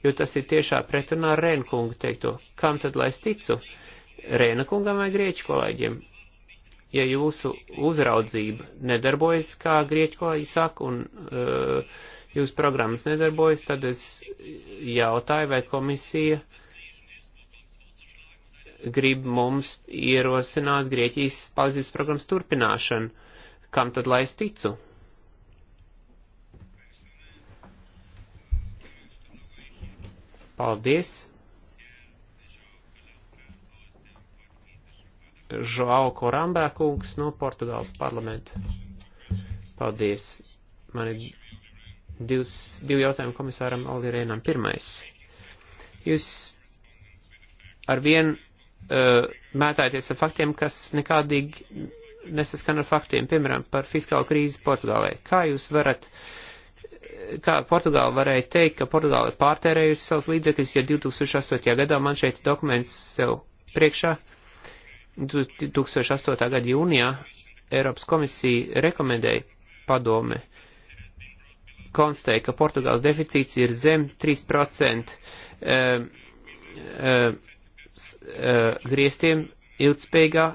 [SPEAKER 2] jo tas ir tiešā pretrunā Rēna kunga teikto. Kam tad lai es ticu? Rēna kungam vai grieķu kolēģiem? Ja jūsu uzraudzība nedarbojas, kā grieķu kolēģi saka, un uh, jūsu programmas nedarbojas, tad es jautāju, vai komisija grib mums ierosināt Grieķijas palīdzības programmas turpināšanu. Kam tad lai es ticu? Paldies! Žoau Korambē kungs no Portugāles parlamenta. Paldies! Man ir divs, divi jautājumi komisāram Olirēnam. Pirmais. Jūs ar vienu uh, eh, mētājaties ar faktiem, kas nekādīgi nesaskan ar faktiem, piemēram, par fiskālu krīzi Portugālē. Kā jūs varat uh, kā Portugāla varēja teikt, ka Portugāla ir pārtērējusi savus līdzekļus, ja 2008. gadā man šeit dokuments sev priekšā, 2008. gada jūnijā Eiropas komisija rekomendēja padome konstatēja, ka Portugāles deficīts ir zem 3% e, e, e, griestiem ilgspējīgā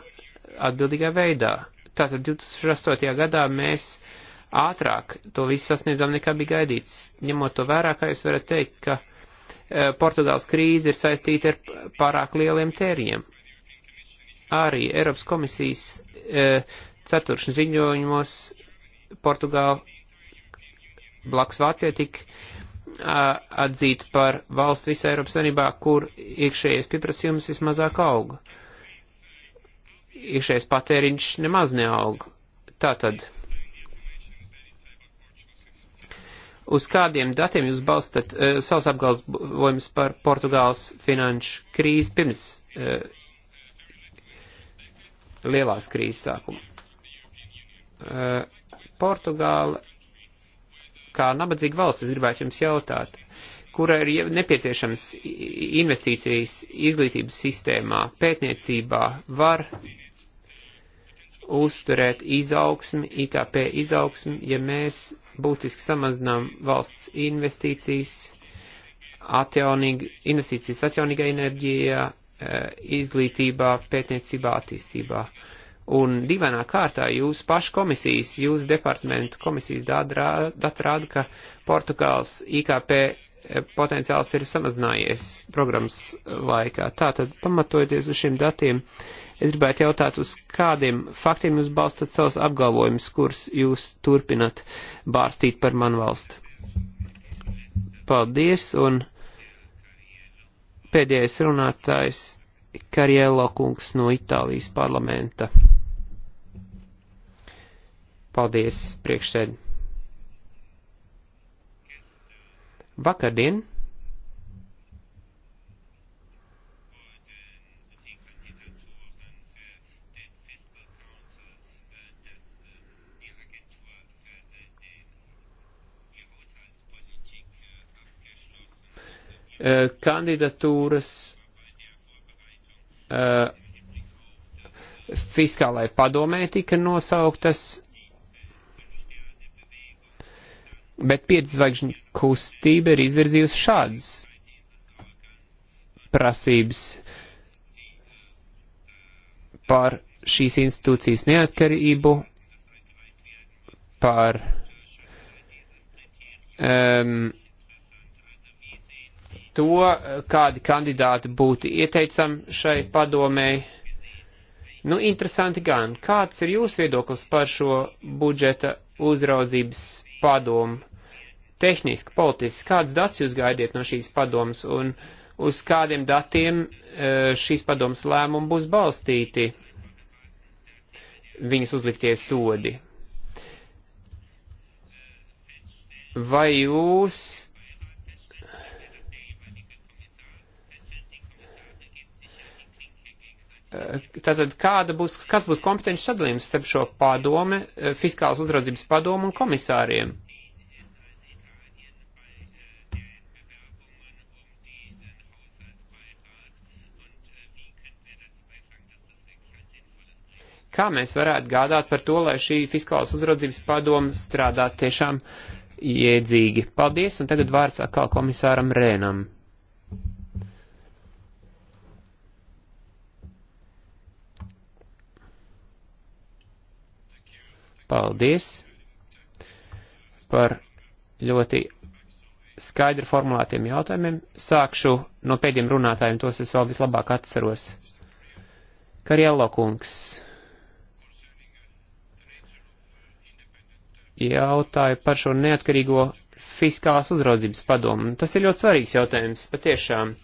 [SPEAKER 2] atbildīgā veidā. Tātad 2008. gadā mēs e, ātrāk to visu sasniedzām nekā bija gaidīts. Ņemot to vērā, kā jūs varat teikt, ka e, Portugāles krīze ir saistīta ar pārāk lieliem tērijiem. Arī Eiropas komisijas e, ceturkšņu ziņojumos Portugāla blakus Vācijai tika atzīt par valsts visā Eiropas Savienībā, kur iekšējais pieprasījums vismazāk auga. Iekšējais patēriņš nemaz neauga. Tātad uz kādiem datiem jūs balstat uh, savus apgalvojumus par Portugāles finanšu krīzi pirms uh, lielās krīzes sākuma. Uh, Portugāla kā nabadzīga valsts, es gribētu jums jautāt, kura ir nepieciešams investīcijas izglītības sistēmā, pētniecībā, var uzturēt izaugsmi, IKP izaugsmi, ja mēs būtiski samazinām valsts investīcijas, atjaunīgi, investīcijas atjaunīgā enerģijā, eh, izglītībā, pētniecībā, attīstībā. Un divainā kārtā jūs pašu komisijas, jūs departamentu komisijas dati rāda, dat rāda, ka Portugāls IKP potenciāls ir samazinājies programmas laikā. Tātad, pamatojoties uz šiem datiem, es gribētu jautāt, uz kādiem faktiem jūs balstat savus apgalvojumus, kurus jūs turpinat bārstīt par manu valstu. Paldies, un pēdējais runātājs Kariello kungs no Itālijas parlamenta. Paldies, priekšsēdētāji. Vakardien eh, kandidatūras uh, eh, fiskālai padomē tika nosauktas Bet piedzvaigžņu kustība ir izvirzījusi šādas prasības par šīs institūcijas neatkarību, par um, to, kādi kandidāti būtu ieteicami šai padomēji. Nu, interesanti gan, kāds ir jūsu viedoklis par šo budžeta uzraudzības padomu? tehniski, politiski, kādas dats jūs gaidiet no šīs padomas un uz kādiem datiem e, šīs padomas lēmumi būs balstīti viņas uzliktie sodi. Vai jūs e, Tātad kāda būs, kāds būs kompetenci sadalījums starp šo padome, e, fiskālas uzraudzības padomu un komisāriem? Kā mēs varētu gādāt par to, lai šī fiskālas uzraudzības padoma strādā tiešām iedzīgi? Paldies, un tagad vārds atkal komisāram Rēnam. Paldies par ļoti skaidri formulētiem jautājumiem. Sākšu no pēdējiem runātājiem, tos es vēl vislabāk atceros. Kariello kungs. jautāja par šo neatkarīgo fiskālās uzraudzības padomu. Tas ir ļoti svarīgs jautājums, patiešām.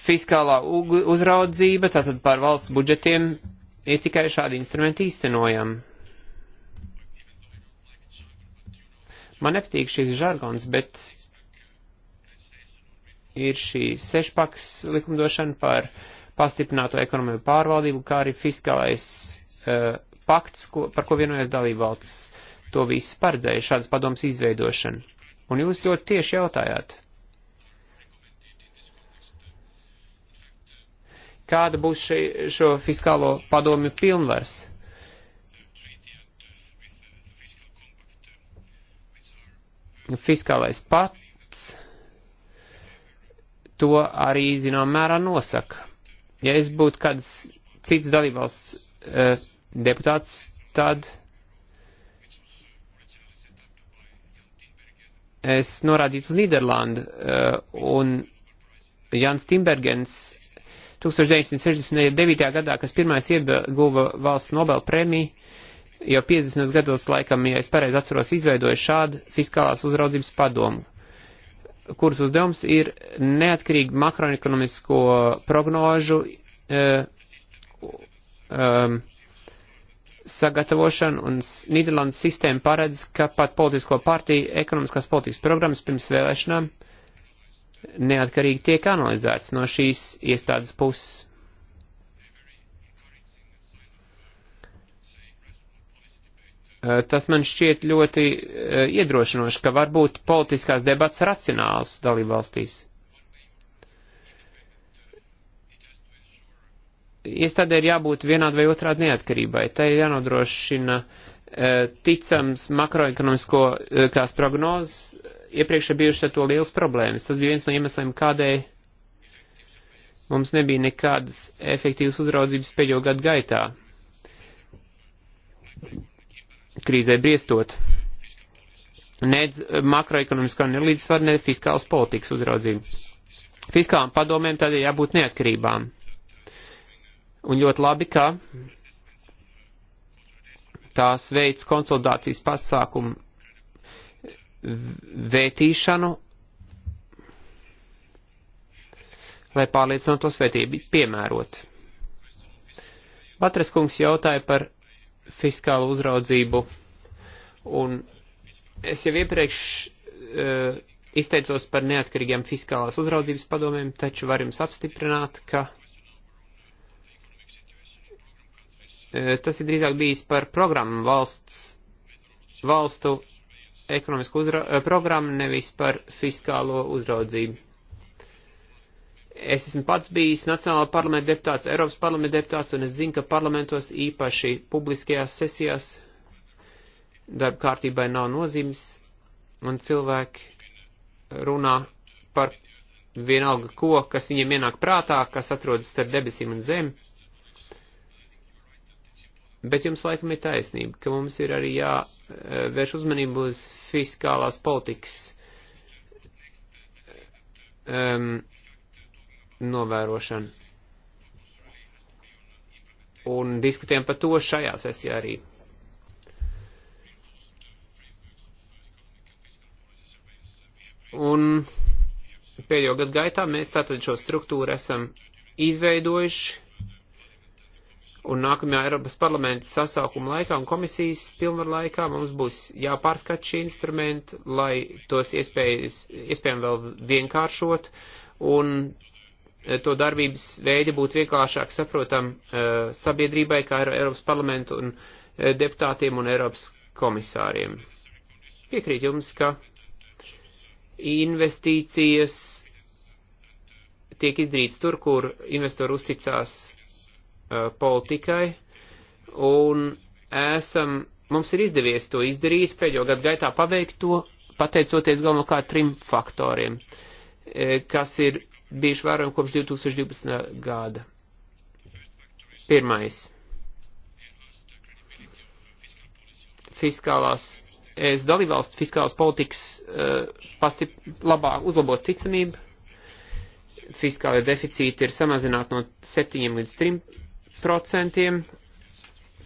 [SPEAKER 2] Fiskālā uzraudzība, tātad par valsts budžetiem, ir tikai šādi instrumenti īstenojami. Man nepatīk šis žargons, bet ir šī sešpaks likumdošana par uh, pastiprināto ekonomiju pārvaldību, kā arī fiskālais uh, pakts, ko, par ko vienojas dalībvalsts. To visu paredzēja šādas padomas izveidošana. Un jūs ļoti tieši jautājāt, kāda būs še, šo fiskālo padomju pilnvars. Fiskālais pats to arī, zinām, mērā nosaka. Ja es būtu kāds cits dalībvalsts uh, deputāts, tad es norādītu uz Nīderlandu uh, un Jans Timbergens 1969. gadā, kas pirmais ieguva valsts Nobel premiju, jau 50. gados laikam, ja es pareizi atceros, izveidoja šādu fiskālās uzraudzības padomu, kuras uzdevums ir neatkarīgi makroekonomisko prognožu uh, um, sagatavošanu, un Nīderlandes sistēma paredz, ka pat politisko partiju ekonomiskās politikas programmas pirms vēlēšanām neatkarīgi tiek analizēts no šīs iestādes puses. Eh, tas man šķiet ļoti eh, iedrošinoši, ka varbūt politiskās debats racionāls dalībvalstīs. Iestādē ir jābūt vienādi vai otrādi neatkarībai. Tai ir jānodrošina eh, ticams makroekonomiskās prognozes. Iepriekš ir bijušas ar to liels problēmas. Tas bija viens no iemesliem, kādēļ mums nebija nekādas efektīvas uzraudzības pēdējo gadu gaitā krīzē briestot. Nedz makroekonomiskā nelīdzsvar, ne fiskālas politikas uzraudzība. Fiskālām padomēm tad ir jābūt neatkarībām. Un ļoti labi, ka tās veids konsolidācijas pasākumu vētīšanu, lai pārliecinātos vētību piemērot. Vatras kungs jautāja par fiskālu uzraudzību. Un es jau iepriekš uh, izteicos par neatkarīgiem fiskālās uzraudzības padomiem, taču var jums apstiprināt, ka uh, tas ir drīzāk bijis par programmu valsts, valstu ekonomisku uzra, uh, programmu, nevis par fiskālo uzraudzību. Es esmu pats bijis Nacionāla parlamenta deputāts, Eiropas parlamenta deputāts, un es zinu, ka parlamentos īpaši publiskajās sesijās darba kārtībai nav nozīmes, un cilvēki runā par vienalga ko, kas viņiem ienāk prātā, kas atrodas starp debesīm un zemi. Bet jums laikam ir taisnība, ka mums ir arī jāvērš uzmanību uz fiskālās politikas um, novērošanu. Un diskutējam par to šajā sesijā arī. Un pēdējo gadu gaitā mēs tātad šo struktūru esam izveidojuši, un nākamajā Eiropas parlamenta sasaukuma laikā un komisijas pilnvaru laikā mums būs jāpārskat šī instrumenta, lai tos iespējas, iespējami vēl vienkāršot un Eh, to darbības veidi būtu vieglāšāk saprotam eh, sabiedrībai, kā ar Eiropas parlamentu un eh, deputātiem un Eiropas komisāriem. Piekrīt jums, ka investīcijas tiek izdarīts tur, kur investori uzticās uh, politikai, un esam, mums ir izdevies to izdarīt, pēdējo gadu gaitā paveikt to, pateicoties galvenokārt trim faktoriem, e, kas ir bijuši vērojami kopš 2012. gada. Pirmais. Fiskālās, es dalībvalstu fiskālās politikas uh, pastip, labāk uzlabot ticamību. Fiskālie deficīti ir samazināti no 7 līdz 3 procentiem.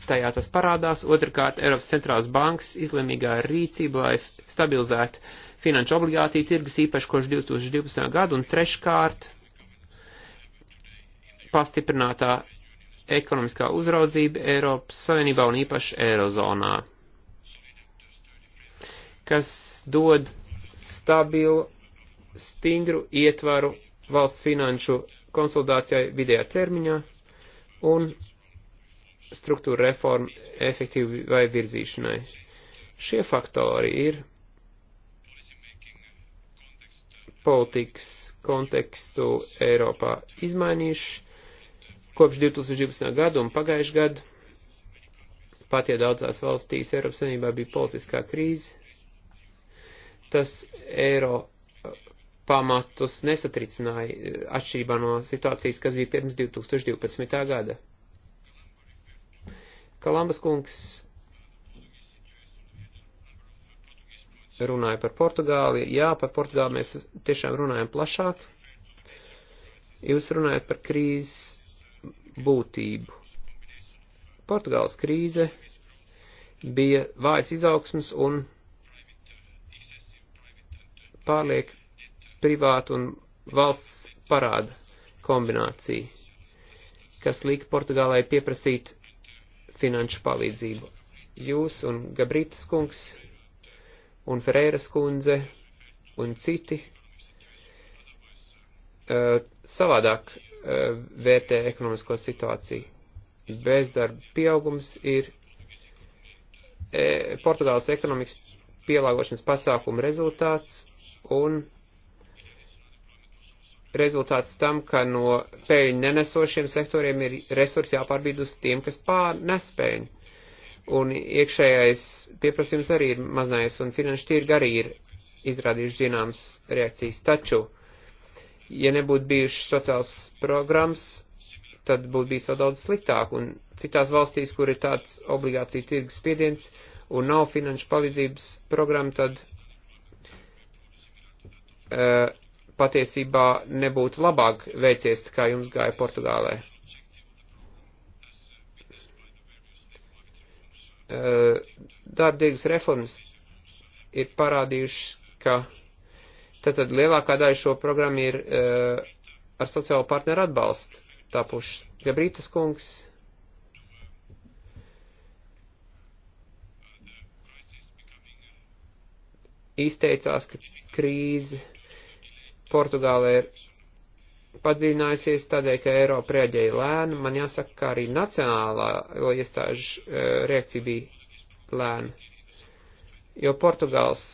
[SPEAKER 2] Tajā tas parādās. Otrakārt, Eiropas centrālās bankas izlēmīgā rīcība, lai stabilizētu uh, finanšu obligāciju tirgus īpaši koš 2012. gadu un treškārt pastiprinātā ekonomiskā uzraudzība Eiropas Savienībā un īpaši Eirozonā, kas dod stabilu, stingru ietvaru valsts finanšu konsolidācijai vidējā termiņā un struktūra reformu efektīvai virzīšanai. Šie faktori ir politikas kontekstu Eiropā izmainījuši kopš 2012. gada un pagājušajā gadu. Pat ja daudzās valstīs Eiropas Savienībā bija politiskā krīze, tas eiro eh, pamatus nesatricināja eh, atšķirībā no situācijas, kas bija pirms 2012. gada. Kalambas kungs runāju par Portugāli. Jā, par Portugāli mēs tiešām runājam plašāk. Jūs runājat par krīzes būtību. Portugāles krīze bija vājas izaugsmas un pārliek privātu un valsts parāda kombinācija, kas lika Portugālai pieprasīt finanšu palīdzību. Jūs un Gabritas kungs un Ferēras kundze un citi uh, savādāk uh, vērtē ekonomisko situāciju. Bezdarba pieaugums ir e, Portugāles ekonomikas pielāgošanas pasākumu rezultāts un rezultāts tam, ka no peļņu nenesošiem sektoriem ir resursi jāpārbīd uz tiem, kas pārnes peļņu un iekšējais pieprasījums arī ir mazinājies, un finanšu tirgi arī ir izrādījuši zināmas reakcijas. Taču, ja nebūtu bijušas sociāls programmas, tad būtu bijis vēl daudz sliktāk, un citās valstīs, kur ir tāds obligācija tirgus spiediens un nav finanšu palīdzības programma, tad e, patiesībā nebūtu labāk veicies, kā jums gāja Portugālē. Eh, darbīgas reformas ir parādījušas, ka tātad lielākā daļa šo programmu ir eh, ar sociālo partneru atbalstu tapuši. Gabrītas kungs. Izteicās, ka krīze Portugālē ir padziļinājusies tādēļ, ka Eiropa reaģēja lēni. Man jāsaka, ka arī nacionālā iestāžu e, reakcija bija lēna. Jo Portugāls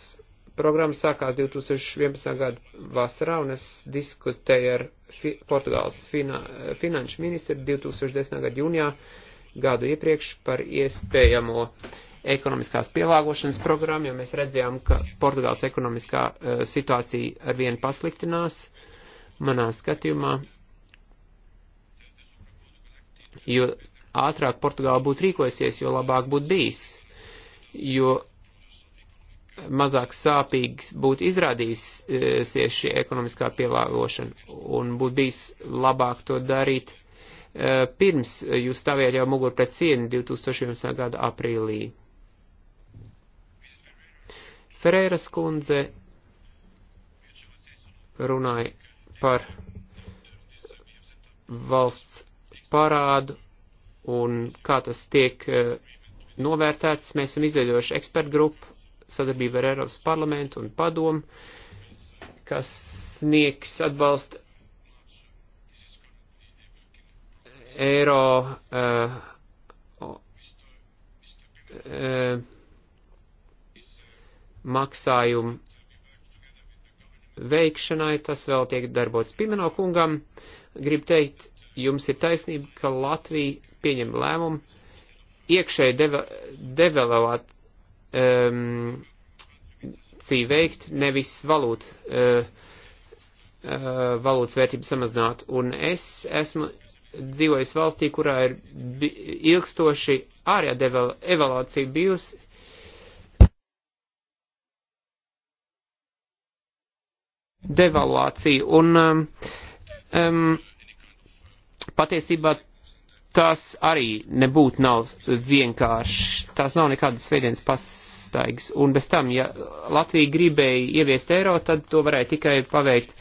[SPEAKER 2] programma sākās 2011. gada vasarā, un es diskutēju ar fi Portugāles fina finanšu ministru 2010. gada jūnijā gadu iepriekš par iespējamo ekonomiskās pielāgošanas programmu, jo mēs redzējām, ka Portugāles ekonomiskā uh, situācija arvien pasliktinās. Uh, manā skatījumā, jo ātrāk Portugāla būtu rīkojusies, jo labāk būtu bijis, jo mazāk sāpīgs būtu izrādījusies šī ekonomiskā pielāgošana un būtu bijis labāk to darīt e, pirms jūs stāvējāt jau muguru pret sienu 2011. gada aprīlī. Ferēras kundze runāja par valsts parādu un kā tas tiek eh, novērtēts. Mēs esam izveidojuši ekspertu grupu sadarbību ar Eiropas parlamentu un padomu, kas sniegs atbalstu eiro uh, uh, maksājumu veikšanai, tas vēl tiek darbots Pimeno kungam. Gribu teikt, jums ir taisnība, ka Latvija pieņem lēmumu iekšēji deva, developēt um, cī veikt, nevis valūt, uh, uh, valūtas vērtību samazināt. Un es esmu dzīvojis valstī, kurā ir ilgstoši ārējā evaluācija bijusi devaluāciju. Un um, um, patiesībā tas arī nebūtu nav vienkārši. Tās nav nekādas veidienas pastaigas. Un bez tam, ja Latvija gribēja ieviest eiro, tad to varēja tikai paveikt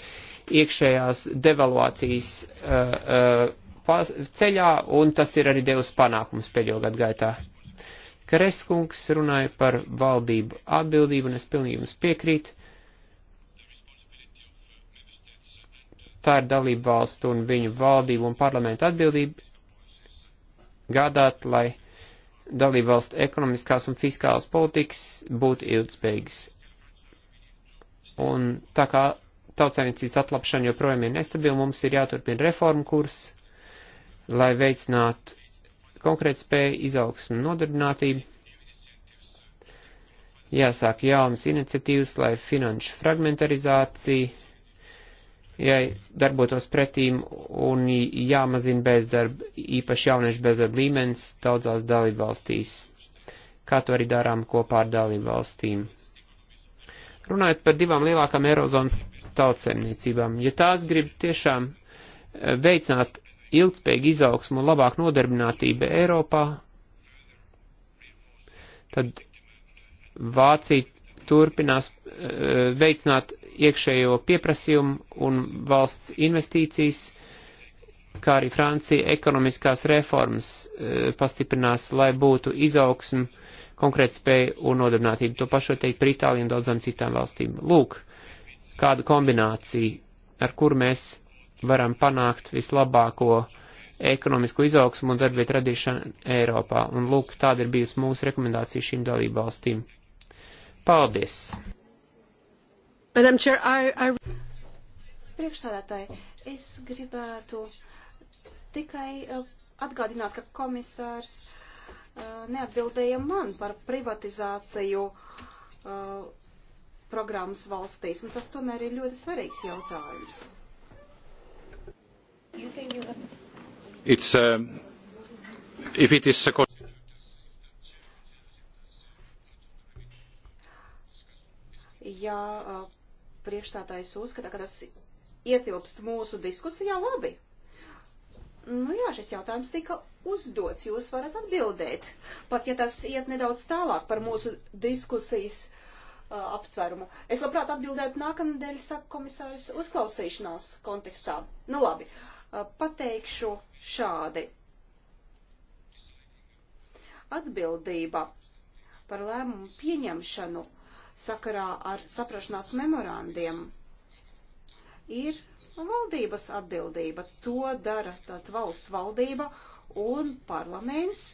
[SPEAKER 2] iekšējās devaluācijas uh, uh, ceļā, un tas ir arī devis panākums pēdējo gadu gaitā. Kreskungs runāja par valdību atbildību, un es pilnīgi jums piekrītu. tā ir dalību valstu un viņu valdību un parlamentu atbildība gādāt, lai dalību valstu ekonomiskās un fiskālas politikas būtu ilgspējīgas. Un tā kā tautsainicīs atlapšana joprojām ir nestabila, mums ir jāturpina reformu kurs, lai veicinātu konkrēt spēju izaugsmu un nodarbinātību. Jāsāk jaunas iniciatīvas, lai finanšu fragmentarizācija ja darbotos pretīm un jāmazina bezdarba, īpaši jauniešu bezdarba līmenis daudzās dalībvalstīs, kā to arī darām kopā ar dalībvalstīm. Runājot par divām lielākām Eirozonas tautsemniecībām, ja tās grib tiešām eh, veicināt ilgspējīgu izaugsmu un labāku nodarbinātību Eiropā, tad Vācija turpinās eh, veicināt iekšējo pieprasījumu un valsts investīcijas, kā arī Francija ekonomiskās reformas e, pastiprinās, lai būtu izaugsme, konkrētspēja un nodarbinātība. To pašu teikt par Itāliju un daudzām citām valstīm. Lūk, kāda kombinācija, ar kur mēs varam panākt vislabāko ekonomisko izaugsmu un darbvietu radīšanu Eiropā. Un lūk, tāda ir bijusi mūsu rekomendācija šīm dalībvalstīm. Paldies!
[SPEAKER 3] Chair, I, I... Priekšsādātāji, es gribētu tikai eh, atgādināt, ka komisārs eh, neatbildēja man par privatizāciju eh, programmas valstīs, un tas tomēr ir ļoti svarīgs jautājums.
[SPEAKER 1] It's, um, if it is a...
[SPEAKER 3] Ja priekšstādājs uzskata, ka tas ietilpst mūsu diskusijā labi. Nu jā, šis jautājums tika uzdots, jūs varat atbildēt, pat ja tas iet nedaudz tālāk par mūsu diskusijas uh, aptverumu. Es labprāt atbildētu nākamnedēļ, saka komisārs, uzklausīšanās kontekstā. Nu labi, uh, pateikšu šādi. Atbildība par lēmumu pieņemšanu sakarā ar saprašanās memorandiem ir valdības atbildība. To dara tātad valsts valdība un parlaments,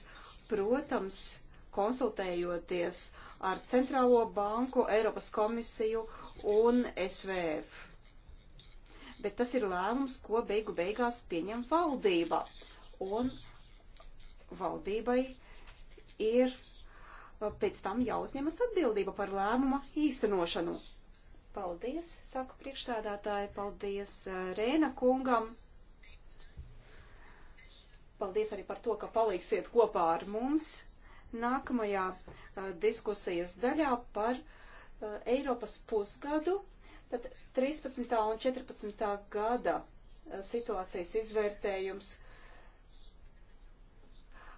[SPEAKER 3] protams, konsultējoties ar Centrālo banku, Eiropas komisiju un SVF. Bet tas ir lēmums, ko beigu beigās pieņem valdība. Un valdībai ir pēc tam jāuzņemas atbildība par lēmuma īstenošanu. Paldies, saka priekšsēdētāji, paldies eh, Rēna kungam. Paldies arī par to, ka paliksiet kopā ar mums nākamajā eh, diskusijas daļā par eh, Eiropas pusgadu, tad 13. un 14. gada situācijas izvērtējums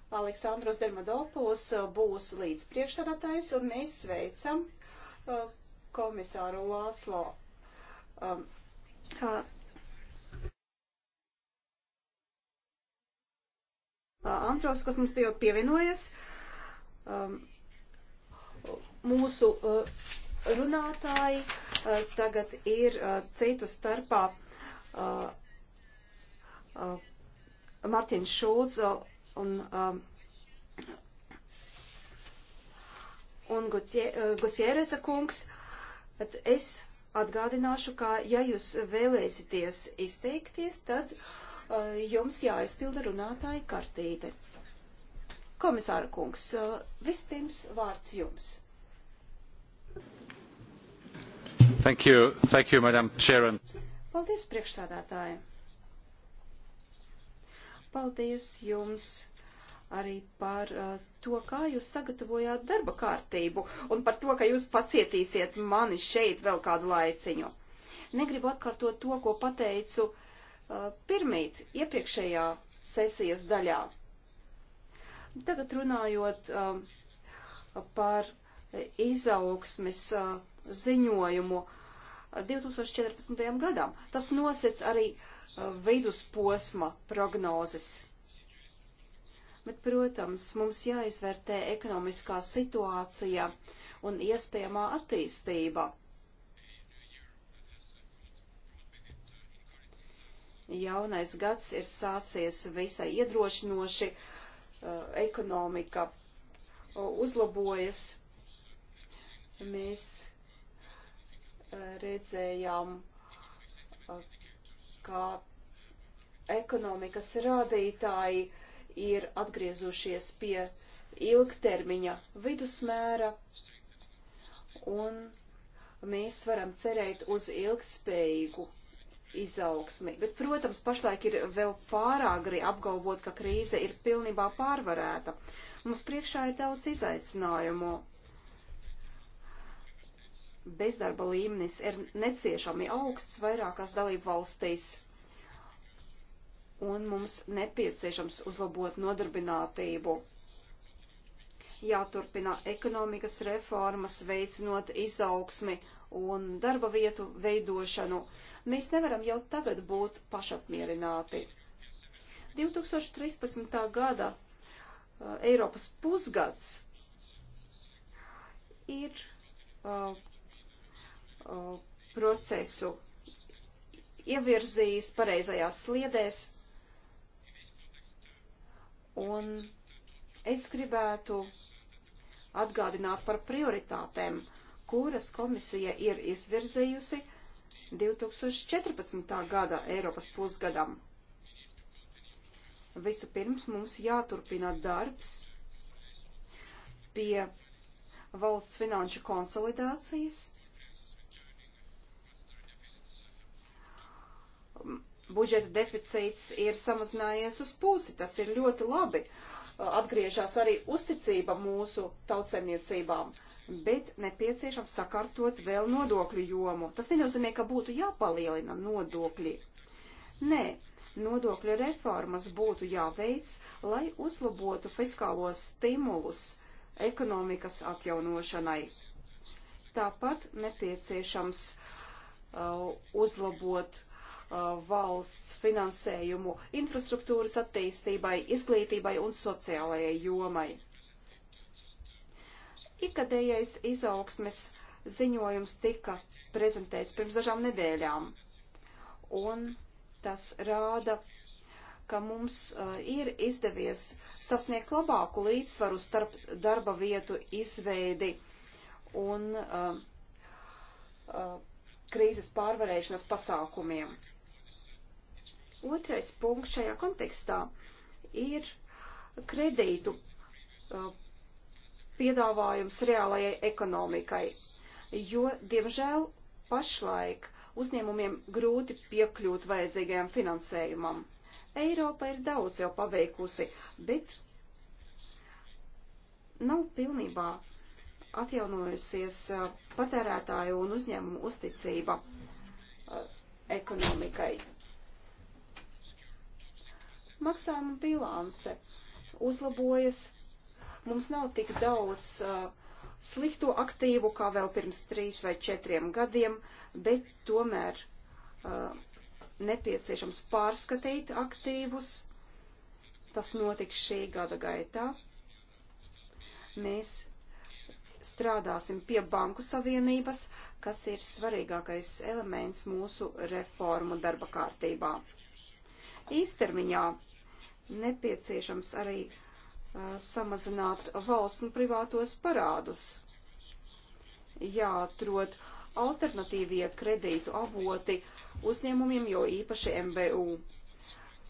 [SPEAKER 3] Aleksandros Dermadopoulos uh, būs līdz priekšsādātājs, un mēs sveicam uh, komisāru Lāslo. Um, uh, uh Antros, kas mums jau pievienojas, um, mūsu uh, runātāji uh, tagad ir uh, citu starpā uh, uh, Martins Šulcs, uh, un, um, un Gutierreza uh, kungs, bet es atgādināšu, ka ja jūs vēlēsieties izteikties, tad uh, jums jāizpilda runātāja kartīte. Komisāra kungs, uh, vispirms vārds jums.
[SPEAKER 1] Thank you, thank you, Madam Chairman.
[SPEAKER 3] Paldies, priekšsādātāji. Paldies jums arī par uh, to, kā jūs sagatavojāt darba kārtību un par to, ka jūs pacietīsiet mani šeit vēl kādu laiciņu. Negribu atkārtot to, ko pateicu uh, pirmīt iepriekšējā sesijas daļā. Tagad runājot uh, par izaugsmes ziņojumu 2014. gadam, tas nosec arī uh, vidusposma prognozes. Bet, protams, mums jāizvērtē ekonomiskā situācija un iespējamā attīstība. Jaunais gads ir sācies visai iedrošinoši, ekonomika uzlabojas. Mēs redzējām, kā ekonomikas rādītāji ir atgriezušies pie ilgtermiņa vidusmēra, un mēs varam cerēt uz ilgspējīgu izaugsmi. Bet, protams, pašlaik ir vēl pārāgri apgalvot, ka krīze ir pilnībā pārvarēta. Mums priekšā ir daudz izaicinājumu. Bezdarba līmenis ir neciešami augsts vairākās dalību valstīs un mums nepieciešams uzlabot nodarbinātību. Jāturpina ekonomikas reformas, veicinot izaugsmi un darba vietu veidošanu. Mēs nevaram jau tagad būt pašapmierināti. 2013. gada uh, Eiropas pusgads ir uh, uh, procesu ievirzījis pareizajās sliedēs, Un es gribētu atgādināt par prioritātēm, kuras komisija ir izvirzējusi 2014. gada Eiropas pusgadam. Vispirms mums jāturpina darbs pie valsts finanšu konsolidācijas budžeta deficīts ir samazinājies uz pusi. Tas ir ļoti labi. Uh, atgriežas arī uzticība mūsu tautsemniecībām, bet nepieciešams sakārtot vēl nodokļu jomu. Tas nenozīmē, ka būtu jāpalielina nodokļi. Nē, nodokļu reformas būtu jāveic, lai uzlabotu fiskālos stimulus ekonomikas atjaunošanai. Tāpat nepieciešams uh, uzlabot Uh, valsts finansējumu infrastruktūras attīstībai, izglītībai un sociālajai jomai. Ikadējais izaugsmes ziņojums tika prezentēts pirms dažām nedēļām, un tas rāda, ka mums uh, ir izdevies sasniegt labāku līdzsvaru starp darba vietu izveidi un uh, uh, krīzes pārvarēšanas pasākumiem. Otrais punkts šajā kontekstā ir kredītu uh, piedāvājums reālajai ekonomikai, jo, diemžēl, pašlaik uzņēmumiem grūti piekļūt vajadzīgajam finansējumam. Eiropa ir daudz jau paveikusi, bet nav pilnībā atjaunojusies uh, patērētāju un uzņēmumu uzticība uh, ekonomikai. Maksājuma bilance uzlabojas. Mums nav tik daudz uh, slikto aktīvu kā vēl pirms trīs vai četriem gadiem, bet tomēr uh, nepieciešams pārskatīt aktīvus. Tas notiks šī gada gaitā. Mēs strādāsim pie banku savienības, kas ir svarīgākais elements mūsu reformu darba kārtībā. Īstermiņā nepieciešams arī uh, samazināt valsts un privātos parādus. Jāatrod alternatīvie kredītu avoti uzņēmumiem, jo īpaši MBU.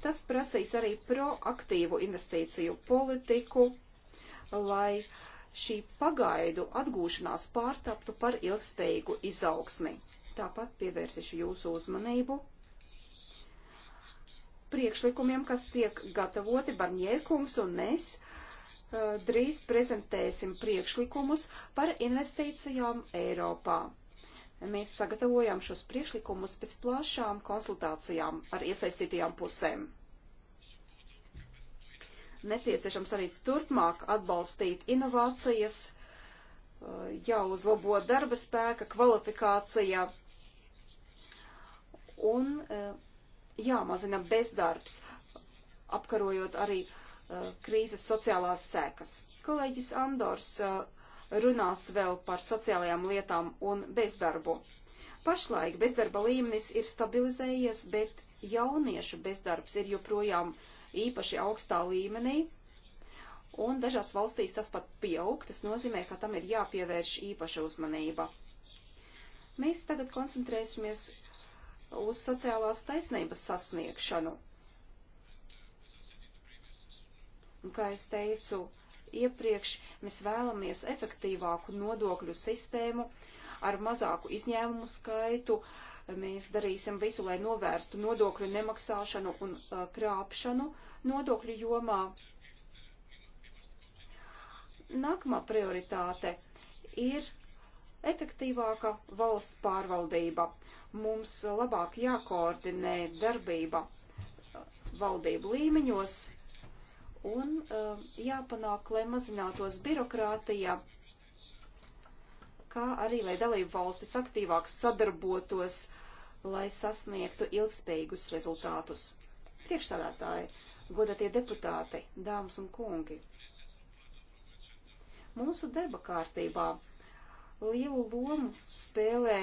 [SPEAKER 3] Tas prasīs arī proaktīvu investīciju politiku, lai šī pagaidu atgūšanās pārtaptu par ilgspējīgu izaugsmi. Tāpat pievērsīšu jūsu uzmanību priekšlikumiem, kas tiek gatavoti, Barņēkungs un es drīz prezentēsim priekšlikumus par investīcijām Eiropā. Mēs sagatavojam šos priekšlikumus pēc plašām konsultācijām ar iesaistītajām pusēm. Nepieciešams arī turpmāk atbalstīt inovācijas, jāuzlabo darba spēka kvalifikācija un jāmazina bezdarbs, apkarojot arī uh, krīzes sociālās sēkas. Kolēģis Andors uh, runās vēl par sociālajām lietām un bezdarbu. Pašlaik bezdarba līmenis ir stabilizējies, bet jauniešu bezdarbs ir joprojām īpaši augstā līmenī, un dažās valstīs tas pat pieaug, tas nozīmē, ka tam ir jāpievērš īpaša uzmanība. Mēs tagad koncentrēsimies uz sociālās taisnības sasniegšanu. Un, kā es teicu iepriekš, mēs vēlamies efektīvāku nodokļu sistēmu ar mazāku izņēmumu skaitu. Mēs darīsim visu, lai novērstu nodokļu nemaksāšanu un uh, krāpšanu nodokļu jomā. Nākamā prioritāte ir efektīvāka valsts pārvaldība. Uh, Mums labāk jākoordinē darbība valdību līmeņos un um, jāpanāk, lai mazinātos birokrātija, kā arī, lai dalību valstis aktīvāk sadarbotos, lai sasniegtu ilgspējīgus rezultātus. Priekšsādātāji, godatie deputāti, dāmas un kungi! Mūsu darba kārtībā lielu lomu spēlē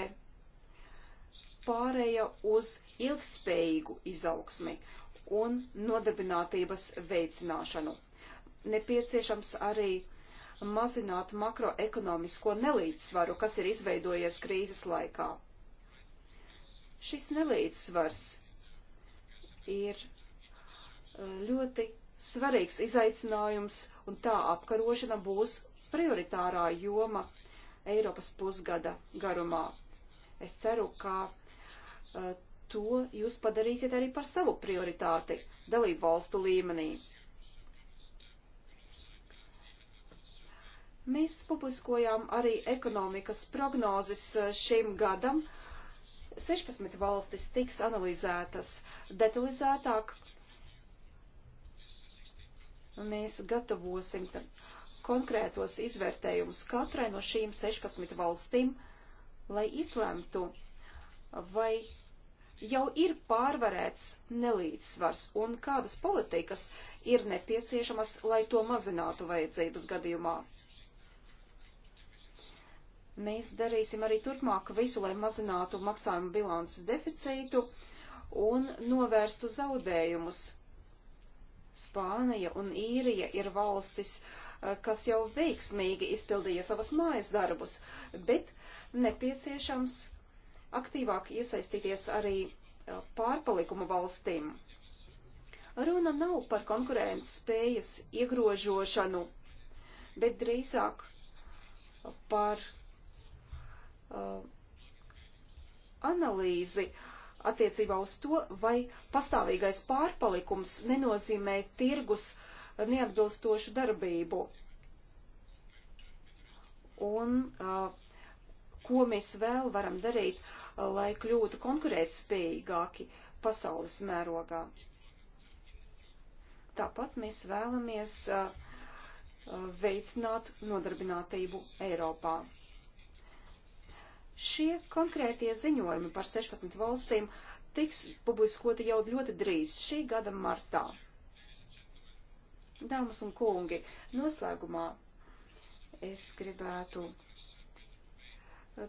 [SPEAKER 3] pārēja uz ilgspējīgu izaugsmi un nodarbinātības veicināšanu. Nepieciešams arī mazināt makroekonomisko nelīdzsvaru, kas ir izveidojies krīzes laikā. Šis nelīdzsvars ir e, ļoti svarīgs izaicinājums, un tā apkarošana būs prioritārā joma Eiropas pusgada garumā. Es ceru, ka Eh, to jūs padarīsiet arī par savu prioritāti dalību valstu līmenī. Mēs publiskojām arī ekonomikas prognozes eh, šim gadam. 16 valstis tiks analizētas detalizētāk. Mēs gatavosim konkrētos izvērtējumus katrai no šīm 16 valstīm, lai izlemtu, vai jau ir pārvarēts nelīdzsvars un kādas politikas ir nepieciešamas, lai to mazinātu vajadzības gadījumā. Mēs darīsim arī turpmāk visu, lai mazinātu maksājumu bilances deficītu un novērstu zaudējumus. Spānija un Īrija ir valstis, eh, kas jau veiksmīgi izpildīja savas mājas darbus, bet nepieciešams aktīvāk iesaistīties arī pārpalikumu valstīm. Runa nav par konkurences spējas iegrožošanu, bet drīzāk par uh, analīzi attiecībā uz to, vai pastāvīgais pārpalikums nenozīmē tirgus neatbilstošu darbību. Un uh, ko mēs vēl varam darīt, uh, lai kļūtu konkurētspējīgāki pasaules mērogā. Tāpat mēs vēlamies veicināt nodarbinātību Eiropā. Šie konkrētie ziņojumi par 16 valstīm tiks publiskoti jau ļoti drīz, šī gada martā. Dāmas un kungi, noslēgumā es gribētu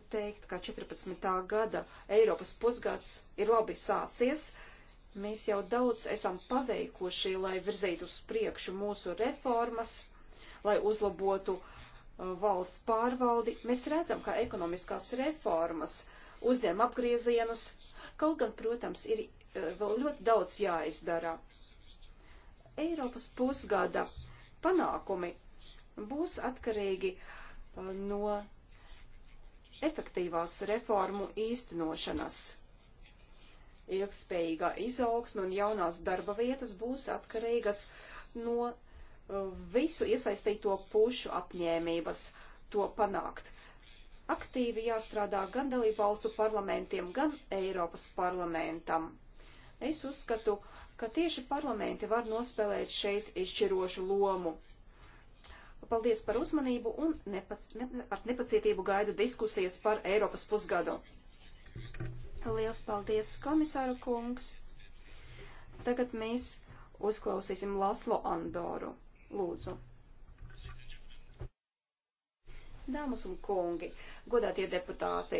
[SPEAKER 3] teikt, ka 14. gada Eiropas pusgads ir labi sācies. Mēs jau daudz esam paveikuši, lai virzītu uz priekšu mūsu reformas, lai uzlabotu uh, valsts pārvaldi. Mēs redzam, ka ekonomiskās reformas uzņem apgriezienus, kaut gan, protams, ir uh, vēl ļoti daudz jāizdara. Eiropas pusgada panākumi būs atkarīgi uh, no efektīvās reformu īstenošanas. Ilgspējīgā izaugsme un jaunās darba vietas būs atkarīgas no uh, visu iesaistīto pušu apņēmības to panākt. Aktīvi jāstrādā gan dalību valstu parlamentiem, gan Eiropas parlamentam. Es uzskatu, ka tieši parlamenti var nospēlēt šeit izšķirošu lomu. Paldies par uzmanību un nepac, ne, ar nepacietību gaidu diskusijas par Eiropas pusgadu. Liels paldies, komisāra kungs. Tagad mēs uzklausīsim Laslo Andoru. Lūdzu. Dāmas un kungi, godātie deputāti,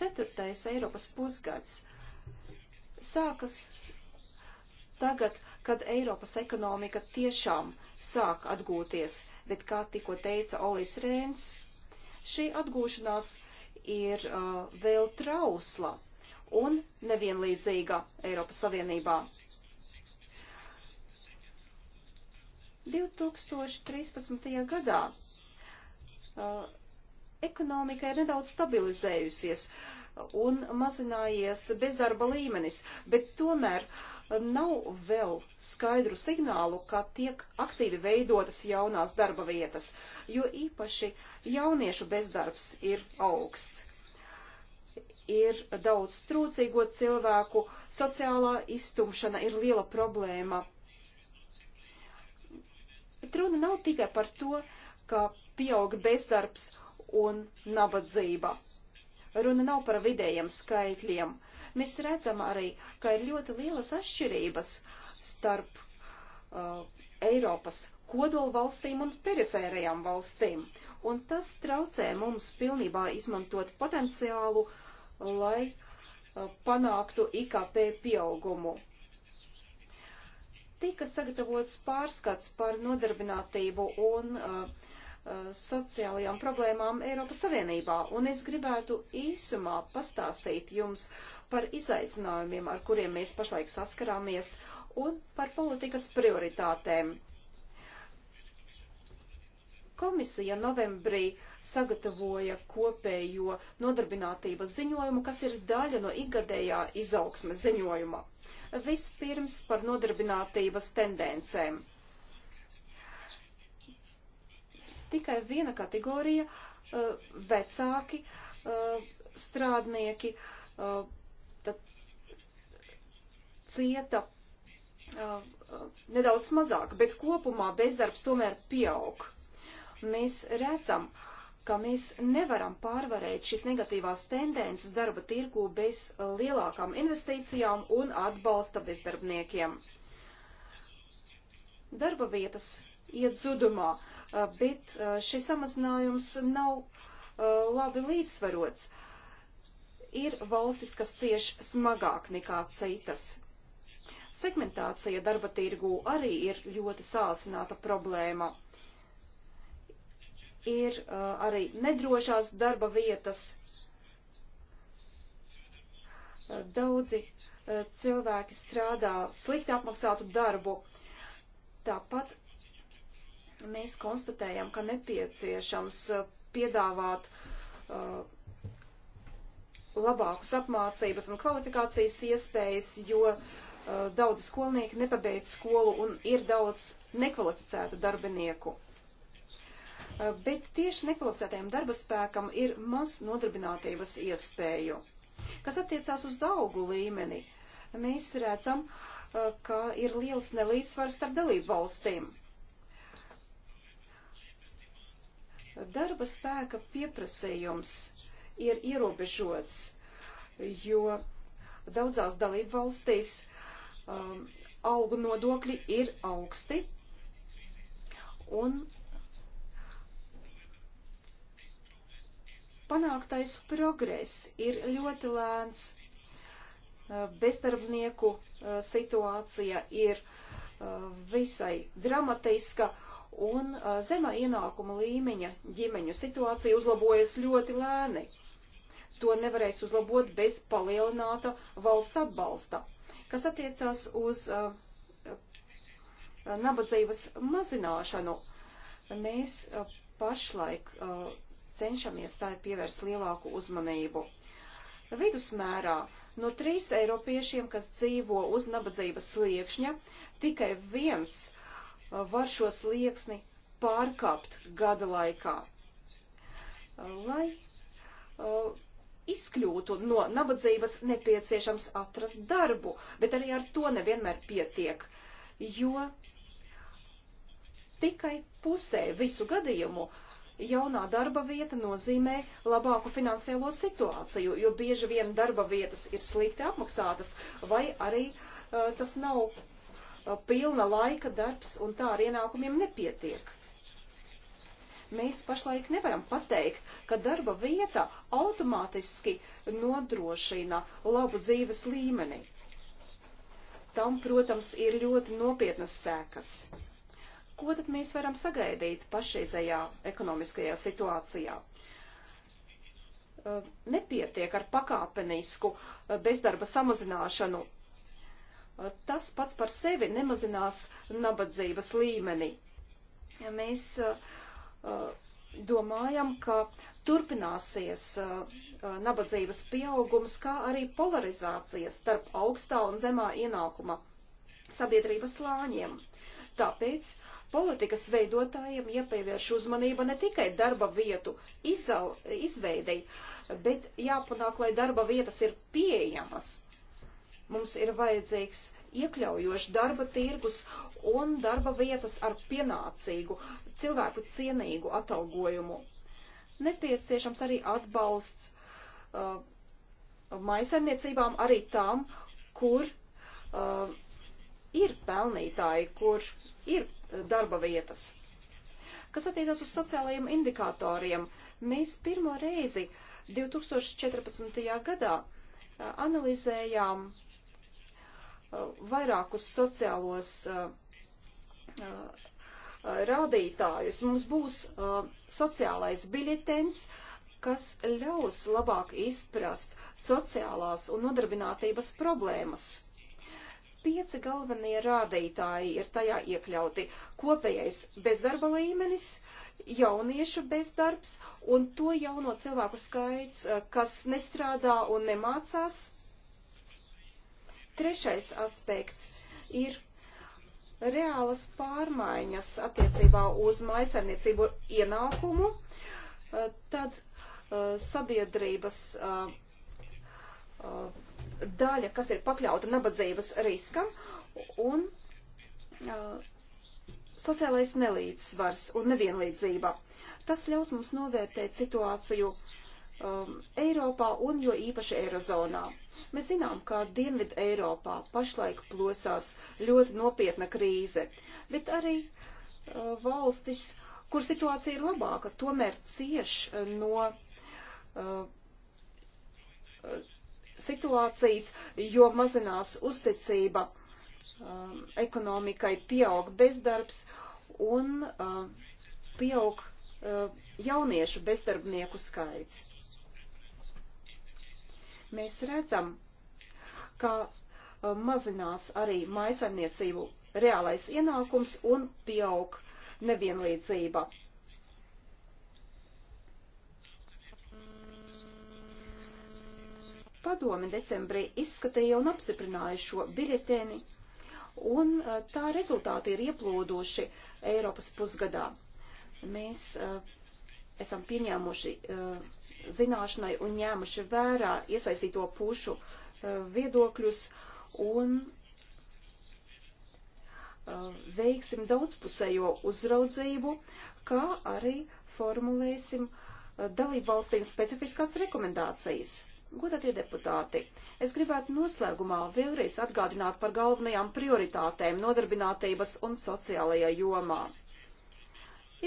[SPEAKER 3] ceturtais Eiropas pusgads sākas Tagad, kad Eiropas ekonomika tiešām sāk atgūties, bet kā tikko teica Olis Rēns, šī atgūšanās ir uh, vēl trausla un nevienlīdzīga Eiropas Savienībā. 2013. gadā uh, ekonomika ir nedaudz stabilizējusies un mazinājies bezdarba līmenis, bet tomēr uh, nav vēl skaidru signālu, ka tiek aktīvi veidotas jaunās darba vietas, jo īpaši jauniešu bezdarbs ir augsts. Ir daudz trūcīgo cilvēku, sociālā iztumšana ir liela problēma. Bet runa nav tikai par to, ka pieaug bezdarbs un nabadzība. Runa nav par vidējiem skaitļiem. Mēs redzam arī, ka ir ļoti lielas atšķirības starp uh, Eiropas kodolu valstīm un perifērajām valstīm. Un tas traucē mums pilnībā izmantot potenciālu, lai uh, panāktu IKP pieaugumu. Tika sagatavots pārskats par nodarbinātību un uh, Eh, sociālajām problēmām Eiropas Savienībā, un es gribētu īsumā pastāstīt jums par izaicinājumiem, ar kuriem mēs pašlaik saskarāmies, un par politikas prioritātēm. Komisija novembrī sagatavoja kopējo nodarbinātības ziņojumu, kas ir daļa no ikgadējā izaugsmes ziņojuma. Vispirms par nodarbinātības tendencēm tikai viena kategorija uh, - vecāki uh, strādnieki uh, cieta nedaudz mazāk, bet kopumā bezdarbs tomēr pieaug. Mēs redzam, ka mēs nevaram pārvarēt šīs negatīvās tendences darba tirgu bez lielākām investīcijām un atbalsta bezdarbniekiem. Darba vietas iet zudumā. Uh, bet uh, šis samazinājums nav uh, labi līdzsvarots. Ir valstis, kas cieš smagāk nekā citas. Segmentācija darba tirgū arī ir ļoti sāsināta problēma. Ir uh, arī nedrošās darba vietas. Daudzi uh, cilvēki strādā slikti apmaksātu darbu. Tāpat mēs konstatējam, ka nepieciešams uh, piedāvāt uh, labākus apmācības un kvalifikācijas iespējas, jo uh, daudz skolnieki nepabeidz skolu un ir daudz nekvalificētu darbinieku. Uh, bet tieši nekvalificētajam darba spēkam ir maz nodarbinātības iespēju. Kas attiecās uz augu līmeni, mēs redzam, uh, ka ir liels nelīdzsvars starp dalību valstīm Darba spēka pieprasījums ir ierobežots, jo daudzās dalību valstīs um, algu nodokļi ir augsti un panāktais progress ir ļoti lēns. Uh, Bezdarbnieku uh, situācija ir uh, visai dramatiska un a, zemā ienākuma līmeņa ģimeņu situācija uzlabojas ļoti lēni. To nevarēs uzlabot bez palielināta valsts atbalsta, kas attiecās uz a, a, nabadzības mazināšanu. Mēs pašlaik cenšamies tā pievērst lielāku uzmanību. Vidusmērā no trīs eiropiešiem, kas dzīvo uz nabadzības sliekšņa, tikai viens uh, var šo slieksni pārkāpt gada laikā. Lai izkļūtu no nabadzības, nepieciešams atrast darbu, bet arī ar to nevienmēr pietiek, jo tikai pusē visu gadījumu jaunā darba vieta nozīmē labāku finansiālo situāciju, jo bieži vien darba vietas ir slikti apmaksātas vai arī uh, tas nav Eh, pilna laika darbs un tā ar ienākumiem nepietiek. Mēs pašlaik nevaram pateikt, ka darba vieta automātiski nodrošina labu dzīves līmeni. Tam, protams, ir ļoti nopietnas sēkas. Ko tad mēs varam sagaidīt pašreizējā ekonomiskajā situācijā? Eh, nepietiek ar pakāpenisku eh, bezdarba samazināšanu Eh, tas pats par sevi nemazinās nabadzības līmeni. Ja mēs eh, eh, domājam, ka turpināsies nabadzības pieaugums, kā arī polarizācija starp augstā un zemā ienākuma sabiedrības slāņiem. Tāpēc politikas veidotājiem jāpievērš uzmanība ne tikai darba vietu izau, izveidei, bet jāpanāk, lai darba vietas ir pieejamas Mums ir vajadzīgs iekļaujošs darba tirgus un darba vietas ar pienācīgu, cilvēku cienīgu atalgojumu. Nepieciešams arī atbalsts uh, maisaimniecībām, arī tām, kur uh, ir pelnītāji, kur ir uh, darba vietas. Kas attiecas uz sociālajiem indikatoriem, mēs pirmo reizi 2014. gadā uh, analizējām uh, Uh, vairākus sociālos uh, uh, rādītājus. Mums būs sociālais biļetens, kas ļaus labāk izprast sociālās un nodarbinātības problēmas pieci galvenie rādītāji ir tajā iekļauti - kopējais bezdarba līmenis, jauniešu bezdarbs un to jauno cilvēku skaits, kas nestrādā un nemācās, Trešais aspekts ir reālas pārmaiņas attiecībā uz maisaimniecību ienākumu, eh, tad eh, sabiedrības eh, daļa, kas ir pakļauta nabadzības riskam, un sociālais nelīdzsvars un nevienlīdzība. Tas ļaus mums novērtēt situāciju uh, um, Eiropā un jo īpaši Eirozonā. Mēs zinām, ka Dienvid Eiropā pašlaik plosās ļoti nopietna krīze, bet arī uh, valstis, kur situācija ir labāka, tomēr cieš uh, no uh, uh, situācijas, jo mazinās uzticība um, ekonomikai, pieaug bezdarbs un uh, pieaug uh, jauniešu bezdarbnieku skaits. Mēs redzam, ka uh, mazinās arī maisaimniecību reālais ienākums un pieaug nevienlīdzība. Padomi decembrī izskatīja un apstiprināja šo biļetēni, un uh, tā rezultāti ir ieplūduši Eiropas pusgadā. Mēs uh, esam pieņēmuši uh, zināšanai un ņēmuši vērā iesaistīto pušu uh, viedokļus un uh, veiksim daudzpusējo uzraudzību, kā arī formulēsim uh, dalību valstīm specifiskās rekomendācijas. Godātie deputāti, es gribētu noslēgumā vēlreiz atgādināt par galvenajām prioritātēm nodarbinātības un sociālajā jomā.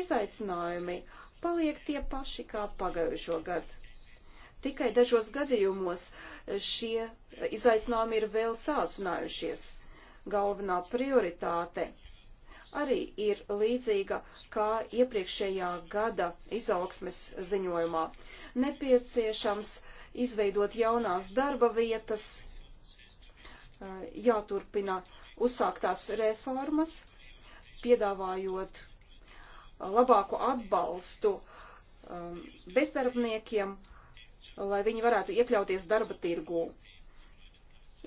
[SPEAKER 3] Izaicinājumi uh, paliek tie paši kā pagājušo gadu. Tikai dažos gadījumos šie izaicinājumi ir vēl sāsinājušies. Galvenā prioritāte arī ir līdzīga kā iepriekšējā gada izaugsmes ziņojumā. Nepieciešams izveidot jaunās darba vietas, jāturpina uzsāktās reformas, piedāvājot labāku atbalstu um, bezdarbniekiem, lai viņi varētu iekļauties darba tirgū.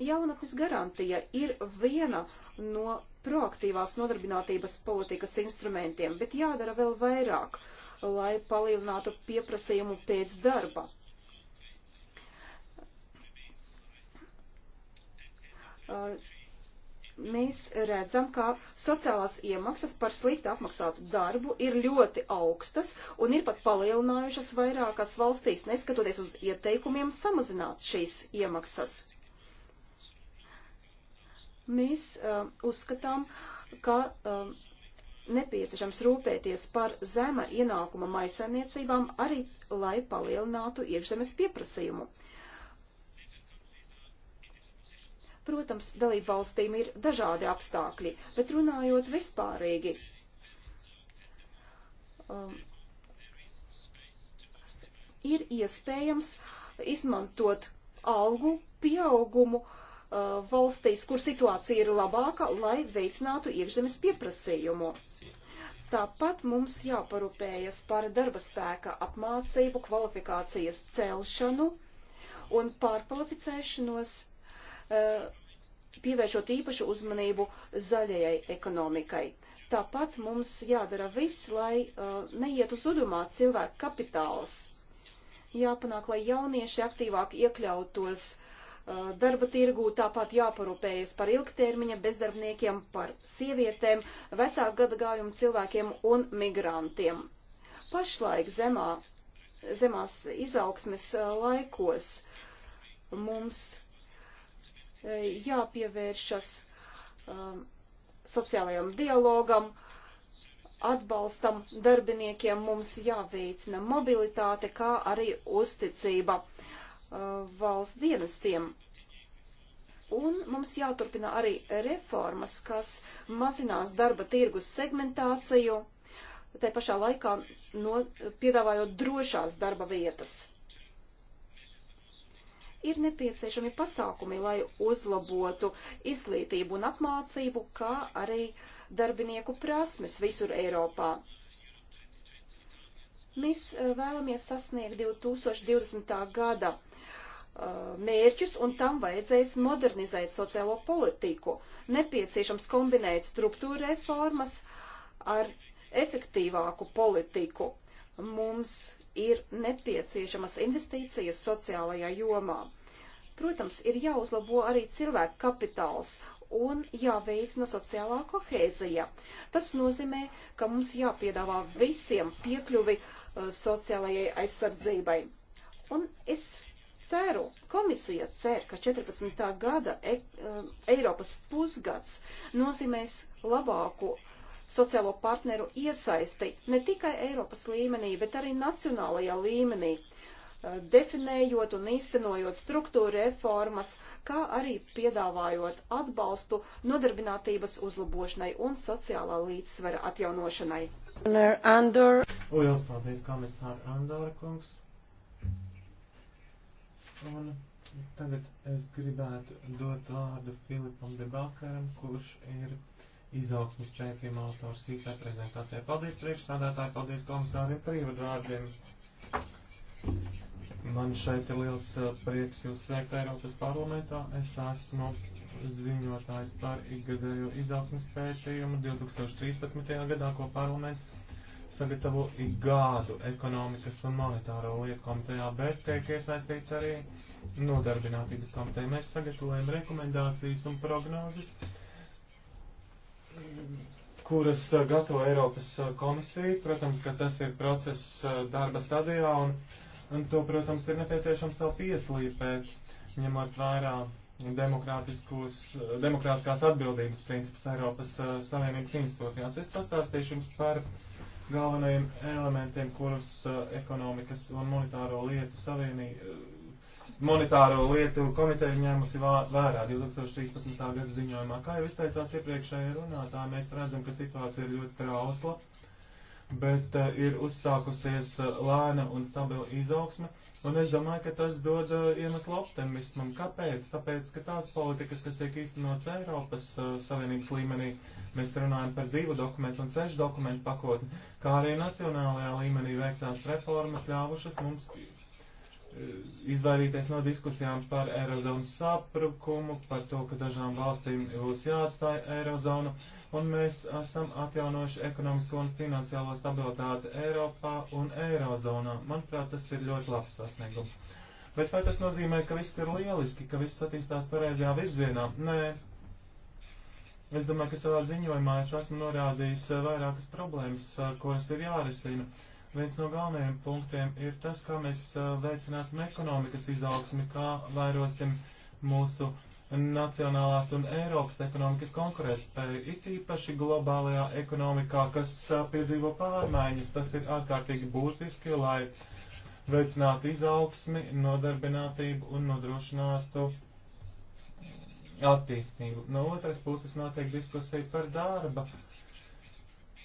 [SPEAKER 3] Jaunatnes garantija ir viena no proaktīvās nodarbinātības politikas instrumentiem, bet jādara vēl vairāk, lai palielinātu pieprasījumu pēc darba. Uh, mēs redzam, ka sociālās iemaksas par slikti apmaksātu darbu ir ļoti augstas un ir pat palielinājušas vairākās valstīs, neskatoties uz ieteikumiem samazināt šīs iemaksas. Mēs uh, uzskatām, ka uh, nepieciešams rūpēties par zema ienākuma maisaimniecībām arī, lai palielinātu iekšzemes pieprasījumu. Protams, dalību valstīm ir dažādi apstākļi, bet runājot vispārīgi. Um, ir iespējams izmantot algu pieaugumu uh, valstīs, kur situācija ir labāka, lai veicinātu iekšzemes pieprasījumu. Tāpat mums jāparūpējas par darba spēka apmācību, kvalifikācijas celšanu un pārkvalificēšanos E, pievēršot īpašu uzmanību zaļajai ekonomikai. Tāpat mums jādara viss, lai uh, neiet uz udumā cilvēku kapitāls. Jāpanāk, lai jaunieši aktīvāk iekļautos uh, darba tirgū, tāpat jāparūpējas par ilgtermiņa bezdarbniekiem, par sievietēm, vecāku gadagājumu cilvēkiem un migrantiem. Pašlaik zemā, zemās izaugsmes uh, laikos mums jāpievēršas um, sociālajam dialogam, atbalstam darbiniekiem, mums jāveicina mobilitāte, kā arī uzticība uh, valsts dienestiem. Un mums jāturpina arī reformas, kas mazinās darba tirgus segmentāciju, tai pašā laikā no, piedāvājot drošās darba vietas ir nepieciešami pasākumi, lai uzlabotu izglītību un apmācību, kā arī darbinieku prasmes visur Eiropā. Mēs eh, vēlamies sasniegt 2020. gada eh, mērķus, un tam vajadzēs modernizēt sociālo politiku. Nepieciešams kombinēt struktūra reformas ar efektīvāku politiku. Mums ir nepieciešamas investīcijas sociālajā jomā. Protams, ir jāuzlabo arī cilvēku kapitāls un jāveicina sociālā kohēzija. Tas nozīmē, ka mums jāpiedāvā visiem piekļuvi uh, sociālajai aizsardzībai. Un es ceru, komisija cer, ka 14. gada e, uh, Eiropas pusgads nozīmēs labāku uh, sociālo partneru iesaisti ne tikai Eiropas līmenī, bet arī nacionālajā līmenī, eh, definējot un īstenojot struktūra reformas, kā arī piedāvājot atbalstu nodarbinātības uzlabošanai un sociālā līdzsvera atjaunošanai. Andor. Lielas
[SPEAKER 1] paldies, komisāra Andora kungs. Un tagad es gribētu dot vārdu Filipam Debakaram, kurš ir izaugsmas čempionu autors īsā prezentācijā. Paldies priekšsādātāji, paldies komisāriem prīvadvārdiem. Man šeit ir liels uh, prieks jūs sveikt Eiropas parlamentā. Es esmu ziņotājs par ikgadējo izaugsmas pētījumu 2013. gadā, ko parlaments sagatavo ik gādu ekonomikas un monetāro lietu komitejā, bet tiek iesaistīt arī nodarbinātības komiteja. Mēs sagatavojam rekomendācijas un prognozes kuras gatavo Eiropas komisija. Protams, ka tas ir process darba stadijā un, un to, protams, ir nepieciešams vēl pieslīpēt, ņemot vērā demokrātiskās atbildības principus Eiropas Savienības institūcijās. Es pastāstīšu jums par galvenajiem elementiem, kurus ekonomikas un monetāro lietu savienība monetāro lietu komiteja ņēmusi vērā 2013. gada ziņojumā. Kā jau izteicās iepriekšējā runātā, mēs redzam, ka situācija ir ļoti trausla, bet uh, ir uzsākusies uh, lēna un stabila izaugsme, un es domāju, ka tas dod uh, iemeslu optimismam. Kāpēc? Tāpēc, ka tās politikas, kas tiek īstenots Eiropas uh, Savienības līmenī, mēs runājam par divu dokumentu un sešu dokumentu pakotni, kā arī nacionālajā līmenī veiktās reformas ļāvušas mums izvairīties no diskusijām par Eirozonas saprukumu, par to, ka dažām valstīm būs jāatstāja Eirozona, un mēs esam atjaunojuši ekonomisko un finansiālo stabilitāti Eiropā un Eirozonā. Manuprāt, tas ir ļoti labs sasniegums. Bet vai tas nozīmē, ka viss ir lieliski, ka viss attīstās pareizajā virzienā? Nē. Es domāju, ka savā ziņojumā es esmu norādījis vairākas problēmas, kuras ir jārisina. Uh, Viens no galvenajiem punktiem ir tas, kā mēs eh, veicināsim ekonomikas izaugsmi, kā vairosim mūsu nacionālās un Eiropas ekonomikas konkurētspēju, it īpaši globālajā ekonomikā, kas eh, piedzīvo pārmaiņas. Tas ir ārkārtīgi būtiski, lai veicinātu izaugsmi, nodarbinātību un nodrošinātu attīstību. No otras puses notiek diskusija par darba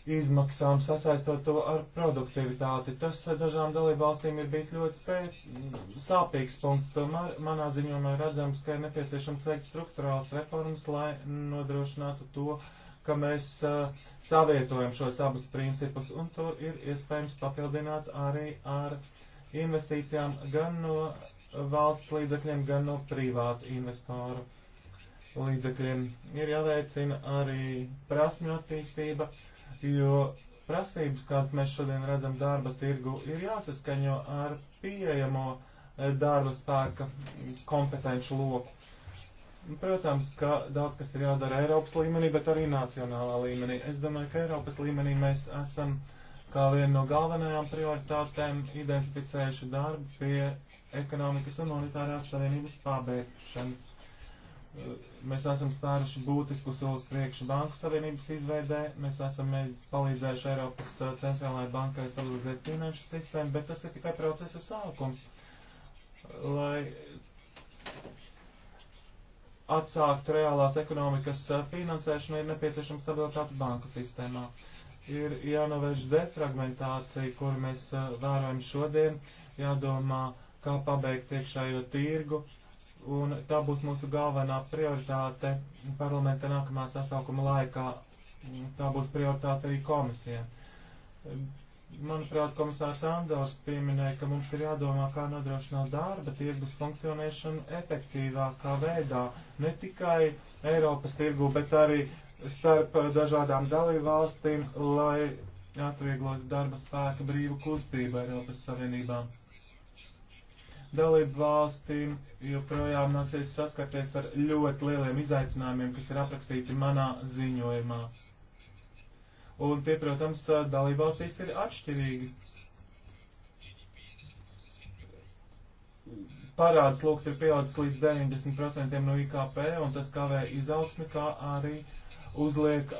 [SPEAKER 1] izmaksām, sasaistot to ar produktivitāti. Tas eh, dažām dalībvalstīm ir bijis ļoti spē... Mm, sāpīgs punkts. Tomēr manā ziņojumā redzams, ka ir nepieciešams veikt struktūrāls reformas, lai nodrošinātu to, ka mēs uh, savietojam šos abus principus, un to ir iespējams papildināt arī ar investīcijām gan no valsts līdzekļiem, gan no privātu investoru līdzekļiem. Ir jāveicina arī prasmju attīstība jo prasības, kādas mēs šodien redzam darba tirgu, ir jāsaskaņo ar pieejamo eh, darba spēka kompetenci loku. Protams, ka daudz kas ir jādara Eiropas līmenī, bet arī nacionālā līmenī. Es domāju, ka Eiropas līmenī mēs esam kā vienu no galvenajām prioritātēm identificējuši darbu pie ekonomikas un monetārās savienības pabeigšanas. Mēs esam spēruši būtisku solis priekšu Banku Savienības izveidē, mēs esam eh, palīdzējuši Eiropas eh, centrālajai bankai stabilizēt finanšu sistēmu, bet tas ir tikai procesa sākums. Lai atsākt reālās ekonomikas eh, finansēšanu, ir nepieciešama stabilitāte banku sistēmā. Ir jānovērš defragmentācija, kuru mēs vērojam šodien, jādomā, kā pabeigt iekšējo tirgu un tā būs mūsu galvenā prioritāte parlamenta nākamā sasaukuma laikā. Tā būs prioritāte arī komisija. Manuprāt, komisārs Andors pieminēja, ka mums ir jādomā, kā nodrošināt darba tirgus funkcionēšanu efektīvākā veidā, ne tikai Eiropas tirgu, bet arī starp dažādām dalībvalstīm, lai atvieglotu darba spēka brīvu kustību Eiropas Savienībām dalību valstīm joprojām nāksies saskarties ar ļoti lieliem izaicinājumiem, kas ir aprakstīti manā ziņojumā. Un tie, protams, dalību valstīs ir atšķirīgi. Parāds lūks ir pieaudzis līdz 90% no IKP, un tas kavē izaugsmi, kā arī uzliek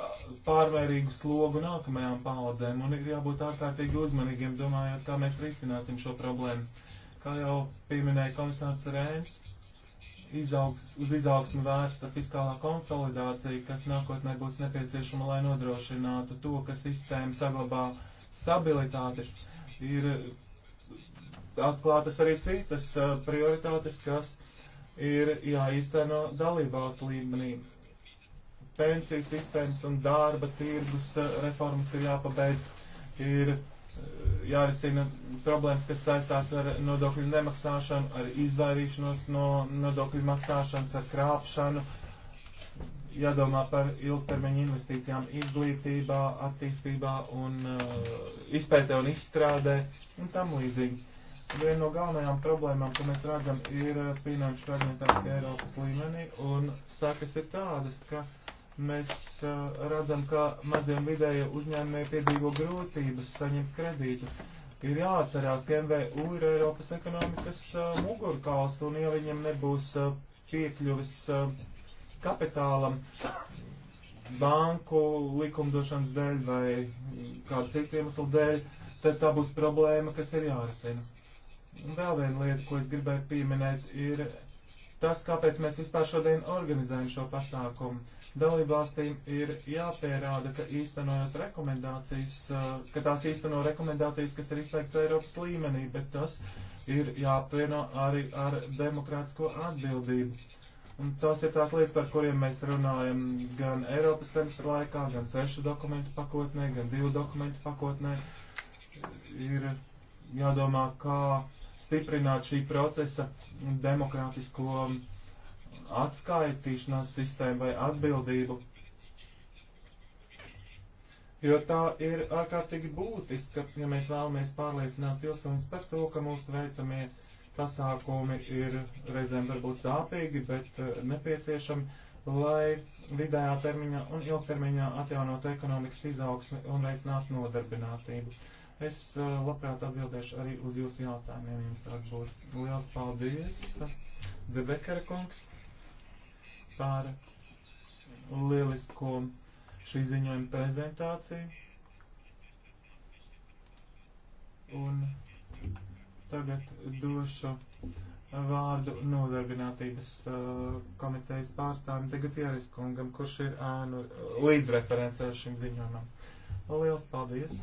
[SPEAKER 1] pārmērīgu slogu nākamajām paudzēm, un ir jābūt ārkārtīgi uzmanīgiem, domājot, kā mēs risināsim šo problēmu Kā jau pieminēja komisārs Rēns, izaugs, uz izaugsmu vērsta fiskālā konsolidācija, kas nākotnē būs nepieciešama, lai nodrošinātu to, ka sistēma saglabā stabilitāti, ir atklātas arī citas prioritātes, kas ir jāīsteno dalībās līmenī. Pensiju sistēmas un darba tirgus reformas ir jāpabeidz. Ir jārisina problēmas, kas saistās ar nodokļu nemaksāšanu, ar izvairīšanos no nodokļu maksāšanas, ar krāpšanu, jādomā par ilgtermiņu investīcijām izglītībā, attīstībā un uh, izpētē un izstrādē un tam līdzīgi. Viena no galvenajām problēmām, ko mēs redzam, ir uh, finanšu fragmentācija Eiropas līmenī un sakas ir tādas, ka uh, Mēs uh, redzam, ka maziem vidējie uzņēmēji piedzīvo grūtības saņemt kredītu. Ir jāatcerās, ka MVU ir Eiropas ekonomikas uh, mugurkauls, un ja viņiem nebūs uh, piekļuvis uh, kapitālam banku likumdošanas dēļ vai kādu citu iemeslu dēļ, tad tā būs problēma, kas ir jārisina. Un vēl viena lieta, ko es gribēju pieminēt, ir tas, kāpēc mēs vispār šodien organizējam šo pasākumu. Dalībvalstīm ir jāpierāda, ka īstenojot rekomendācijas, ka tās īsteno rekomendācijas, kas ir izteikts Eiropas līmenī, bet tas ir jāapvieno arī ar demokrātisko atbildību. Un tās ir tās lietas, par kuriem mēs runājam gan Eiropas semestra laikā, gan sešu dokumentu pakotnē, gan divu dokumentu pakotnē. Ir jādomā, kā stiprināt šī procesa demokrātisko atskaitīšanās sistēmu vai atbildību, jo tā ir ārkārtīgi būtiska, ja mēs vēlamies pārliecināt pilsoņus par to, ka mūsu veicamie pasākumi ir reizēm varbūt sāpīgi, bet eh, nepieciešami, lai vidējā termiņā un ilgtermiņā atjaunotu ekonomikas izaugsmi un veicinātu nodarbinātību. Es eh, labprāt atbildēšu arī uz jūsu jautājumiem, jums tāds būs. Liels paldies, Debekara kungs! par lielisko šī ziņojuma prezentāciju. Un tagad došu vārdu nodarbinātības uh, komitejas pārstāvim Degatieris kungam, kurš ir ēnu uh, līdzreferents ar šim ziņojumam. Liels paldies!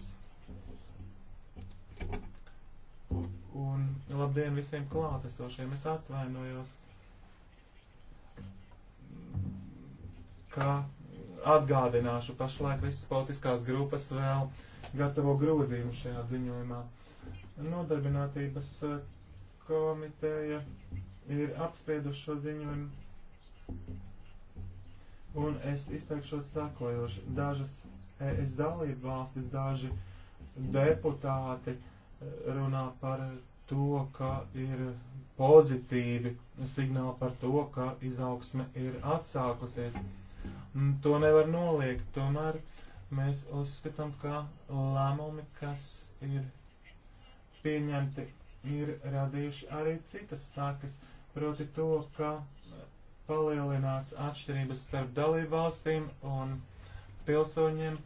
[SPEAKER 1] Un labdien visiem klātesošiem! Es atvainojos, ka atgādināšu pašlaik visas politiskās grupas vēl gatavo grozījumu šajā ziņojumā. Nodarbinātības eh, komiteja ir apsprieduši šo ziņojumu. Un es izteikšos sakojoši. Dažas es dalību valstis, daži deputāti eh, runā par to, ka ir pozitīvi signāli par to, ka izaugsme ir atsākusies. To nevar noliegt. Tomēr mēs uzskatām, ka lēmumi, kas ir pieņemti, ir radījuši arī citas sakas, proti to, ka palielinās atšķirības starp dalību valstīm un pilsoņiem,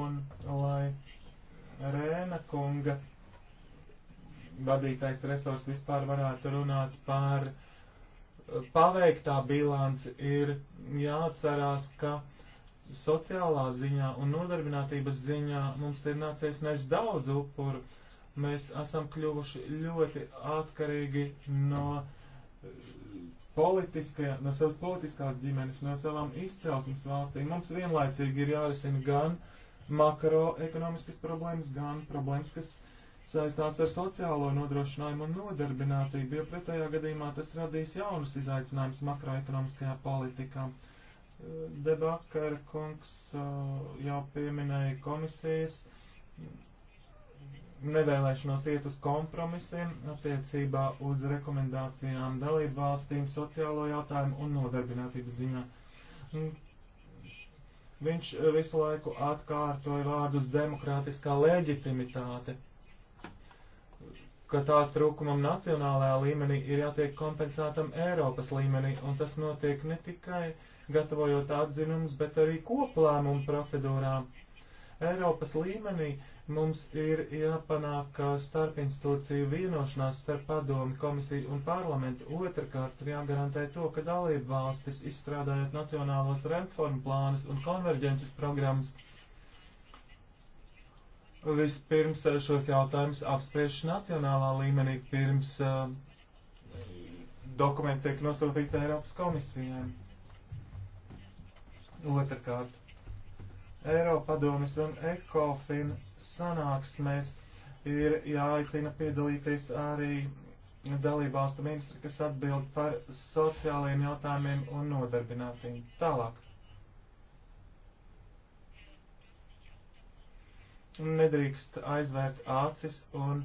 [SPEAKER 1] un lai Rēna kunga vadītais resurs vispār varētu runāt par uh, paveiktā bilance ir jāatcerās, ka sociālā ziņā un nodarbinātības ziņā mums ir nācies nes daudz upuru. Mēs esam kļuvuši ļoti atkarīgi no eh, politiskajā, no savas politiskās ģimenes, no savām izcelsmes valstīm. Mums vienlaicīgi ir jārisina gan makroekonomiskas problēmas, gan problēmas, kas uh, saistās ar sociālo nodrošinājumu un nodarbinātību, jo pretējā gadījumā tas radīs jaunus izaicinājumus makroekonomiskajā politikā. Debakar kungs uh, jau pieminēja komisijas nevēlēšanos iet uz kompromisiem attiecībā uz rekomendācijām dalību valstīm sociālo jautājumu un nodarbinātības ziņā. Viņš visu laiku atkārtoja vārdus demokrātiskā leģitimitāte ka tās trūkumam nacionālajā līmenī ir jātiek kompensētam Eiropas līmenī, un tas notiek ne tikai gatavojot atzinumus, bet arī koplēmumu procedūrā. Eiropas līmenī mums ir jāpanāk starpinstitūciju vienošanās starp padomu, komisiju un parlamentu. Otrakārt ir jāgarantē to, ka dalību valstis, izstrādājot nacionālos reformu plānus un konverģences programmas, Vispirms eh, šos jautājumus apspriež nacionālā līmenī, pirms uh, dokumenti tiek nosūtīti Eiropas komisijai. Otrakārt, Eiropadomis un Ekofin sanāksmēs ir jāaicina piedalīties arī dalībvalstu ministri, kas atbild par sociālajiem jautājumiem un nodarbinātīm. Tālāk Nedrīkst aizvērt acis un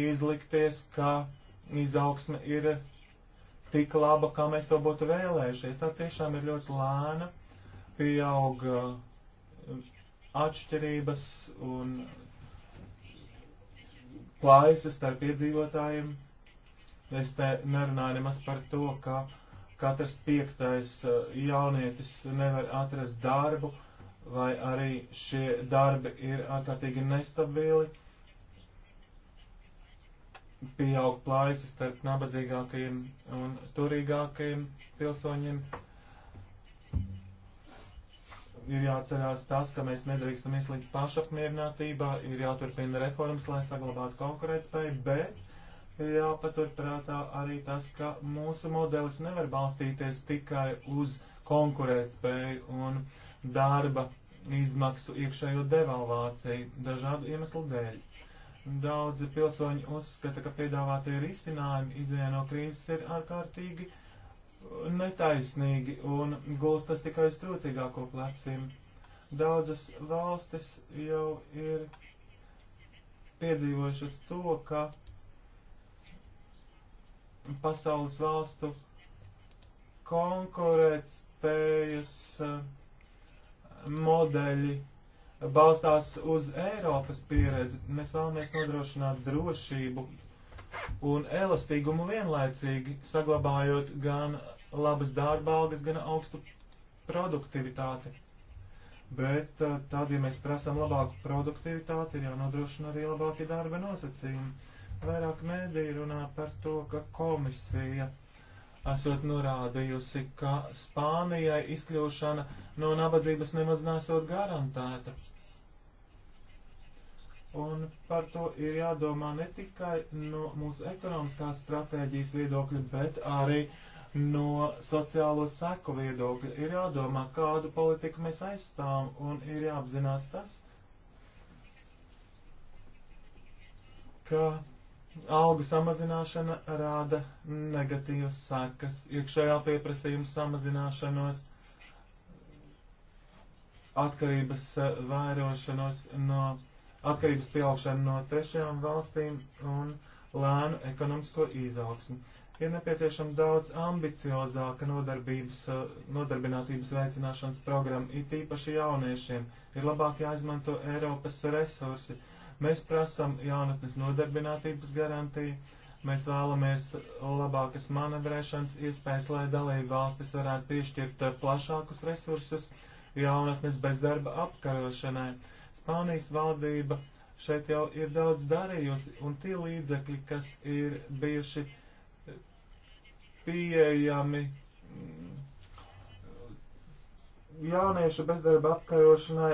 [SPEAKER 1] izlikties, ka izaugsme ir tik laba, kā mēs to būtu vēlējušies. Tā tiešām ir ļoti lēna, pieauga atšķirības un plaisas starp iedzīvotājiem. Es te nerunāju nemaz par to, ka katrs piektais uh, jaunietis nevar atrast darbu, vai arī šie darbi ir ārkārtīgi nestabili, pieaug plājas starp nabadzīgākajiem un turīgākajiem pilsoņiem. Ir jāatcerās tas, ka mēs nedrīkstam ieslīgt pašapmierinātībā, ir jāturpina reformas, lai saglabātu konkurētspēju, bet jāpaturprātā arī tas, ka mūsu modelis nevar balstīties tikai uz konkurētspēju un uh, darba izmaksu iekšējo devalvāciju dažādu iemeslu dēļ. Daudzi pilsoņi uzskata, ka piedāvātie risinājumi izējai no krīzes ir ārkārtīgi netaisnīgi un gulstas tikai uz trūcīgāko plecim. Daudzas valstis jau ir piedzīvojušas to, ka pasaules valstu konkurētspējas uh, modeļi balstās uz Eiropas pieredzi. Mēs vēlamies nodrošināt drošību un elastīgumu vienlaicīgi, saglabājot gan labas darba algas, gan augstu produktivitāti. Bet eh, tad, ja mēs prasām labāku produktivitāti, ir jānodrošina arī labāki darba nosacījumi. Vairāk mēdī runā par to, ka komisija esot norādījusi, ka Spānijai izkļūšana no nabadzības nemaz nesot garantēta. Un par to ir jādomā ne tikai no mūsu ekonomiskās stratēģijas viedokļa, bet arī no sociālo seku viedokļa. Ir jādomā, kādu politiku mēs aizstāvam, un ir jāapzinās tas, ka Algu samazināšana rāda negatīvas sekas, iekšējā pieprasījuma samazināšanos, atkarības eh, vērošanos no atkarības pieaugšana no trešajām valstīm un lēnu ekonomisko izaugsmu. Ir nepieciešama daudz ambiciozāka eh, nodarbinātības veicināšanas programma, it īpaši jauniešiem. Ir labāk jāizmanto Eiropas resursi Mēs prasam jaunatnes nodarbinātības garantiju, mēs vēlamies labākas manevrēšanas iespējas, lai dalību valstis varētu piešķirt plašākus resursus jaunatnes bezdarba apkarošanai. Spānijas valdība šeit jau ir daudz darījusi, un tie līdzekļi, kas ir bijuši pieejami mm, jauniešu bezdarba apkarošanai,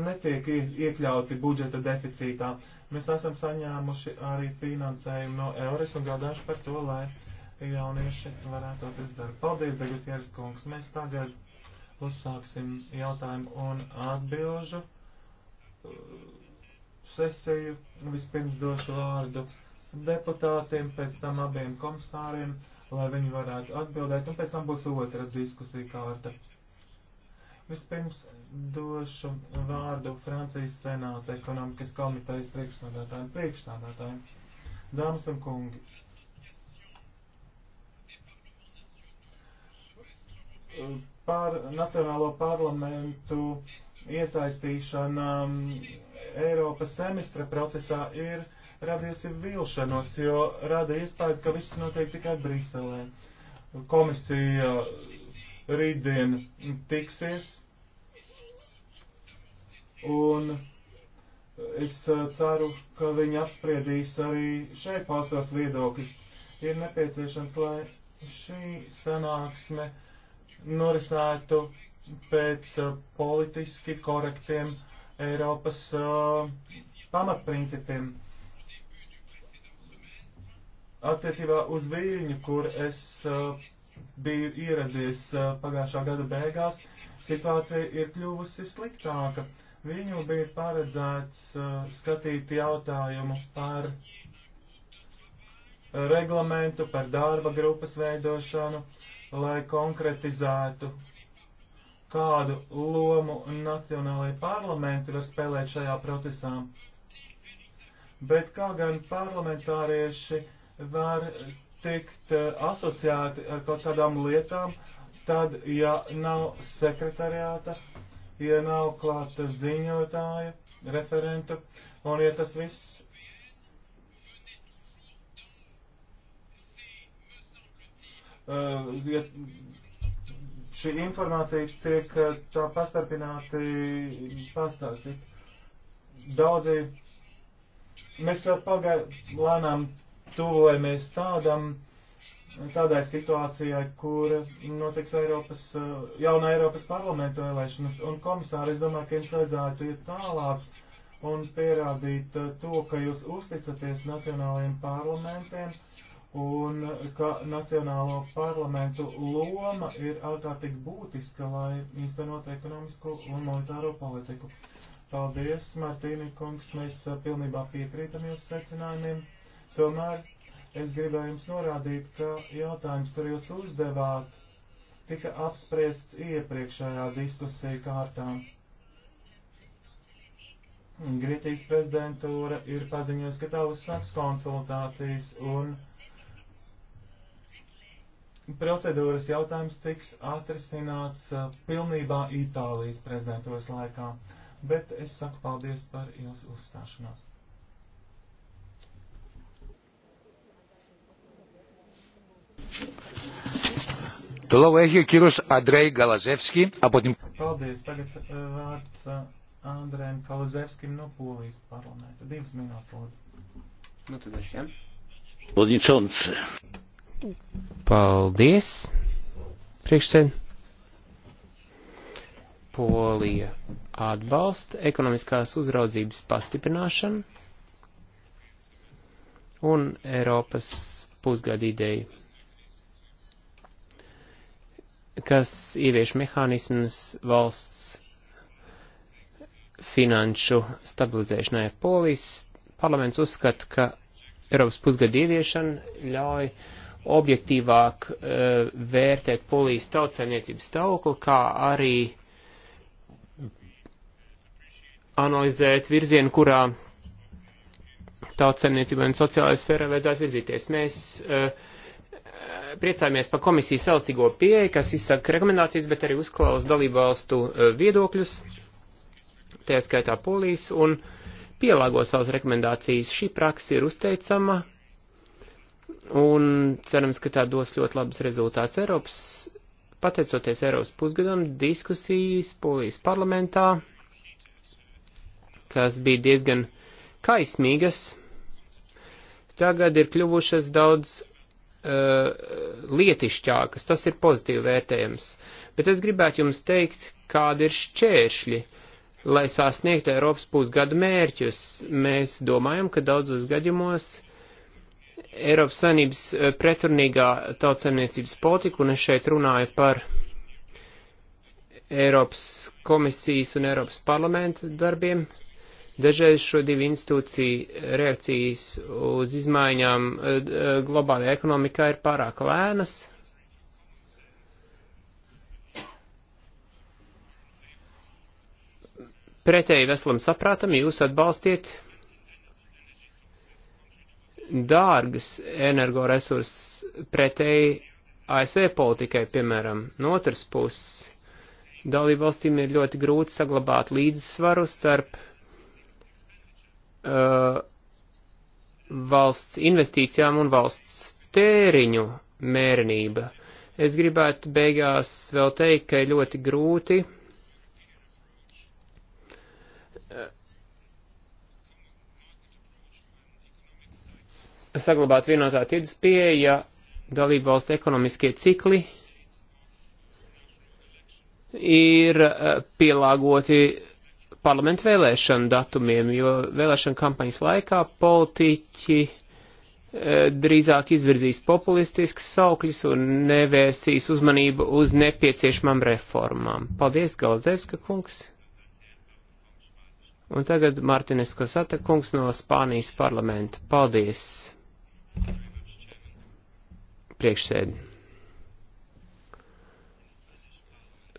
[SPEAKER 1] netiek iekļauti budžeta deficītā. Mēs esam saņēmuši arī finansējumu no Eures un gādāšu par to, lai jaunieši varētu atrast darbu. Paldies, Degutieris kungs. Mēs tagad uzsāksim jautājumu un atbilžu uh, sesiju. Vispirms došu vārdu deputātiem, pēc tam abiem komisāriem, lai viņi varētu atbildēt, un pēc tam būs otra diskusija kārta. Vispirms došu vārdu Francijas Senāta ekonomikas komitejas priekšnādātājiem, priekšnādātājiem, dāmas un kungi. Par Nacionālo parlamentu iesaistīšana um, Eiropas semestra procesā ir radījusi vilšanos, jo rada iespēju, ka viss notiek tikai Briselē. Komisija rītdien tiksies Un es uh, ceru, ka viņi apspriedīs arī šeit paustos viedokļus. Ir nepieciešams, lai šī sanāksme norisētu pēc uh, politiski korektiem Eiropas uh, pamatprincipiem. Attiecībā uz Viļņu, kur es uh, biju ieradies uh, pagājušā gada beigās, situācija ir kļuvusi sliktāka. Uh, Viņu bija paredzēts uh, skatīt jautājumu par reglamentu, par darba grupas veidošanu, lai konkretizētu, kādu lomu nacionālajai parlamenti var spēlēt šajā procesā. Bet kā gan parlamentārieši var tikt uh, asociēti ar kaut kādām lietām, tad, ja nav sekretariāta, ja nav klāt ziņotāja, referenta, un ja tas viss Uh, ja šī informācija tiek eh, tā pastarpināti pastāstīt. Daudzi, mēs jau pagaidām lēnām tuvojamies tādam uh, tādai situācijai, kur notiks Eiropas, eh, jauna Eiropas parlamenta vēlēšanas. Un komisāri, es domāju, ka jums vajadzētu iet tālāk un pierādīt eh, to, ka jūs uzticaties nacionālajiem parlamentiem un ka nacionālo parlamentu loma ir ārkārtīgi būtiska, lai īstenot ekonomisko un monetāro politiku. Paldies, Martīni Kungs, mēs eh, pilnībā piekrītam jūsu secinājumiem. Tomēr Es gribēju jums norādīt, ka jautājums, kur jūs uzdevāt, tika apspriests iepriekšējā diskusija kārtā. Gritijas prezidentūra ir paziņojusi, ka tā uzsāks konsultācijas un procedūras jautājums tiks atrisināts uh, pilnībā Itālijas prezidentūras laikā. Bet es saku paldies par jūsu uzstāšanos. Το λόγο έχει ο κύριος Αντρέι Γκαλαζεύσκη από την... Paldies, tagad eh, vārds eh, Andrēm Kalazevskim no Polijas parlamenta. Divas minūtes, lūdzu. Nu, tad es, jā.
[SPEAKER 2] Lodničons. Paldies, priekšsēd. Polija atbalsta ekonomiskās uzraudzības pastiprināšanu un Eiropas pusgadu ideju kas ievieš mehānismus valsts finanšu stabilizēšanai. Polijas parlaments uzskata, ka Eiropas pusgada ieviešana ļauj objektīvāk uh, e, vērtēt polijas tautsēmniecības stāvokli, kā arī analizēt virzienu, kurā tautsēmniecībai un sociālajai sfērai vajadzētu virzīties. Mēs uh, e, priecājamies par komisijas elastīgo pieeju, kas izsaka rekomendācijas, bet arī uzklaus dalībvalstu e, viedokļus, tā skaitā polijas, un pielāgo savas rekomendācijas. Šī praksa ir uzteicama, un cerams, ka tā dos ļoti labus rezultātus Eiropas. Pateicoties Eiropas pusgadam, diskusijas polijas parlamentā, kas bija diezgan kaismīgas, tagad ir kļuvušas daudz Eh, lietišķākas, tas ir pozitīvi vērtējams. Bet es gribētu jums teikt, kādi ir šķēršļi, lai sasniegtu Eiropas pusgadu mērķus. Mēs domājam, ka daudzos gadījumos Eiropas sanības eh, pretrunīgā tautsemniecības politika, un es šeit runāju par Eiropas komisijas un Eiropas parlamenta darbiem, Dažreiz šo divu institūciju reakcijas uz izmaiņām eh, eh, globālajā ekonomikā ir pārāk lēnas. Pretēji veselam saprātam jūs atbalstiet dārgas energoresursus pretēji ASV politikai, piemēram, no otras puses. Dalībvalstīm ir ļoti grūti saglabāt līdzsvaru starp Uh, valsts investīcijām un valsts tēriņu mērenība. Es gribētu beigās vēl teikt, ka ir ļoti grūti uh, saglabāt vienotā tirdzes pieeja, ja dalību valstu ekonomiskie cikli ir uh, pielāgoti parlamentu vēlēšanu datumiem, jo vēlēšanu kampaņas laikā politiķi e, drīzāk izvirzīs populistiskus saukļus un nevērsīs uzmanību uz nepieciešamām reformām. Paldies, Galdzevska kungs! Un tagad Martines Kosata kungs no Spānijas parlamenta. Paldies! Priekšsēdi.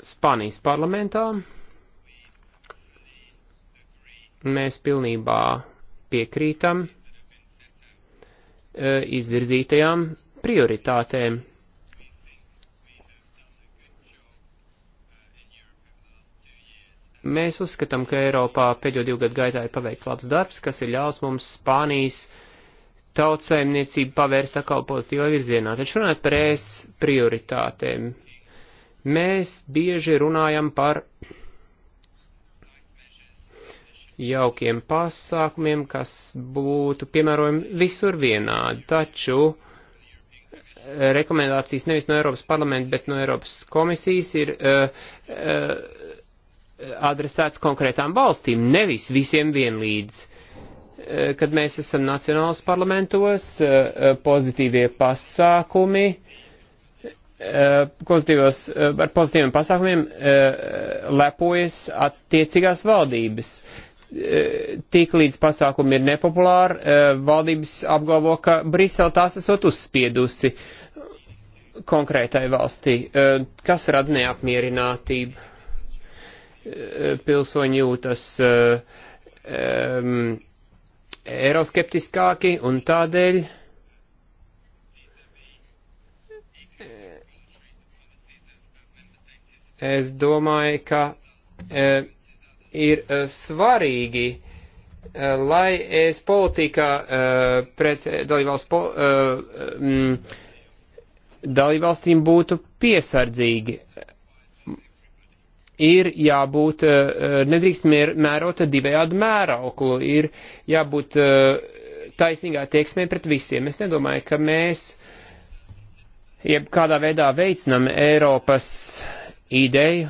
[SPEAKER 2] Spānijas parlamentā Mēs pilnībā piekrītam eh, izvirzītajām prioritātēm. Mēs uzskatām, ka Eiropā pēdējo divu gadu gaitā ir paveikts labs darbs, kas ir ļaus mums Spānijas tautsaimniecību pavērst atkal pozitīvā virzienā. Taču runājot par ēst prioritātēm, mēs bieži runājam par jaukiem pasākumiem, kas būtu piemērojami visur vienādi. Taču rekomendācijas nevis no Eiropas parlamenta, bet no Eiropas komisijas ir uh, eh, uh, eh, adresēts konkrētām valstīm, nevis visiem vienlīdz. Uh, kad mēs esam nacionāls parlamentos, uh, pozitīvie pasākumi, pozitīvos, ar pozitīviem pasākumiem lepojas attiecīgās valdības tik līdz pasākumi ir nepopulāri, e, valdības apgalvo, ka Brisele tās esot uzspiedusi konkrētai valstī, e, kas rada neapmierinātību. E, pilsoņi jūtas um, eiroskeptiskāki un tādēļ es domāju, ka um, ir uh, svarīgi, uh, lai es politikā uh, pret dalībvalsts po, uh, mm, dalībvalstīm būtu piesardzīgi. Ir jābūt, uh, nedrīkst mēr, mērot divējādu mērauklu, ir jābūt uh, taisnīgā tieksmē pret visiem. Es nedomāju, ka mēs jeb kādā veidā veicinam Eiropas ideju,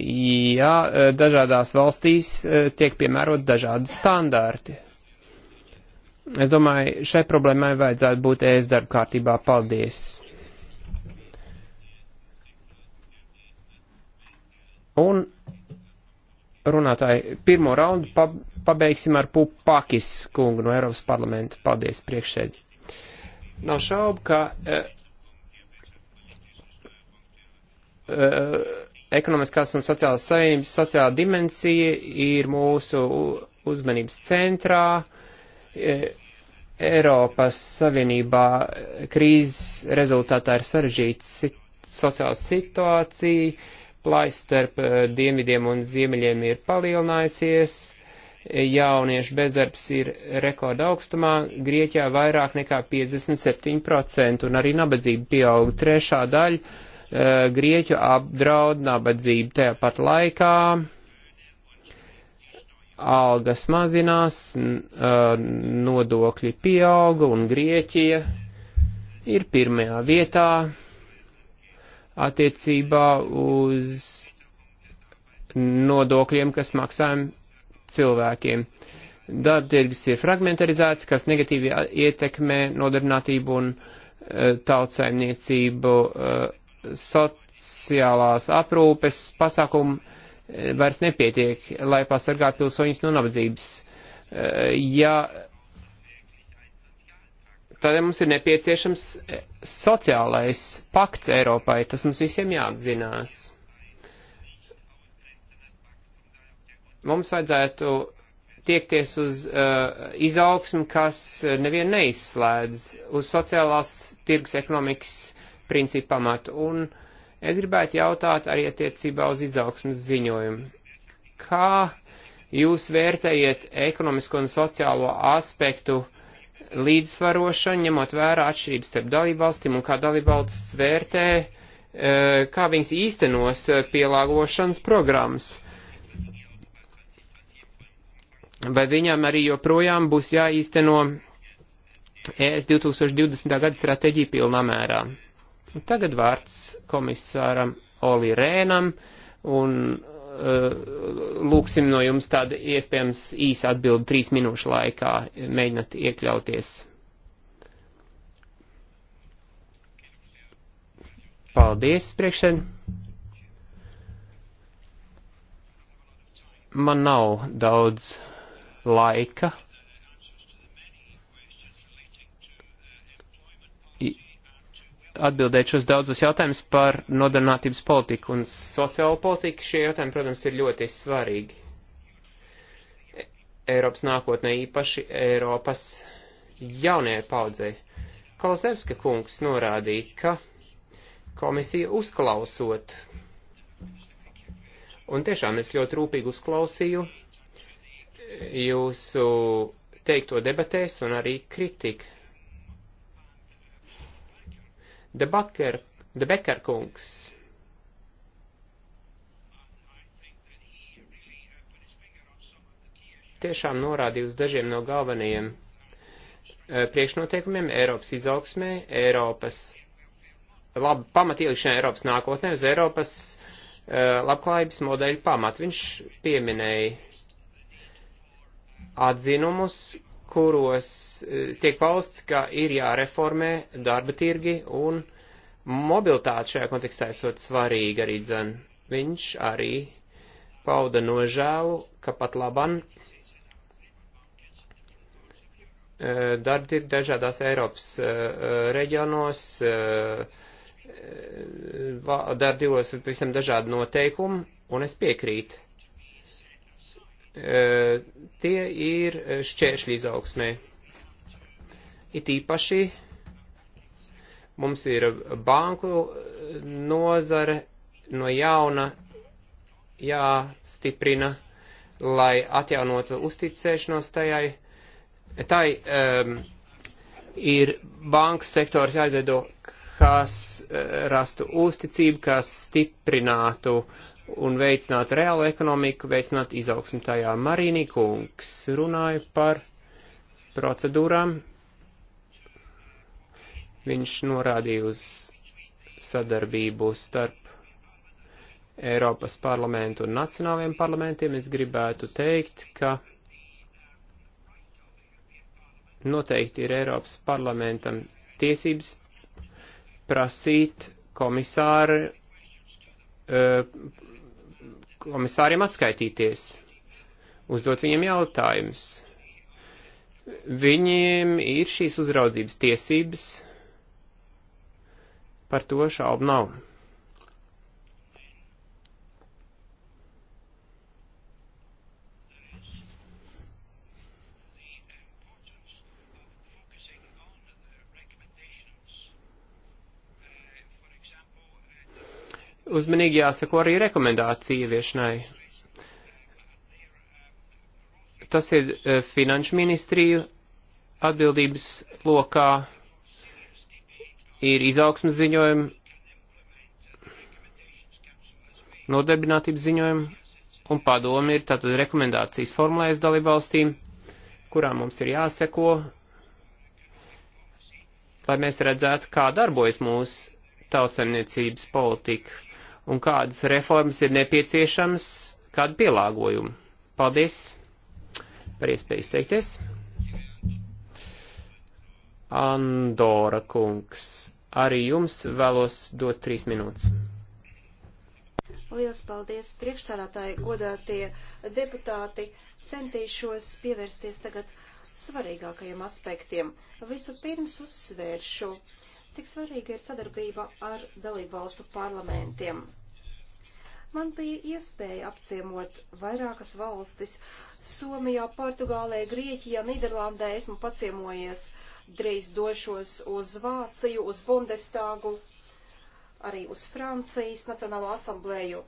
[SPEAKER 2] ja eh, dažādās valstīs eh, tiek piemērot dažādi standārti. Es domāju, šai problēmai vajadzētu būt ēst darba kārtībā. Paldies! Un runātāji, pirmo raundu pa, pabeigsim ar Pupakis kungu no Eiropas parlamenta. Paldies, priekšsēdi. Nav šaubu, ka. Uh, uh, Ekonomiskās un sociālās saimnes sociālā dimensija ir mūsu uzmanības centrā. E, Eiropas Savienībā krīzes rezultātā ir sarežģīta sit sociāla situācija, plājs starp e, dienvidiem un ziemeļiem ir palielinājusies, e, jauniešu bezdarbs ir rekorda augstumā, Grieķijā vairāk nekā 57% un arī nabadzība pieauga trešā daļa Eh, Grieķu apdraud nabadzību tajā pat laikā. Algas mazinās, eh, nodokļi pieauga un Grieķija ir pirmajā vietā attiecībā uz nodokļiem, kas maksājam cilvēkiem. Darbtirgis ir fragmentarizēts, kas negatīvi ietekmē nodarbinātību un e, tautsaimniecību. E, sociālās aprūpes pasākumu eh, vairs nepietiek, lai pasargātu pilsoņus no nabadzības. Eh, ja tādēļ mums ir nepieciešams eh, sociālais pakts Eiropai, tas mums visiem jāapzinās. Mums vajadzētu tiekties uz uh, izaugsmu, kas nevienu neizslēdz, uz sociālās tirgus ekonomikas uh, principu pamatu. Un es gribētu jautāt arī attiecībā uz izaugsmas ziņojumu. Kā jūs vērtējat ekonomisko un sociālo aspektu līdzsvarošanu, ņemot vērā atšķirības starp dalībvalstīm un kā dalībvalsts vērtē, e, kā viņas īstenos pielāgošanas programmas? Vai viņām arī joprojām būs jāīsteno e ES 2020. gada stratēģija pilnā mērā? Tagad vārds komisāram Oli Rēnam un eh, lūksim no jums tādu iespējams īsu atbildi trīs minūšu laikā, mēģināt iekļauties. Paldies, priekšsēd. Man nav daudz laika, atbildēt šos daudzus jautājumus par nodarbinātības politiku un sociālo politiku. Šie jautājumi, protams, ir ļoti svarīgi. Eiropas nākotnē īpaši Eiropas jaunajai paudzei. Kalzevska kungs norādīja, ka komisija uzklausot. Un tiešām es ļoti rūpīgi uzklausīju jūsu teikto debatēs un arī kritiku Debaker, Debeker kungs. Tiešām norādīja uz dažiem no galvenajiem e, priekšnoteikumiem Eiropas izaugsmē, Eiropas labi pamatīgšanai Eiropas nākotnē, uz Eiropas e, labklājības modeļu pamatu. Viņš pieminēja atzinumus kuros e, tiek pausts, ka ir jāreformē darba tirgi un mobilitāte šajā kontekstā esot svarīga arī dzen. Viņš arī pauda nožēlu, ka pat laban e, darba tirgi dažādās Eiropas e, reģionos dar divos visam dažādi noteikumi, un es piekrītu E, tie ir šķēršļi izaugsmē. It īpaši mums ir banku nozare no jauna jāstiprina, lai atjaunotu uzticēšanos tajai. Tai um, ir bankas sektors jāizveido, kas uh, rastu uzticību, kas stiprinātu uh, un veicināt reālu ekonomiku, veicināt izaugsmu tajā. Marīnī kungs runāja par procedūrām. Viņš norādīja uz sadarbību starp Eiropas parlamentu un nacionāliem parlamentiem. Es gribētu teikt, ka noteikti ir Eiropas parlamentam tiesības prasīt komisāru eh, komisāriem atskaitīties, uzdot viņiem jautājumus. Viņiem ir šīs uzraudzības tiesības, par to šaubu nav. uzmanīgi jāsako arī rekomendāciju ieviešanai. Tas ir eh, finanšu ministriju atbildības lokā, ir izaugsmas ziņojumi, nodarbinātības ziņojumi, un padomi ir tātad rekomendācijas formulējas dalībvalstīm, kurām mums ir jāseko, lai mēs redzētu, kā darbojas mūsu tautsemniecības politika un kādas reformas ir nepieciešamas, kādu pielāgojumu. Paldies par iespēju izteikties. Andora kungs, arī jums vēlos dot trīs minūtes.
[SPEAKER 3] Liels paldies priekšsādātāji, godātie deputāti. Centīšos pievērsties tagad svarīgākajiem aspektiem. Visu pirms uzsvēršu uh, cik svarīga ir sadarbība ar dalībvalstu parlamentiem. Man bija iespēja apciemot vairākas valstis - Somijā, Portugālē, Grieķijā, Nīderlandē esmu paciemojies, drīz došos uz Vāciju, uz Bundestāgu, arī uz Francijas Nacionālo asamblēju.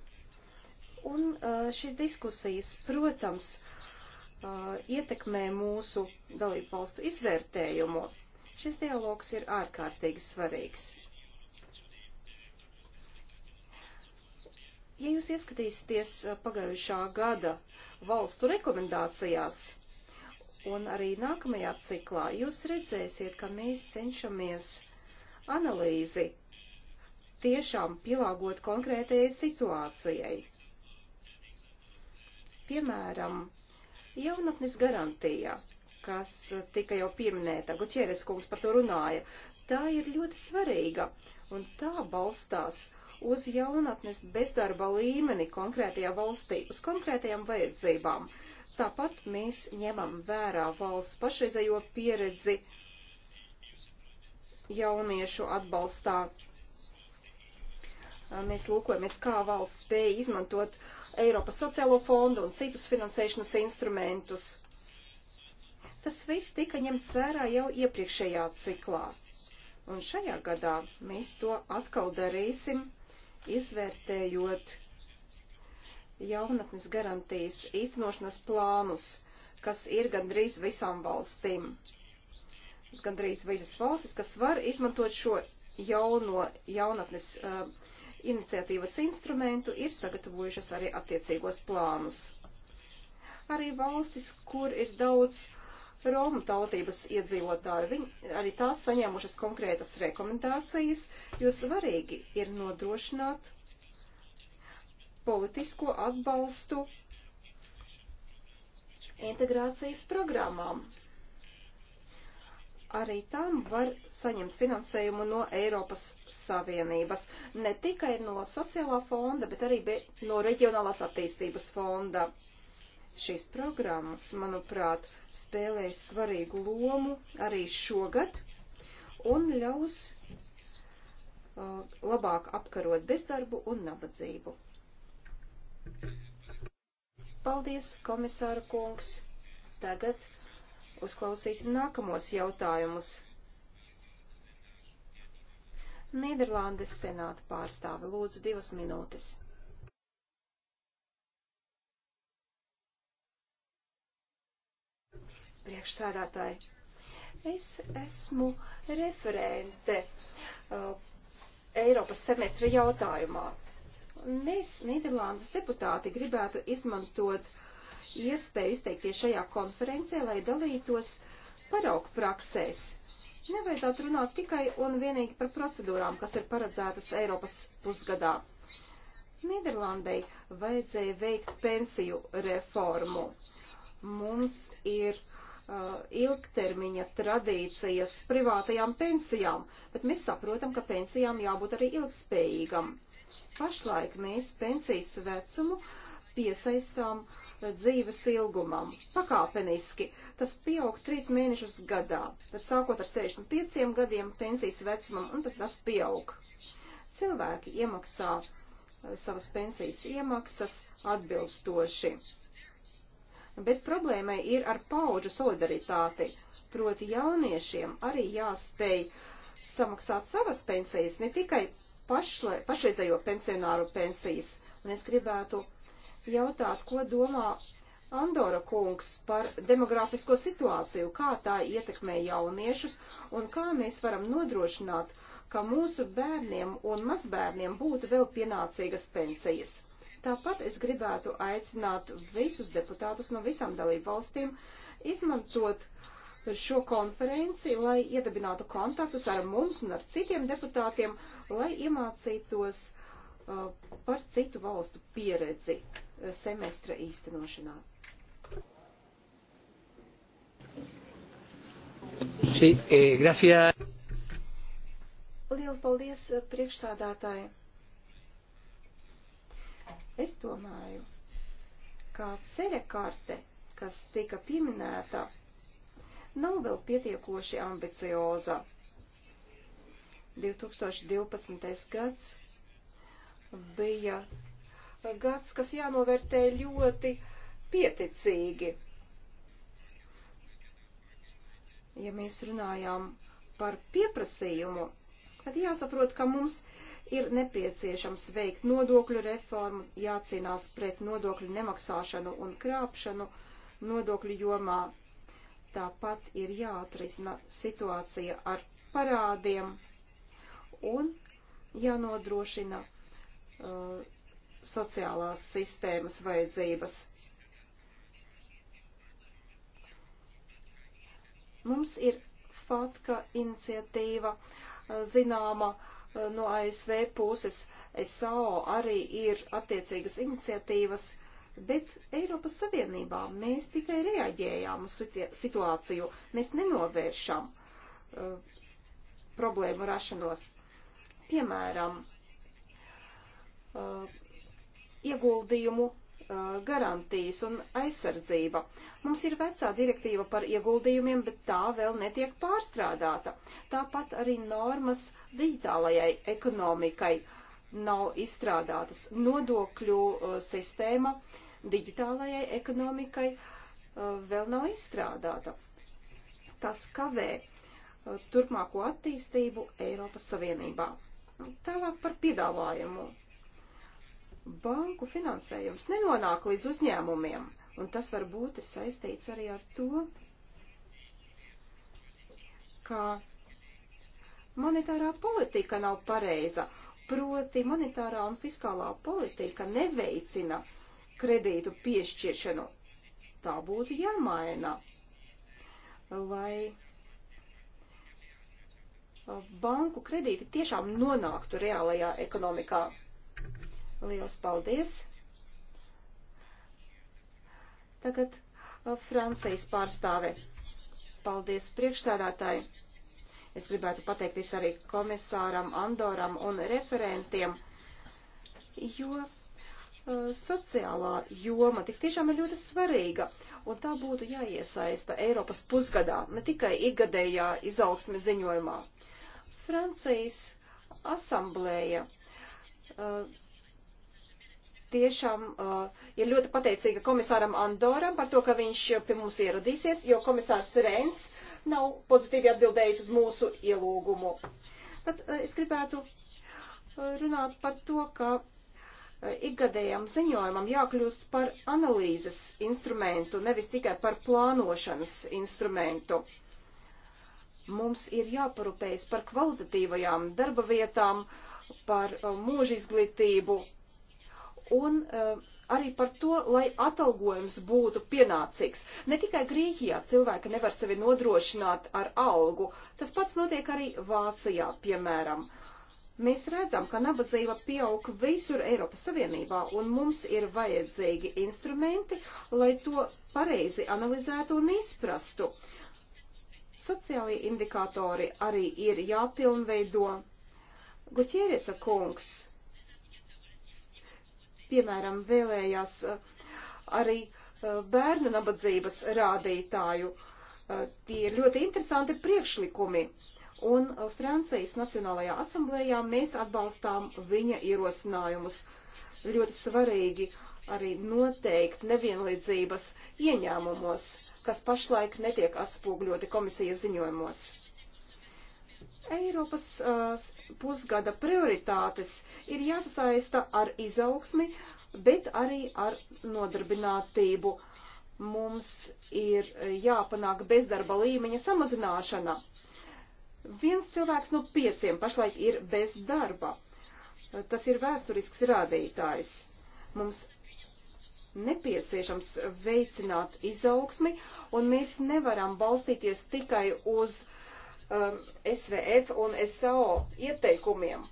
[SPEAKER 3] Un uh, šīs diskusijas, protams, uh, ietekmē mūsu dalību valstu izvērtējumu Šis dialogs ir ārkārtīgi svarīgs. Ja jūs ieskatīsieties pagājušā gada valstu rekomendācijās un arī nākamajā ciklā, jūs redzēsiet, ka mēs cenšamies analīzi tiešām pielāgot konkrētajai situācijai. Piemēram, jaunatnes garantija kas tika jau pieminēta. Gučieres kungs par to runāja. Tā ir ļoti svarīga un tā balstās uz jaunatnes bezdarba līmeni konkrētajā valstī, uz konkrētajām vajadzībām. Tāpat mēs ņemam vērā valsts pašreizējo pieredzi jauniešu atbalstā. Mēs lūkojamies, kā valsts spēja izmantot Eiropas sociālo fondu un citus finansēšanas instrumentus. Tas viss tika ņemts vērā jau iepriekšējā ciklā. Un šajā gadā mēs to atkal darīsim, izvērtējot jaunatnes garantijas īstenošanas plānus, kas ir gandrīz visām valstīm. Gandrīz visas valstis, kas var izmantot šo jauno jaunatnes uh, iniciatīvas instrumentu, ir sagatavojušas arī attiecīgos plānus. Arī valstis, kur ir daudz uh, Romu tautības iedzīvotāji, viņi arī tās saņēmušas konkrētas rekomendācijas, jo svarīgi ir nodrošināt politisko atbalstu integrācijas programmām. Arī tam var saņemt finansējumu no Eiropas Savienības, ne tikai no sociālā fonda, bet arī no reģionālās attīstības fonda. Šīs programmas, manuprāt, uh, spēlēs svarīgu lomu arī šogad un ļaus uh, labāk apkarot bezdarbu un nabadzību. Paldies, komisāra kungs. Tagad uzklausīsim nākamos jautājumus. Nīderlandes senāta pārstāve lūdzu divas minūtes. priekšsādātāji. Es esmu referente uh, Eiropas semestra jautājumā. Mēs, Nīderlandes deputāti, gribētu izmantot iespēju izteikties šajā konferencē, lai dalītos paraugu praksēs. Nevajadzētu runāt tikai un vienīgi par procedūrām, kas ir paredzētas Eiropas pusgadā. Nīderlandei vajadzēja veikt pensiju reformu. Mums ir uh, Uh, ilgtermiņa tradīcijas privātajām pensijām, bet mēs saprotam, ka pensijām jābūt arī ilgspējīgam. Pašlaik mēs pensijas vecumu piesaistām dzīves ilgumam pakāpeniski. Tas pieaug trīs mēnešus gadā, tad sākot ar 65 gadiem pensijas vecumam, un tad tas pieaug. Cilvēki iemaksā uh, savas pensijas iemaksas atbilstoši bet problēmai ir ar pauģu solidaritāti. Proti jauniešiem arī jāspēj samaksāt savas pensijas, ne tikai pašle, pašreizējo pensionāru pensijas. Un es gribētu jautāt, ko domā Andora kungs par demografisko situāciju, kā tā ietekmē jauniešus un kā mēs varam nodrošināt, ka mūsu bērniem un mazbērniem būtu vēl pienācīgas pensijas. Tāpat es gribētu aicināt visus deputātus no visām dalību valstīm izmantot šo konferenci, lai iedibinātu kontaktus ar mums un ar citiem deputātiem, lai iemācītos uh, par citu valstu pieredzi uh, semestra īstenošanā. Sí, eh,
[SPEAKER 2] gracias.
[SPEAKER 3] Lielas paldies uh, priekšsādātāji. Es domāju, ka ceļakarte, kas tika pieminēta, nav vēl pietiekoši ambicioza. 2012. gads bija gads, kas jānovērtē ļoti pieticīgi. Ja mēs runājām par pieprasījumu, tad jāsaprot, ka mums uh, ir nepieciešams veikt nodokļu reformu, jācīnās pret nodokļu nemaksāšanu un krāpšanu nodokļu jomā. Tāpat ir jāatrisina situācija ar parādiem un jānodrošina uh, sociālās sistēmas vajadzības. Mums ir FATKA iniciatīva uh, zināma uh, Eh, no ASV puses. SAO arī ir attiecīgas iniciatīvas, bet Eiropas Savienībā mēs tikai reaģējām uz situāciju. Mēs nenovēršam uh, problēmu rašanos. Piemēram, uh, ieguldījumu Uh, garantijas un aizsardzība. Mums ir vecā direktīva par ieguldījumiem, bet tā vēl netiek pārstrādāta. Tāpat arī normas digitālajai ekonomikai nav izstrādātas. Nodokļu uh, sistēma digitālajai ekonomikai uh, vēl nav izstrādāta. Tas kavē turpmāko attīstību Eiropas Savienībā. Tālāk par piedāvājumu banku finansējums nenonāk līdz uzņēmumiem, un tas varbūt ir saistīts arī ar to, ka monetārā politika nav pareiza, proti monetārā un fiskālā politika neveicina kredītu piešķiršanu. Tā būtu jāmaina, lai uh, banku kredīti tiešām nonāktu reālajā ekonomikā. Liels paldies! Tagad uh, Francijas pārstāve. Paldies priekšsēdātāji! Es gribētu pateikties arī komisāram Andoram un referentiem, jo uh, sociālā joma tik tiešām ir ļoti svarīga, un tā būtu jāiesaista Eiropas pusgadā, ne tikai ikgadējā izaugsmes ziņojumā. Francijas asamblēja uh, tiešām uh, ir ļoti pateicīga komisāram Andoram par to, ka viņš pie mums ieradīsies, jo komisārs Rēns nav pozitīvi atbildējis uz mūsu ielūgumu. Tad uh, es gribētu uh, runāt par to, ka uh, ikgadējam ziņojumam jākļūst par analīzes instrumentu, nevis tikai par plānošanas instrumentu. Mums ir jāparūpējas par kvalitatīvajām darba vietām, par uh, mūža izglītību, un uh, arī par to, lai atalgojums būtu pienācīgs. Ne tikai Grieķijā cilvēki nevar sevi nodrošināt ar algu, tas pats notiek arī Vācijā, piemēram. Mēs redzam, ka nabadzība pieaug visur Eiropas Savienībā, un mums ir vajadzīgi instrumenti, lai to pareizi analizētu un izprastu. Sociālie indikātori arī ir jāpilnveido. Gutieresa kungs piemēram, vēlējās eh, arī eh, bērnu nabadzības rādītāju. Eh, tie ir ļoti interesanti priekšlikumi. Un Francijas Nacionālajā asamblējā mēs atbalstām viņa ierosinājumus. Ļoti svarīgi arī noteikt nevienlīdzības ieņēmumos, kas pašlaik netiek atspūgļoti komisijas ziņojumos. Eiropas uh, pusgada prioritātes ir jāsasaista ar izaugsmi, bet arī ar nodarbinātību. Mums ir jāpanāk bezdarba līmeņa samazināšana. Viens cilvēks no pieciem pašlaik ir bez darba. Tas ir vēsturisks rādītājs. Mums nepieciešams veicināt izaugsmi, un mēs nevaram balstīties tikai uz uh, um, SVF un SAO ieteikumiem.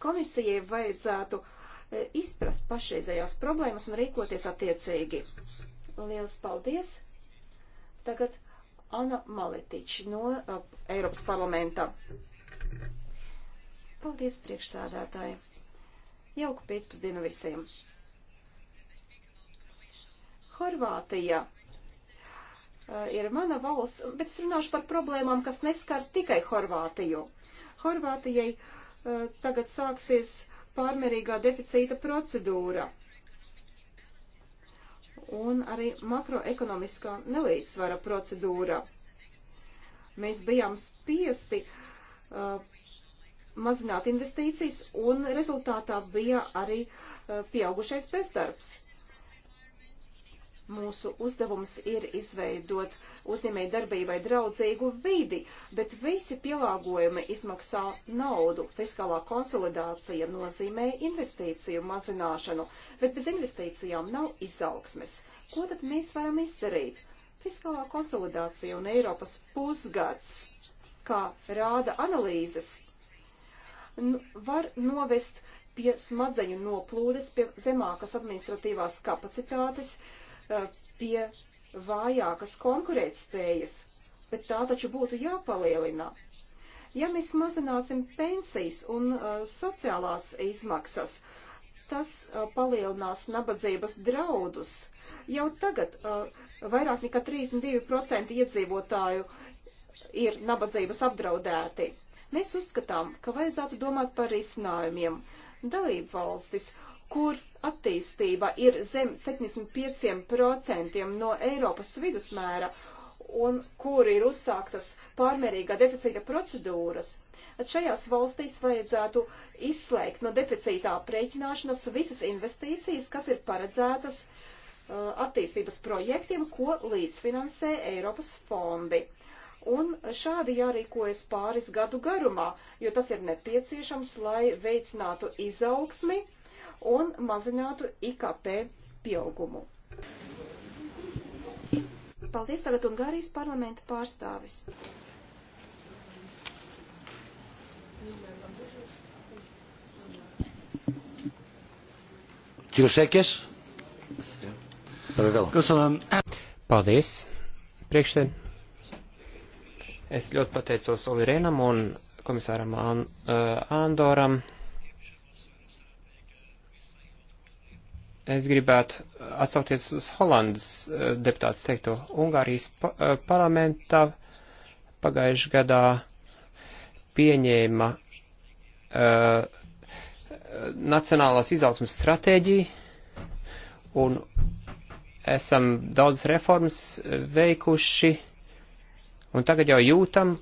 [SPEAKER 3] Komisijai vajadzētu e, izprast pašreizējās problēmas un rīkoties attiecīgi. Lielas paldies! Tagad Ana Maletič no uh, Eiropas parlamenta. Paldies, priekšsādātāji! Jauku pēcpusdienu visiem! Horvātija Eh, ir mana valsts, bet es runāšu par problēmām, kas neskar tikai Horvātiju. Horvātijai uh, tagad sāksies pārmērīgā deficīta procedūra un arī makroekonomiskā nelīdzsvara procedūra. Mēs bijām spiesti uh, mazināt investīcijas un rezultātā bija arī uh, pieaugušais bezdarbs. Mūsu uzdevums ir izveidot uzņēmēju darbībai draudzīgu vidi, bet visi pielāgojumi izmaksā naudu. Fiskālā konsolidācija nozīmē investīciju mazināšanu, bet bez investīcijām nav izaugsmes. Ko tad mēs varam izdarīt? Fiskālā konsolidācija un Eiropas pusgads, kā rāda analīzes, var novest pie smadzeņu noplūdes, pie zemākas administratīvās kapacitātes, uh, pie vājākas konkurētspējas, bet tā taču būtu jāpalielina. Ja mēs mazināsim pensijas un uh, sociālās izmaksas, tas uh, palielinās nabadzības draudus. Jau tagad uh, vairāk nekā 32% iedzīvotāju ir nabadzības apdraudēti. Mēs uzskatām, ka vajadzētu domāt par risinājumiem. Dalību valstis kur attīstība ir zem 75% no Eiropas vidusmēra un kur ir uzsāktas pārmērīgā deficīta procedūras, tad šajās valstīs vajadzētu izslēgt no deficītā aprēķināšanas visas investīcijas, kas ir paredzētas uh, attīstības projektiem, ko līdzfinansē Eiropas fondi. Un šādi jārīkojas pāris gadu garumā, jo tas ir nepieciešams, lai veicinātu izaugsmi un mazinātu IKP pieaugumu. Paldies tagad Ungārijas parlamenta pārstāvis.
[SPEAKER 1] Kirusēkies?
[SPEAKER 2] Paldies, priekšsēd. Es ļoti pateicos Olirēnam un komisāram Andoram. Es gribētu atsaukties uz Holandas eh, deputāts teikto. Ungārijas eh, parlamentā pagājušajā gadā pieņēma uh, nacionālās izaugsmas stratēģiju un esam daudz reformas veikuši un tagad jau jūtam,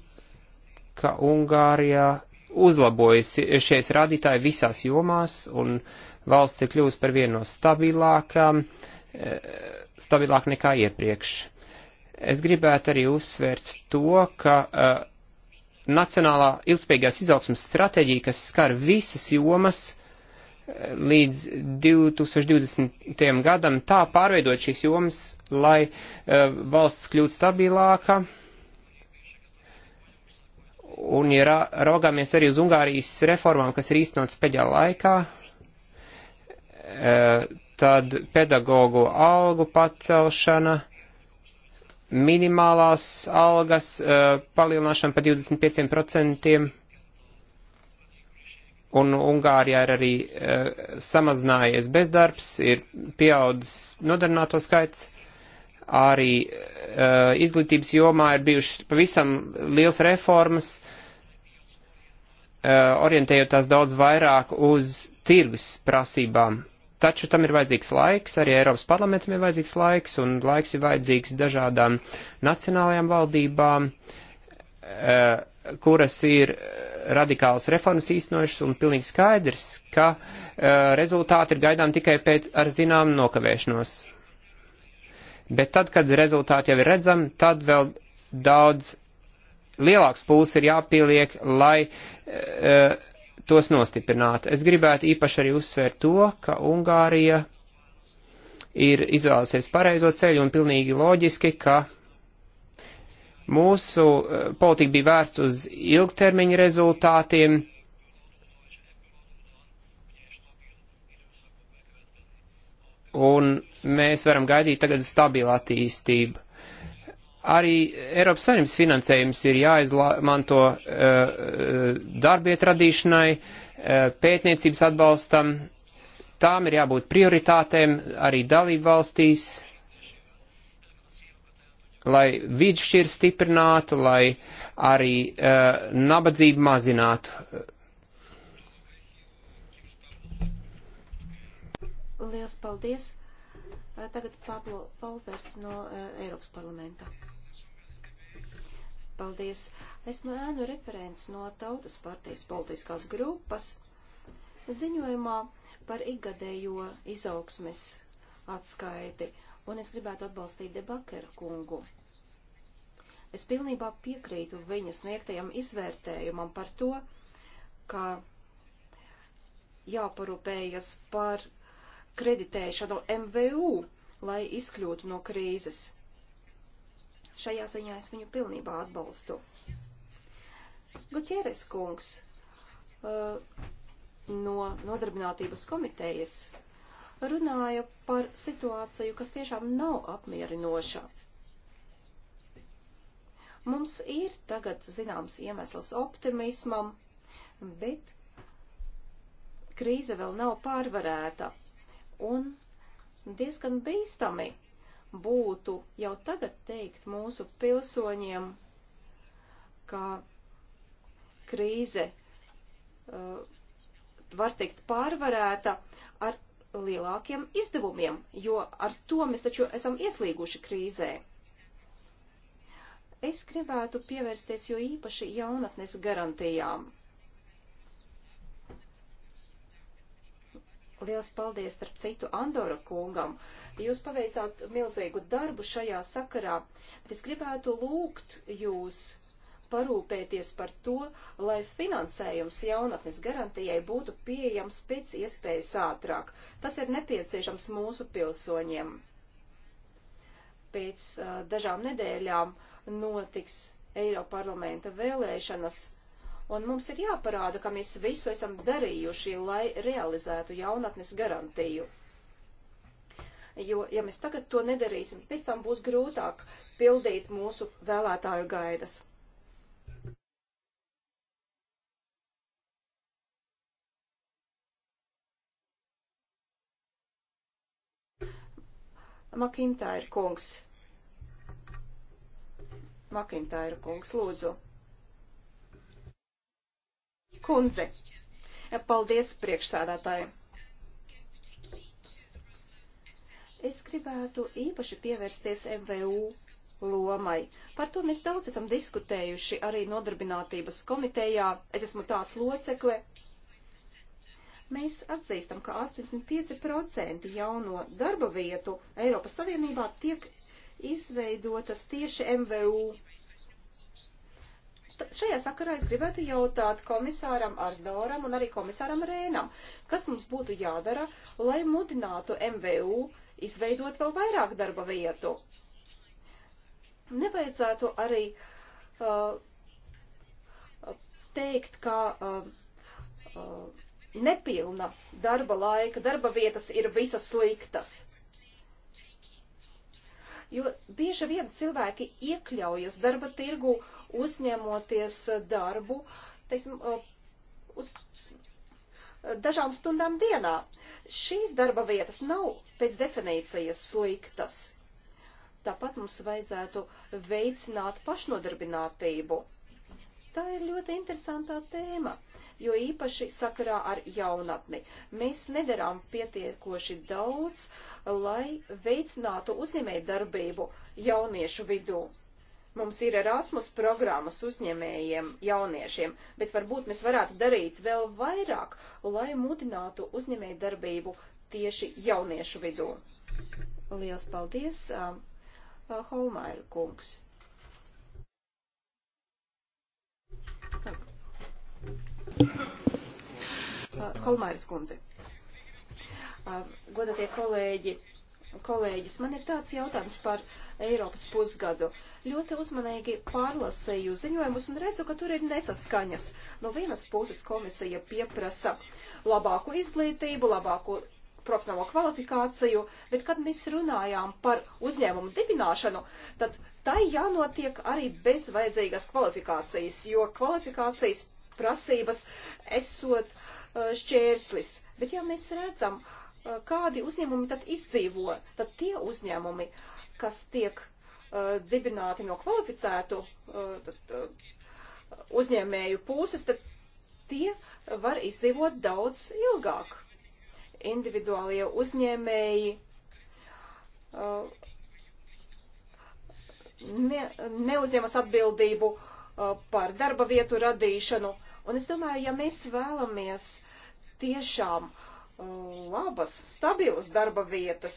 [SPEAKER 2] ka Ungārijā uzlabojas šies rādītāji visās jomās un uh, valsts ir kļuvusi par vienu no stabilākām, eh, stabilāk nekā iepriekš. Es gribētu arī uzsvērt to, ka uh, nacionālā ilgspējīgās izaugsmas stratēģija, kas skar visas jomas uh, līdz 2020. gadam, tā pārveidot šīs jomas, lai uh, valsts kļūtu stabilāka, un ja raugāmies arī uz Ungārijas reformām, kas ir īstenotas pēdējā laikā, tad pedagogu algu pacelšana, minimālās algas eh, palielināšana pa 25%, un Ungārijā ir arī eh, samazinājies bezdarbs, ir pieaudzis nodarbināto skaits arī uh, izglītības jomā ir bijušas pavisam liels reformas, uh, orientējoties daudz vairāk uz tirgus prasībām. Taču tam ir vajadzīgs laiks, arī Eiropas parlamentam ir vajadzīgs laiks, un laiks ir vajadzīgs dažādām nacionālajām valdībām, eh, kuras ir radikālas reformas īstenojušas, un pilnīgi skaidrs, ka eh, rezultāti ir gaidām tikai pēc ar zinām nokavēšanos. Bet tad, kad rezultāti jau ir redzami, tad vēl daudz lielāks pūls ir jāpieliek, lai uh, tos nostiprināt. Es gribētu īpaši arī uzsvērt to, ka Ungārija ir izvēlēsies pareizo ceļu un pilnīgi loģiski, ka mūsu eh, politika bija vērsta uz ilgtermiņa rezultātiem. Un mēs varam gaidīt tagad stabilu attīstību. Arī Eiropas saimnības finansējums ir jāizmanto eh, eh, darbiet radīšanai, eh, pētniecības atbalstam, tām ir jābūt prioritātēm arī dalību valstīs, lai vidšķir stiprinātu, lai arī uh, nabadzību mazinātu.
[SPEAKER 3] Liels paldies! Tagad Pablo Valvers no uh, Eiropas parlamenta. Paldies. Esmu ēnu referents no Tautas partijas politiskās grupas ziņojumā par ikgadējo izaugsmes atskaiti, un es gribētu atbalstīt debakera kungu. Es pilnībā piekrītu viņas sniegtajam izvērtējumam par to, ka jāparūpējas par kreditēšanu MVU, lai izkļūtu no krīzes. Šajā ziņā es viņu pilnībā atbalstu. Gutieres kungs uh, no nodarbinātības komitejas runāja par situāciju, kas tiešām nav apmierinoša. Mums ir tagad zināms iemesls optimismam, bet krīze vēl nav pārvarēta un diezgan bīstami būtu jau tagad teikt mūsu pilsoņiem, ka krīze uh, var tikt pārvarēta ar lielākiem izdevumiem, jo ar to mēs taču esam ieslīguši krīzē. Es gribētu pievērsties jo īpaši jaunatnes garantijām. Liels paldies, starp citu, Andora kungam. Jūs paveicāt milzīgu darbu šajā sakarā, bet es gribētu lūgt jūs parūpēties par to, lai finansējums jaunatnes garantijai būtu pieejams pēc iespējas ātrāk. Tas ir nepieciešams mūsu pilsoņiem. Pēc uh, dažām nedēļām notiks Eiroparlamenta vēlēšanas un mums ir jāparāda, ka mēs visu esam darījuši, lai realizētu jaunatnes garantiju. Jo, ja mēs tagad to nedarīsim, pēc tam būs grūtāk pildīt mūsu vēlētāju gaidas. Makintāra kungs. Makintāra kungs, lūdzu. Kundze. Paldies priekšsādātāji. Es gribētu īpaši pievērsties MVU lomai. Par to mēs daudz esam diskutējuši arī nodarbinātības komitejā. Es esmu tās locekle. Mēs atzīstam, ka 85% jauno darba vietu Eiropas Savienībā tiek izveidotas tieši MVU Šajā sakarā es gribētu jautāt komisāram Ardoram un arī komisāram Rēnam, kas mums būtu jādara, lai mudinātu MVU izveidot vēl vairāk darba vietu. Nevajadzētu arī uh, teikt, ka uh, uh, nepilna darba laika, darba vietas ir visas sliktas. Jo bieži vien cilvēki iekļaujas darba tirgu uzņemoties eh, darbu, teiksim, eh, uz dažām stundām dienā. Šīs darba vietas nav pēc definīcijas sliktas. Tāpat mums vajadzētu veicināt pašnodarbinātību. Tā ir ļoti interesantā tēma, jo īpaši sakarā ar jaunatni. Mēs nedarām pietiekoši daudz, lai veicinātu uzņēmējdarbību jauniešu vidū. Mums ir Erasmus programmas uzņēmējiem, jauniešiem, bet varbūt mēs varētu darīt vēl vairāk, lai mudinātu uzņēmēju darbību tieši jauniešu vidū. Liels paldies, um, uh, Holmairu kungs. Uh, Holmairas kundze. Uh, um, Godatie kolēģi, kolēģis, man ir tāds jautājums par uh, Eiropas pusgadu. Ļoti uzmanīgi pārlasēju ziņojumus un redzu, ka tur ir nesaskaņas. No vienas puses komisija pieprasa labāku izglītību, labāku profesionālo kvalifikāciju, bet kad mēs runājām par uzņēmumu dibināšanu, tad tai jānotiek arī bez vajadzīgas kvalifikācijas, jo kvalifikācijas prasības esot eh, šķērslis. Bet ja mēs redzam, eh, kādi uzņēmumi tad izdzīvo, tad tie uzņēmumi uh, kas tiek uh, dibināti no kvalificētu uh, tad, uh, uzņēmēju puses, tad tie var izdzīvot daudz ilgāk. Individuālie uzņēmēji uh, ne, neuzņemas atbildību uh, par darba vietu radīšanu. Un es domāju, ja mēs vēlamies tiešām uh, labas, stabilas darba vietas,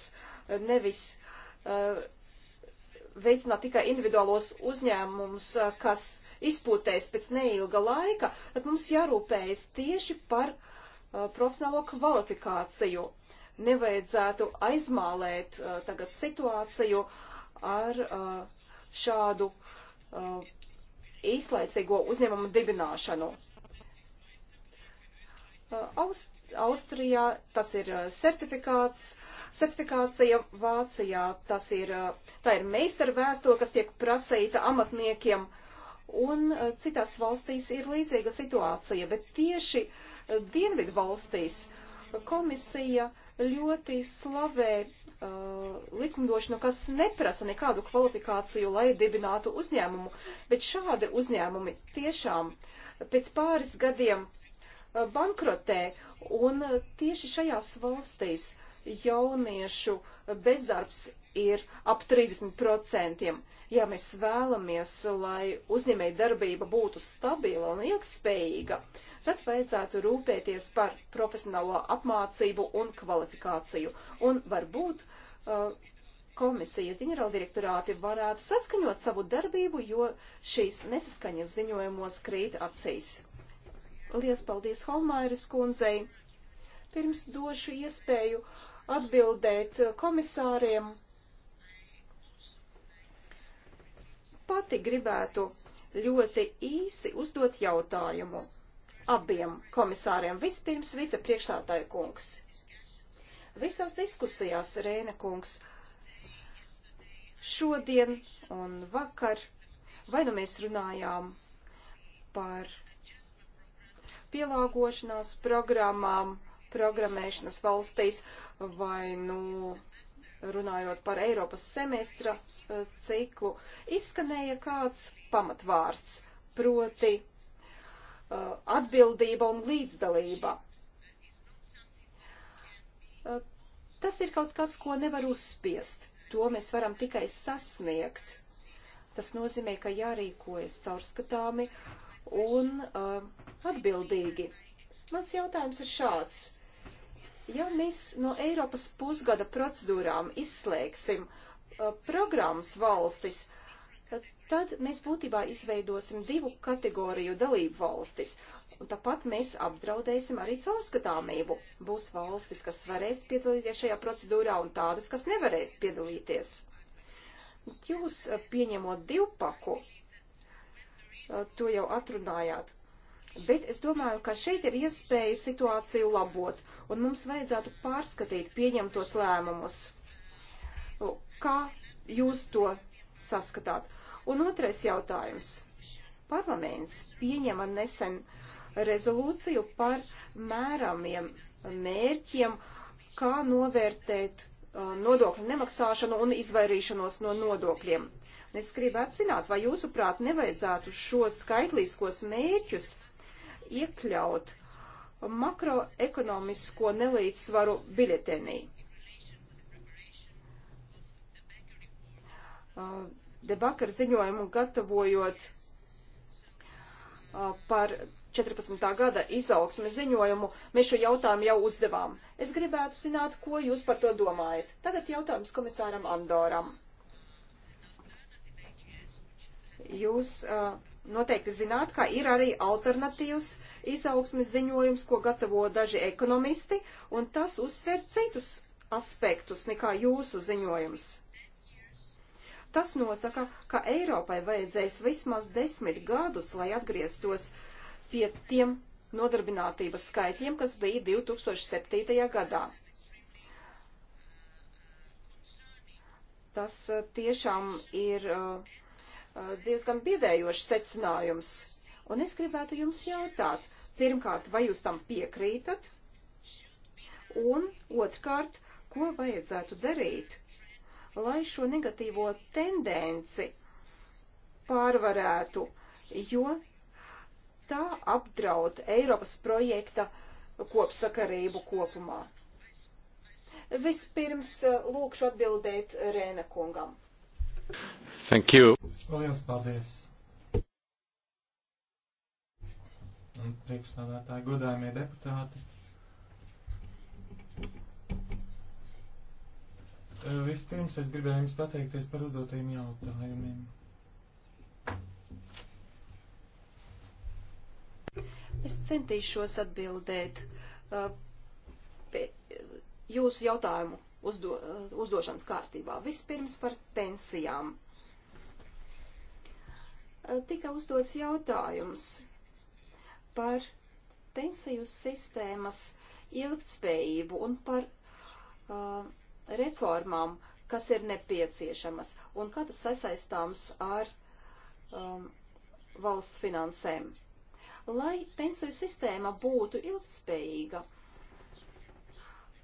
[SPEAKER 3] nevis uh, Uh, veicināt tikai individuālos uzņēmumus, uh, kas izpūtēs pēc neilga laika, tad mums jārūpējas tieši par uh, profesionālo kvalifikāciju. Nevajadzētu aizmālēt tagad situāciju ar šādu īslaicīgo uzņēmumu dibināšanu. Aust Austrijā tas ir certifikāts, uh, certifikācija Vācijā. Tas ir, uh, tā ir meistara vēstule, kas tiek prasīta amatniekiem. Un uh, citās valstīs ir līdzīga situācija, bet tieši uh, Dienvidu valstīs komisija ļoti slavē uh, likumdošanu, kas neprasa nekādu kvalifikāciju, lai dibinātu uzņēmumu, bet šādi uzņēmumi tiešām pēc pāris gadiem bankrotē, un tieši šajās valstīs jauniešu bezdarbs ir ap 30%. Ja mēs vēlamies, lai uzņēmēja darbība būtu stabila un ilgspējīga, tad vajadzētu rūpēties par profesionālo apmācību un kvalifikāciju. Un varbūt uh, komisijas ģenerāldirektorāti varētu saskaņot savu darbību, jo šīs nesaskaņas ziņojumos krīt acīs. Lies paldies Holmairis kundzei. Pirms došu iespēju uh, atbildēt eh, komisāriem. Pati gribētu ļoti īsi uzdot jautājumu abiem komisāriem. Vispirms vicepriekšsādāja kungs. Visās diskusijās Rēna kungs šodien un vakar vai nu mēs runājām par pielāgošanās programmām, programmēšanas valstīs vai, nu, runājot par Eiropas semestra eh, ciklu, izskanēja kāds pamatvārds, proti eh, atbildība un līdzdalība. Eh, tas ir kaut kas, ko nevar uzspiest. To mēs varam tikai sasniegt. Tas nozīmē, ka jārīkojas caurskatāmi un uh, atbildīgi. Mans jautājums ir šāds. Ja mēs no Eiropas pusgada procedūrām izslēgsim uh, programmas valstis, tad mēs būtībā izveidosim divu kategoriju dalību valstis. Un tāpat mēs apdraudēsim arī caurskatāmību. Būs valstis, kas varēs piedalīties šajā procedūrā un tādas, kas nevarēs piedalīties. Jūs uh, pieņemot divpaku, uh, to jau atrunājāt, Bet es domāju, ka šeit ir iespēja situāciju labot, un mums vajadzētu pārskatīt pieņemtos lēmumus. Kā jūs to saskatāt? Un otrais jautājums. Parlaments pieņēma nesen rezolūciju par mēramiem mērķiem, kā novērtēt uh, nodokļu nemaksāšanu un izvairīšanos no nodokļiem. Es gribētu zināt, vai jūsuprāt nevajadzētu šos skaitlīskos mērķus iekļaut makroekonomisko nelīdzsvaru biļetenī. Uh, debakar ziņojumu gatavojot uh, par 14. gada izaugsmes ziņojumu, mēs šo jautājumu jau uzdevām. Es gribētu zināt, ko jūs par to domājat. Tagad jautājums komisāram Andoram. Jūs uh, noteikti zināt, ka ir arī alternatīvs izaugsmes ziņojums, ko gatavo daži ekonomisti, un tas uzsver citus aspektus nekā jūsu ziņojums. Tas nosaka, ka Eiropai vajadzēs vismaz desmit gadus, lai atgrieztos pie tiem nodarbinātības skaitļiem, kas bija 2007. gadā. Tas eh, tiešām ir uh, diezgan biedējošs secinājums. Un es gribētu jums jautāt, pirmkārt, vai jūs tam piekrītat? Un otrkārt, ko vajadzētu darīt, lai šo negatīvo tendenci pārvarētu, jo tā apdraud Eiropas projekta kopsakarību kopumā. Vispirms lūkšu atbildēt Rēna kungam. Thank you.
[SPEAKER 1] Lielas paldies. Un priekšstādātāji, godājumie deputāti. Eh, vispirms es gribēju jums pateikties par uzdotajiem jautājumiem.
[SPEAKER 3] Es centīšos atbildēt uh, jūsu jautājumu uzdo, uzdošanas kārtībā. Vispirms par pensijām. Tika uzdots jautājums par pensiju sistēmas ilgtspējību un par uh, reformām, kas ir nepieciešamas un kā tas sasaistāms ar um, valsts finansēm. Lai pensiju sistēma būtu ilgtspējīga,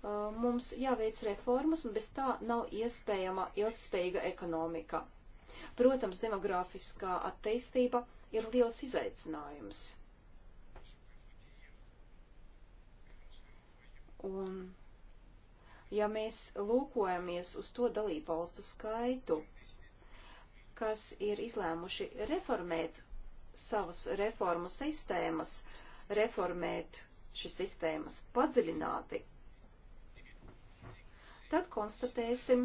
[SPEAKER 3] Uh, mums jāveic reformas, un bez tā nav iespējama ilgspējīga ekonomika. Protams, demografiskā attīstība ir liels izaicinājums. Un, ja mēs lūkojamies uz to dalībvalstu skaitu, kas ir izlēmuši reformēt savas reformu sistēmas, reformēt šīs sistēmas padziļināti, tad konstatēsim,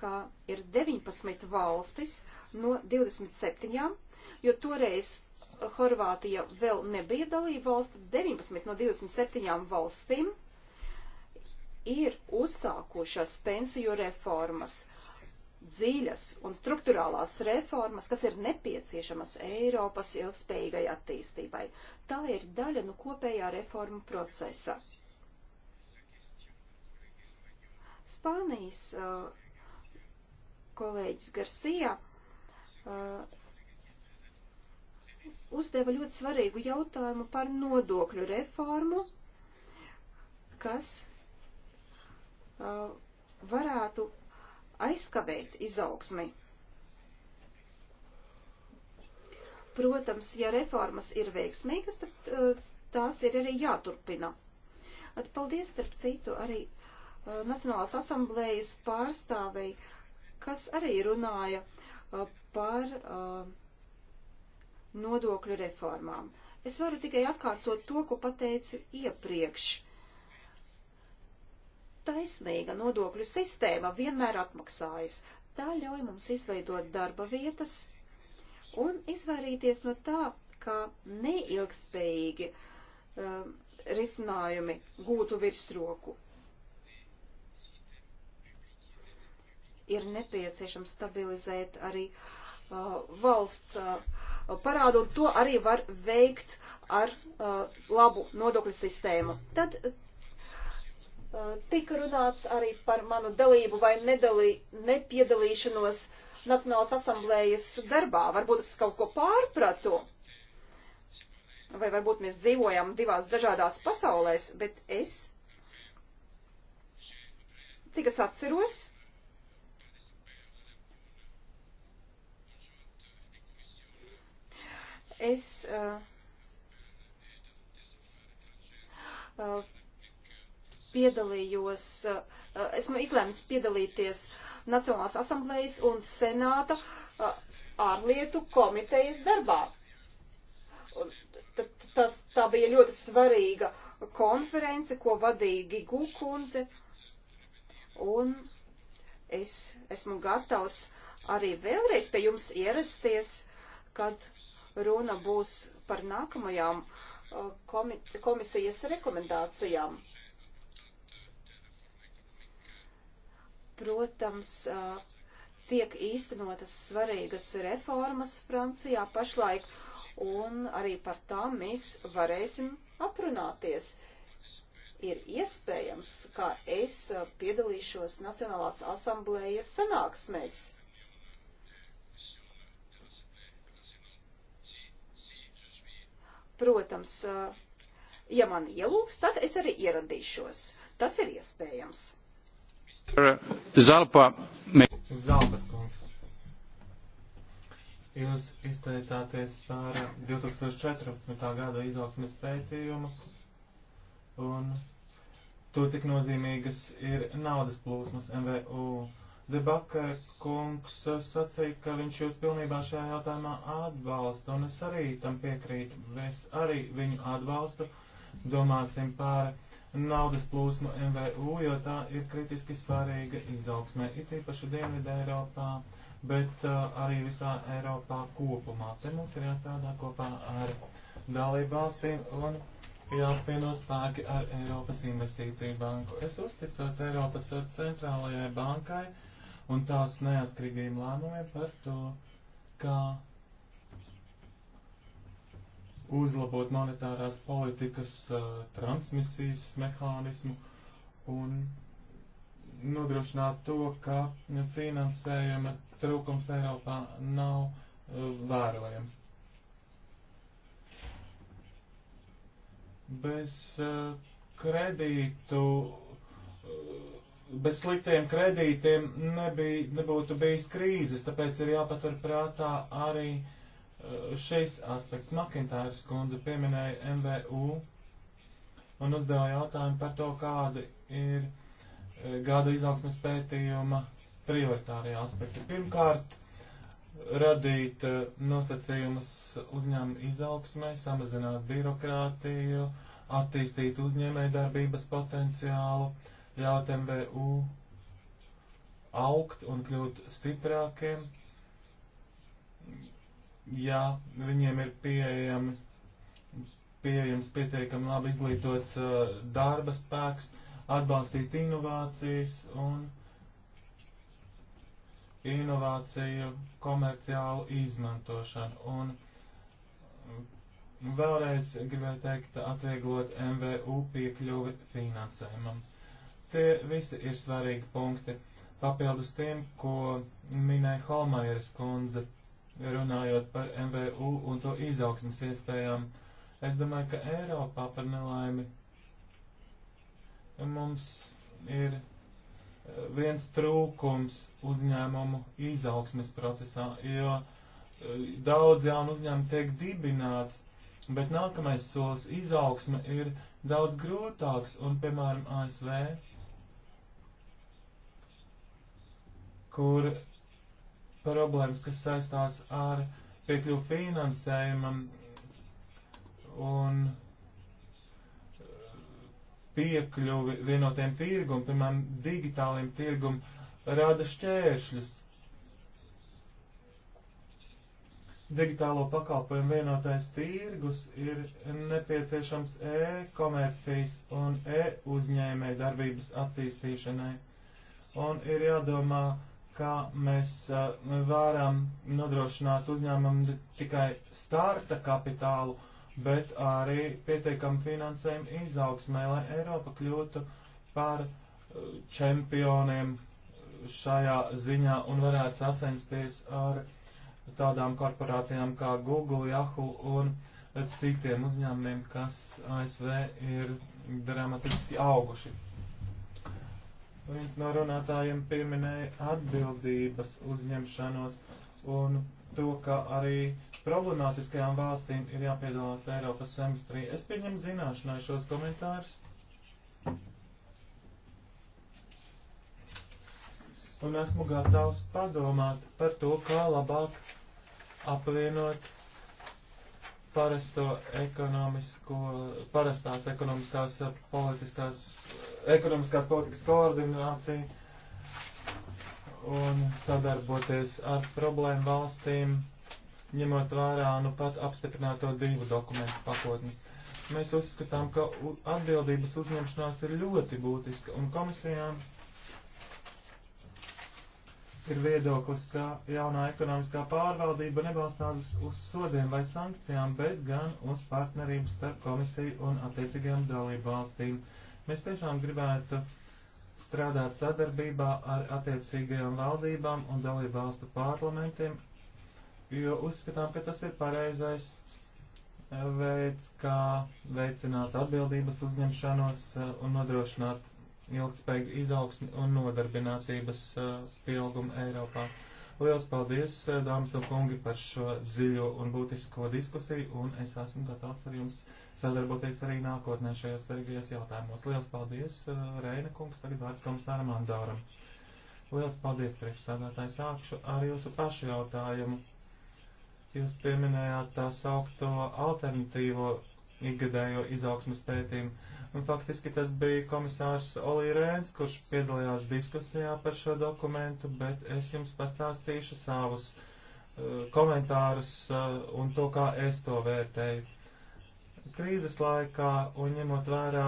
[SPEAKER 3] ka ir 19 valstis no 27, jo toreiz Horvātija vēl nebija dalība valsts, 19 no 27 valstīm ir uzsākušas pensiju reformas, dziļas un struktūrālās reformas, kas ir nepieciešamas Eiropas ilgspējīgai attīstībai. Tā ir daļa no kopējā reformu procesa. Spānijas uh, kolēģis Garcia uh, uzdeva ļoti svarīgu jautājumu par nodokļu reformu, kas uh, varētu aizskavēt izaugsmi. Protams, ja reformas ir veiksmīgas, tad uh, tās ir arī jāturpina. At, paldies, starp citu, arī Uh, Nacionālās asamblējas pārstāvei, kas arī runāja uh, par uh, nodokļu reformām. Es varu tikai atkārtot to, ko pateicu iepriekš. Taisnīga nodokļu sistēma vienmēr atmaksājas. Tā ļauj mums izveidot darba vietas un izvairīties no tā, ka neilgspējīgi um, risinājumi gūtu virsroku. ir nepieciešams stabilizēt arī uh, valsts uh, parādu, un to arī var veikt ar uh, labu nodokļu sistēmu. Tad uh, tika runāts arī par manu dalību vai nedalī, nepiedalīšanos Nacionālas asamblējas darbā. Varbūt es kaut ko pārpratu, vai varbūt mēs dzīvojam divās dažādās pasaulēs, bet es, cik es atceros, es uh, uh, piedalījos, uh, esmu izlēmis piedalīties Nacionālās asamblējas un senāta ārlietu komitejas darbā. Tas, tā bija ļoti svarīga konference, ko vadīja Gigu kundze, un es esmu gatavs arī vēlreiz pie jums ierasties, kad runa būs par nākamajām uh, komi komisijas rekomendācijām. Protams, uh, tiek īstenotas svarīgas reformas Francijā pašlaik, un arī par tām mēs varēsim aprunāties. Ir iespējams, ka es uh, piedalīšos Nacionālās asamblējas sanāksmēs Protams, eh, ja man ielūgs, tad es arī ieradīšos. Tas ir iespējams. Zalpa. Zalpas kungs.
[SPEAKER 1] Jūs izteicāties par 2014. gada izaugsmes pētījumu un to, cik nozīmīgas ir naudas plūsmas MVU. Debakar kungs sacīja, ka viņš jūs pilnībā šajā jautājumā atbalsta, un es arī tam piekrītu. Es arī viņu atbalstu. Domāsim par naudas plūsmu MVU, jo tā ir kritiski svarīga izaugsmē, it īpaši Dienvidē Eiropā, bet uh, arī visā Eiropā kopumā. Te mums ir jāstrādā kopā ar dalību valstīm un jāapvieno spēki ar Eiropas investīciju banku. Es uzticos Eiropas centrālajai bankai un tās neatkarīgajiem lēmumiem par to, kā uzlabot monetārās politikas uh, transmisijas mehānismu un nodrošināt to, ka finansējuma trūkums Eiropā nav uh, vērojams. Bez uh, kredītu uh, bez sliktiem kredītiem nebija, nebūtu bijis krīzes, tāpēc ir jāpatur prātā arī eh, šis aspekts. Makintāras kundze pieminēja MVU un uzdeva jautājumu par to, kādi ir eh, gada izaugsmes pētījuma prioritārie aspekti. Pirmkārt, radīt eh, nosacījumus uzņēmumu izaugsmai, samazināt birokrātiju, attīstīt uzņēmējdarbības potenciālu, uh, ļaut MVU augt un kļūt stiprākiem, ja viņiem ir pieejami, pieejams pietiekami labi izglītots uh, darba spēks, atbalstīt inovācijas un inovāciju komerciālu izmantošanu. Un um, vēlreiz gribēju teikt, atvieglot MVU piekļuvi finansējumam. Tie visi ir svarīgi punkti. Papildus tiem, ko minēja Holmajeras kundze, runājot par MVU un to izaugsmas iespējām. Es domāju, ka Eiropā par nelaimi mums ir eh, viens trūkums uzņēmumu izaugsmes procesā, jo eh, daudz jaunu uzņēmumu tiek dibināts, bet nākamais solis izaugsme ir daudz grūtāks un, piemēram, ASV kur problēmas, kas saistās ar piekļuvu finansējumam un piekļuvi vienotiem tirgumam, piemēram, digitāliem tirgumam, rada šķēršļus. Digitālo pakalpojumu vienotais tirgus ir nepieciešams e-komercijas un e-uzņēmē darbības attīstīšanai. Un ir jādomā kā mēs varam nodrošināt uzņēmumu tikai starta kapitālu, bet arī pietiekamu finansējumu izaugsmē, lai Eiropa kļūtu par čempioniem šajā ziņā un varētu sasensties ar tādām korporācijām kā Google, Yahoo un citiem uzņēmumiem, kas ASV ir dramatiski auguši. Viens no runātājiem pieminēja atbildības uzņemšanos un to, ka arī problemātiskajām valstīm ir jāpiedalās Eiropas semestrī. Es pieņemu zināšanai šos komentārus. Un esmu gatavs padomāt par to, kā labāk apvienot parasto ekonomisko, parastās ekonomiskās eh, politiskās, eh, ekonomiskās politikas koordināciju un sadarboties ar problēmu valstīm, ņemot vērā nu pat apstiprināto divu dokumentu pakotni. Mēs uzskatām, ka atbildības uzņemšanās ir ļoti būtiska un komisijām ir viedoklis, ka jaunā ekonomiskā pārvaldība nebalstās uz, uz sodiem vai sankcijām, bet gan uz partnerību starp komisiju un attiecīgajām dalību valstīm. Mēs tiešām gribētu strādāt sadarbībā ar attiecīgajām valdībām un dalību valstu parlamentiem, jo uzskatām, ka tas ir pareizais eh, veids, kā veicināt atbildības uzņemšanos eh, un nodrošināt ilgspējīgu izaugsmi un nodarbinātības uh, pieaugumu Eiropā. Liels paldies, uh, dāmas un kungi, par šo dziļo un būtisko diskusiju, un es esmu gatavs ar jums sadarboties arī nākotnē šajos svarīgajos jautājumos. Liels paldies, uh, Reina kungs, tagad vārds komisāram Andāram. Liels paldies, priekšsādātāji, sākšu ar jūsu pašu jautājumu. Jūs pieminējāt tā saukto alternatīvo ikgadējo izaugsmas pētījumu. Un faktiski tas bija komisārs Olī Rēns, kurš piedalījās diskusijā par šo dokumentu, bet es jums pastāstīšu savus uh, komentārus uh, un to, kā es to vērtēju. Krīzes laikā un ņemot vērā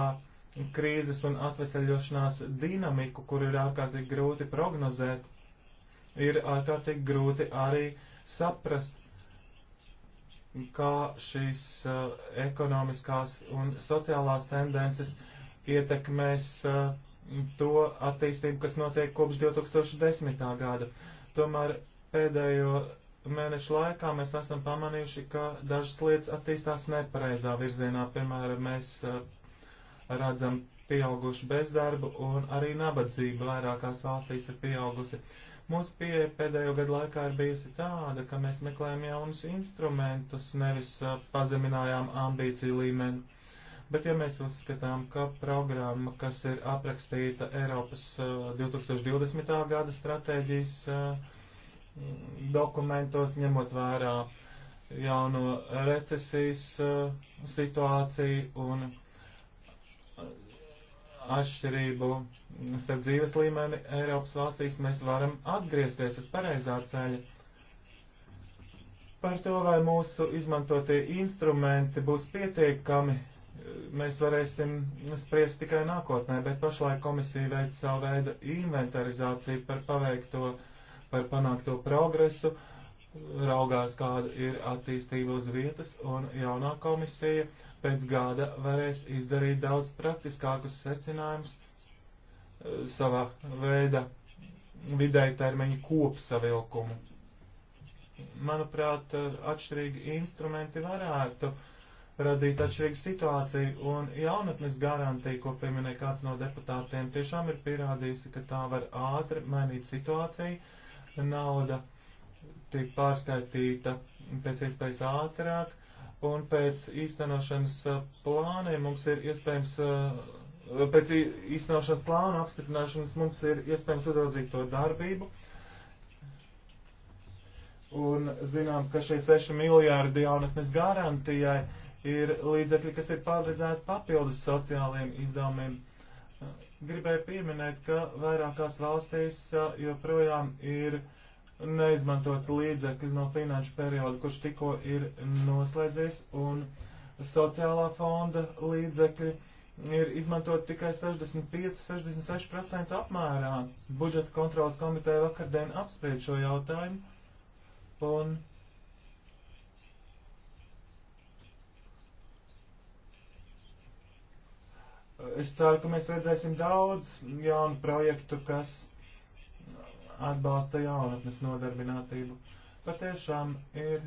[SPEAKER 1] krīzes un atveseļošanās dinamiku, kur ir ārkārtīgi grūti prognozēt, ir ārkārtīgi grūti arī saprast, kā šīs uh, ekonomiskās un sociālās tendences ietekmēs uh, to attīstību, kas notiek kopš 2010. gada. Tomēr pēdējo mēnešu laikā mēs esam pamanījuši, ka dažas lietas attīstās nepareizā virzienā. Piemēram, mēs uh, redzam pieaugušu bezdarbu un arī nabadzība vairākās valstīs ir pieaugusi. Uh, Mūsu pieeja pēdējo gadu laikā ir bijusi tāda, ka mēs meklējam jaunus instrumentus, nevis pazeminājām ambīciju līmeni. Bet, ja mēs uzskatām, ka programma, kas ir aprakstīta Eiropas 2020. gada stratēģijas dokumentos, ņemot vērā jauno recesijas situāciju un atšķirību starp dzīves līmeni Eiropas valstīs mēs varam atgriezties uz pareizā ceļa. Par to, vai mūsu izmantotie instrumenti būs pietiekami, mēs varēsim spriest tikai nākotnē, bet pašlaik komisija veic savu veidu inventarizāciju par paveikto, par panākto progresu raugās, kāda ir attīstība uz vietas, un jaunā komisija pēc gada varēs izdarīt daudz praktiskākus secinājumus eh, savā veida vidēji termiņu kopsavilkumu. Manuprāt, eh, atšķirīgi instrumenti varētu radīt atšķirīgu situāciju, un jaunatnes garantija, ko pieminēja kāds no deputātiem, tiešām ir pierādījusi, ka tā var ātri mainīt situāciju. Nauda uh, tiek pārskaitīta pēc iespējas ātrāk, un pēc īstenošanas uh, plāniem mums ir iespējams, uh, pēc īstenošanas plāna apstiprināšanas mums ir iespējams uzraudzīt to darbību. Un zinām, ka šie 6 miljārdi jaunatnes garantijai ir līdzekļi, kas ir paredzēti papildus sociālajiem izdevumiem. Gribēju pieminēt, ka vairākās valstīs uh, joprojām ir uh, neizmantot līdzekļi no finanšu perioda, kurš tikko ir noslēdzies, un sociālā fonda līdzekļi ir izmantot tikai 65-66% apmērā. Budžeta kontrolas komiteja vakardien apspried šo jautājumu, un es ceru, ka mēs redzēsim daudz jaunu projektu, kas atbalsta jaunatnes nodarbinātību. Patiešām ir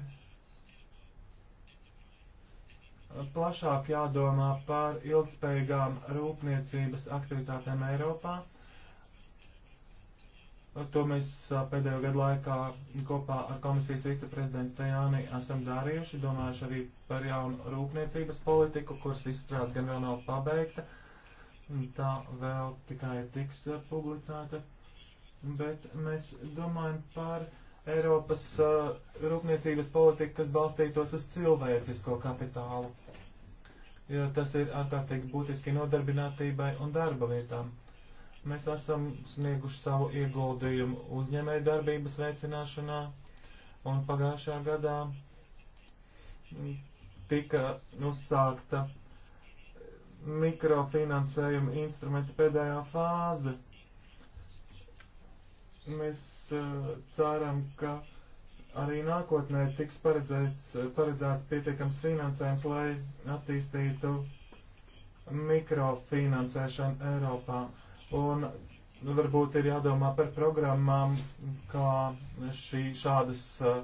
[SPEAKER 1] plašāk jādomā par ilgspējīgām rūpniecības aktivitātēm Eiropā. To mēs pēdējo gadu laikā kopā ar komisijas viceprezidentu Tajāni esam darījuši, domājuši arī par jaunu rūpniecības politiku, kuras izstrāde gan vēl nav pabeigta. Tā vēl tikai tiks publicēta bet mēs domājam par Eiropas uh, rūpniecības politiku, kas balstītos uz cilvēcisko kapitālu, jo tas ir ārkārtīgi būtiski nodarbinātībai un darba vietām. Mēs esam snieguši savu ieguldījumu uzņēmēju darbības veicināšanā, un pagājušajā gadā tika uzsākta mikrofinansējuma instrumenta pēdējā fāze. Mēs uh, ceram, ka arī nākotnē tiks paredzēts, eh, paredzēts pietiekams finansējums, lai attīstītu mikrofinansēšanu Eiropā. Un varbūt ir jādomā par programmām, kā šī, šādas eh,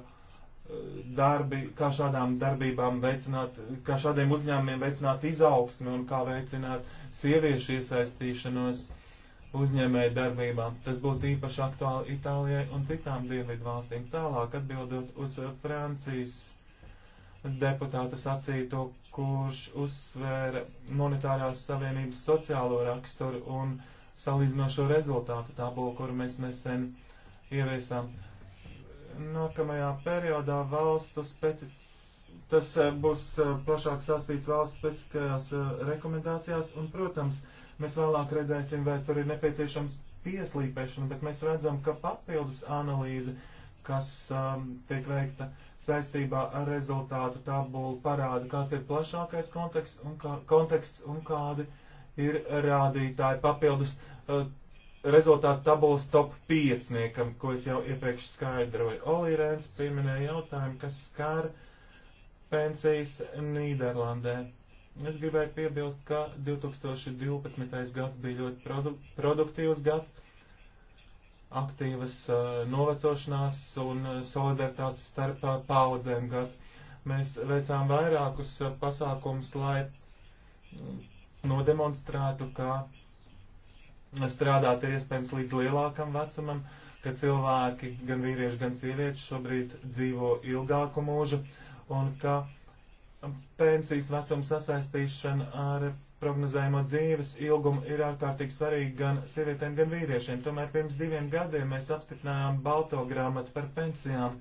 [SPEAKER 1] darbi, kā šādām darbībām veicināt, kā šādiem uzņēmumiem veicināt izaugsmi un kā veicināt sieviešu iesaistīšanos uzņēmēju darbībā. Tas būtu īpaši aktuāli Itālijai un citām dienvidu valstīm. Tālāk atbildot uz Francijas deputāta sacīto, kurš uzsvēra monetārās savienības sociālo raksturu un salīdzinošo rezultātu tabulu, kuru mēs nesen ieviesām. Nākamajā periodā valstu specifiski. Tas eh, būs eh, plašāk sastīts valsts specifiskajās eh, rekomendācijās un, protams, uh, Mēs vēlāk redzēsim, vai tur ir nepieciešama pieslīpēšana, bet mēs redzam, ka papildus analīze, kas um, tiek veikta saistībā ar rezultātu tabulu, parāda, kāds ir plašākais konteksts un, kā, konteksts un kādi ir rādītāji papildus. Uh, rezultātu tabulas top 5, niekam, ko es jau iepriekš skaidroju. Olī Rēns pieminēja jautājumu, kas skar pensijas Nīderlandē. Es gribēju piebilst, ka 2012. gads bija ļoti produ produktīvs gads, aktīvas uh, novecošanās un solidaritātes starp uh, paudzēm gads. Mēs veicām vairākus uh, pasākums, lai nodemonstrētu, ka strādāt ir iespējams līdz lielākam vecumam, ka cilvēki, gan vīrieši, gan sievietes šobrīd dzīvo ilgāku mūžu un ka uh, pensijas vecuma sasaistīšana ar prognozējamo dzīves ilgumu ir ārkārtīgi svarīga gan sievietēm, gan vīriešiem. Tomēr pirms diviem gadiem mēs apstiprinājām balto grāmatu par pensijām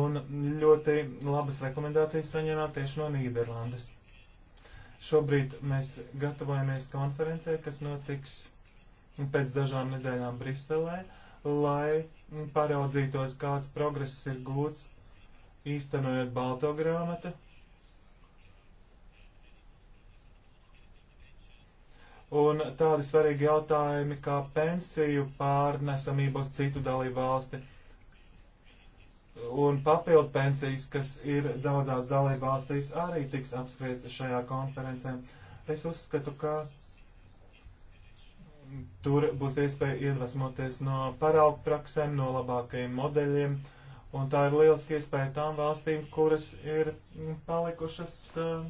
[SPEAKER 1] un ļoti labas rekomendācijas saņēmām tieši no Nīderlandes. Šobrīd mēs gatavojamies konferencē, kas notiks pēc dažām nedēļām Briselē, lai paraudzītos, kāds progress ir gūts īstenojot balto grāmatu un tādi svarīgi jautājumi kā pensiju pārnesamība uz citu dalību valsti un papildu pensijas, kas ir daudzās dalību valstīs, arī tiks apspriesti šajā konferencē. Es uzskatu, ka tur būs iespēja iedvesmoties no paraugu praksēm, no labākajiem modeļiem, un tā ir lieliski iespēja tām valstīm, kuras ir palikušas uh,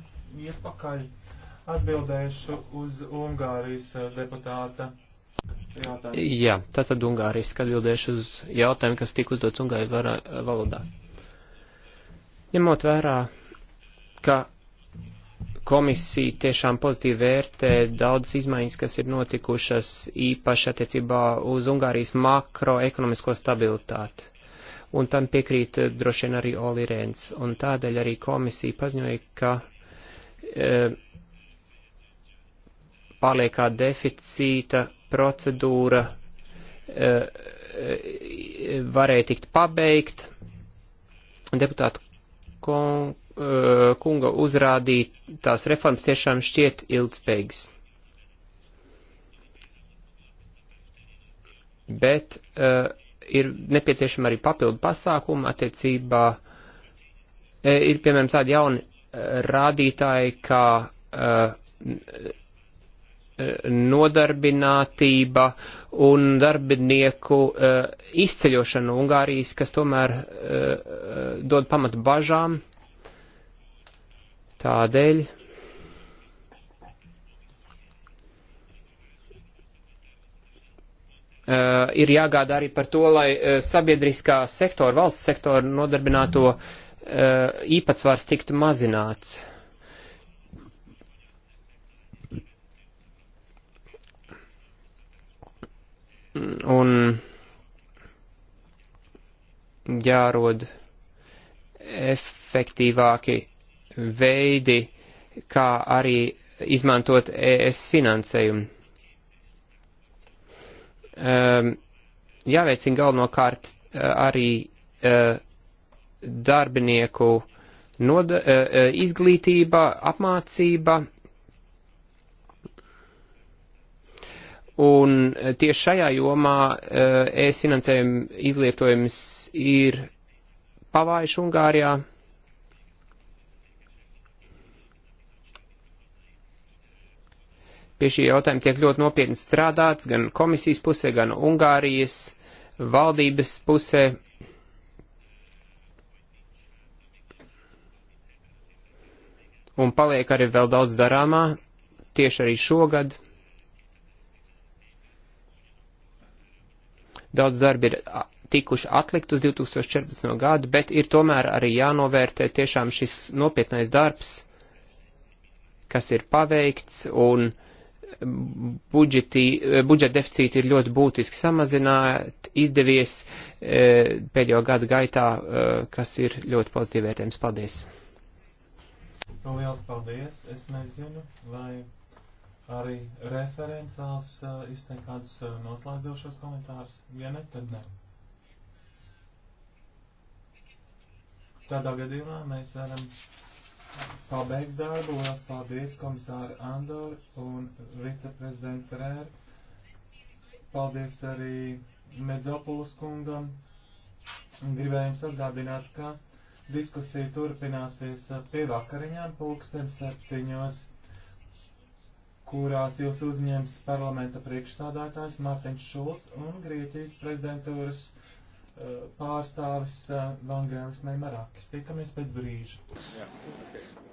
[SPEAKER 1] iepakaļ. Uh, Atbildēšu uz Ungārijas eh, deputāta jautājumu. Jā,
[SPEAKER 2] tātad Ungārijas atbildēšu uz jautājumu, kas tika uzdots Ungārijas eh, valodā. Ņemot vērā, ka komisija tiešām pozitīvi vērtē daudz izmaiņas, kas ir notikušas īpaši attiecībā uz Ungārijas makroekonomisko stabilitāti. Un tam piekrīt eh, droši vien arī Olirēns. Un tādēļ arī komisija paziņoja, ka e, paliekā deficīta procedūra e, e, varēja tikt pabeigt. Deputātu e, kunga uzrādītās reformas tiešām šķiet ilgspējīgas. Bet uh, ir nepieciešama arī papildu pasākuma attiecībā. Ir piemēram tādi jauni rādītāji, kā uh, Eh, nodarbinātība un darbinieku eh, izceļošana no Ungārijas, kas tomēr eh, dod pamatu bažām. Tādēļ Uh, ir jāgādā arī par to, lai uh, sabiedriskā sektora, valsts sektora nodarbināto uh, īpatsvars tiktu mazināts. Uh, un jārod efektīvāki veidi, kā arī izmantot ES finansējumu. Um, jāveicina galvenokārt eh, arī uh, darbinieku noda, uh, izglītība, apmācība, Un eh, tieši šajā jomā ēs eh, finansējuma izlietojums ir pavājuši Ungārijā. Pie šī jautājuma tiek ļoti nopietni strādāts gan komisijas pusē, gan Ungārijas valdības pusē. Un paliek arī vēl daudz darāmā, tieši arī šogad. Daudz darbi ir tikuši atlikt uz 2014. gadu, bet ir tomēr arī jānovērtē tiešām šis nopietnais darbs, kas ir paveikts, un budžeti, budžeta deficīti ir ļoti būtiski samazināt, izdevies e, pēdējo gadu gaitā, e, kas ir ļoti pozitīvi vērtējums. Paldies!
[SPEAKER 1] Lielas paldies! Es nezinu, vai arī referents vēlas uh, izteikt kādus uh, noslēdzošos komentārus. Ja ne, tad ne. Tādā gadījumā mēs varam pabeigt darbu. Lielas paldies komisāri Andor un viceprezidenta Rēr. Paldies arī Medzopulas kungam. Gribējām atgādināt, ka diskusija turpināsies eh, pie vakariņām pulksten septiņos kurās jūs uzņems parlamenta priekšsādātājs Mārtiņš Šulcs un Grieķijas prezidentūras uh, pārstāvis uh, Vangēlis Neimarakis. Tikamies pēc brīža. Yeah. Okay.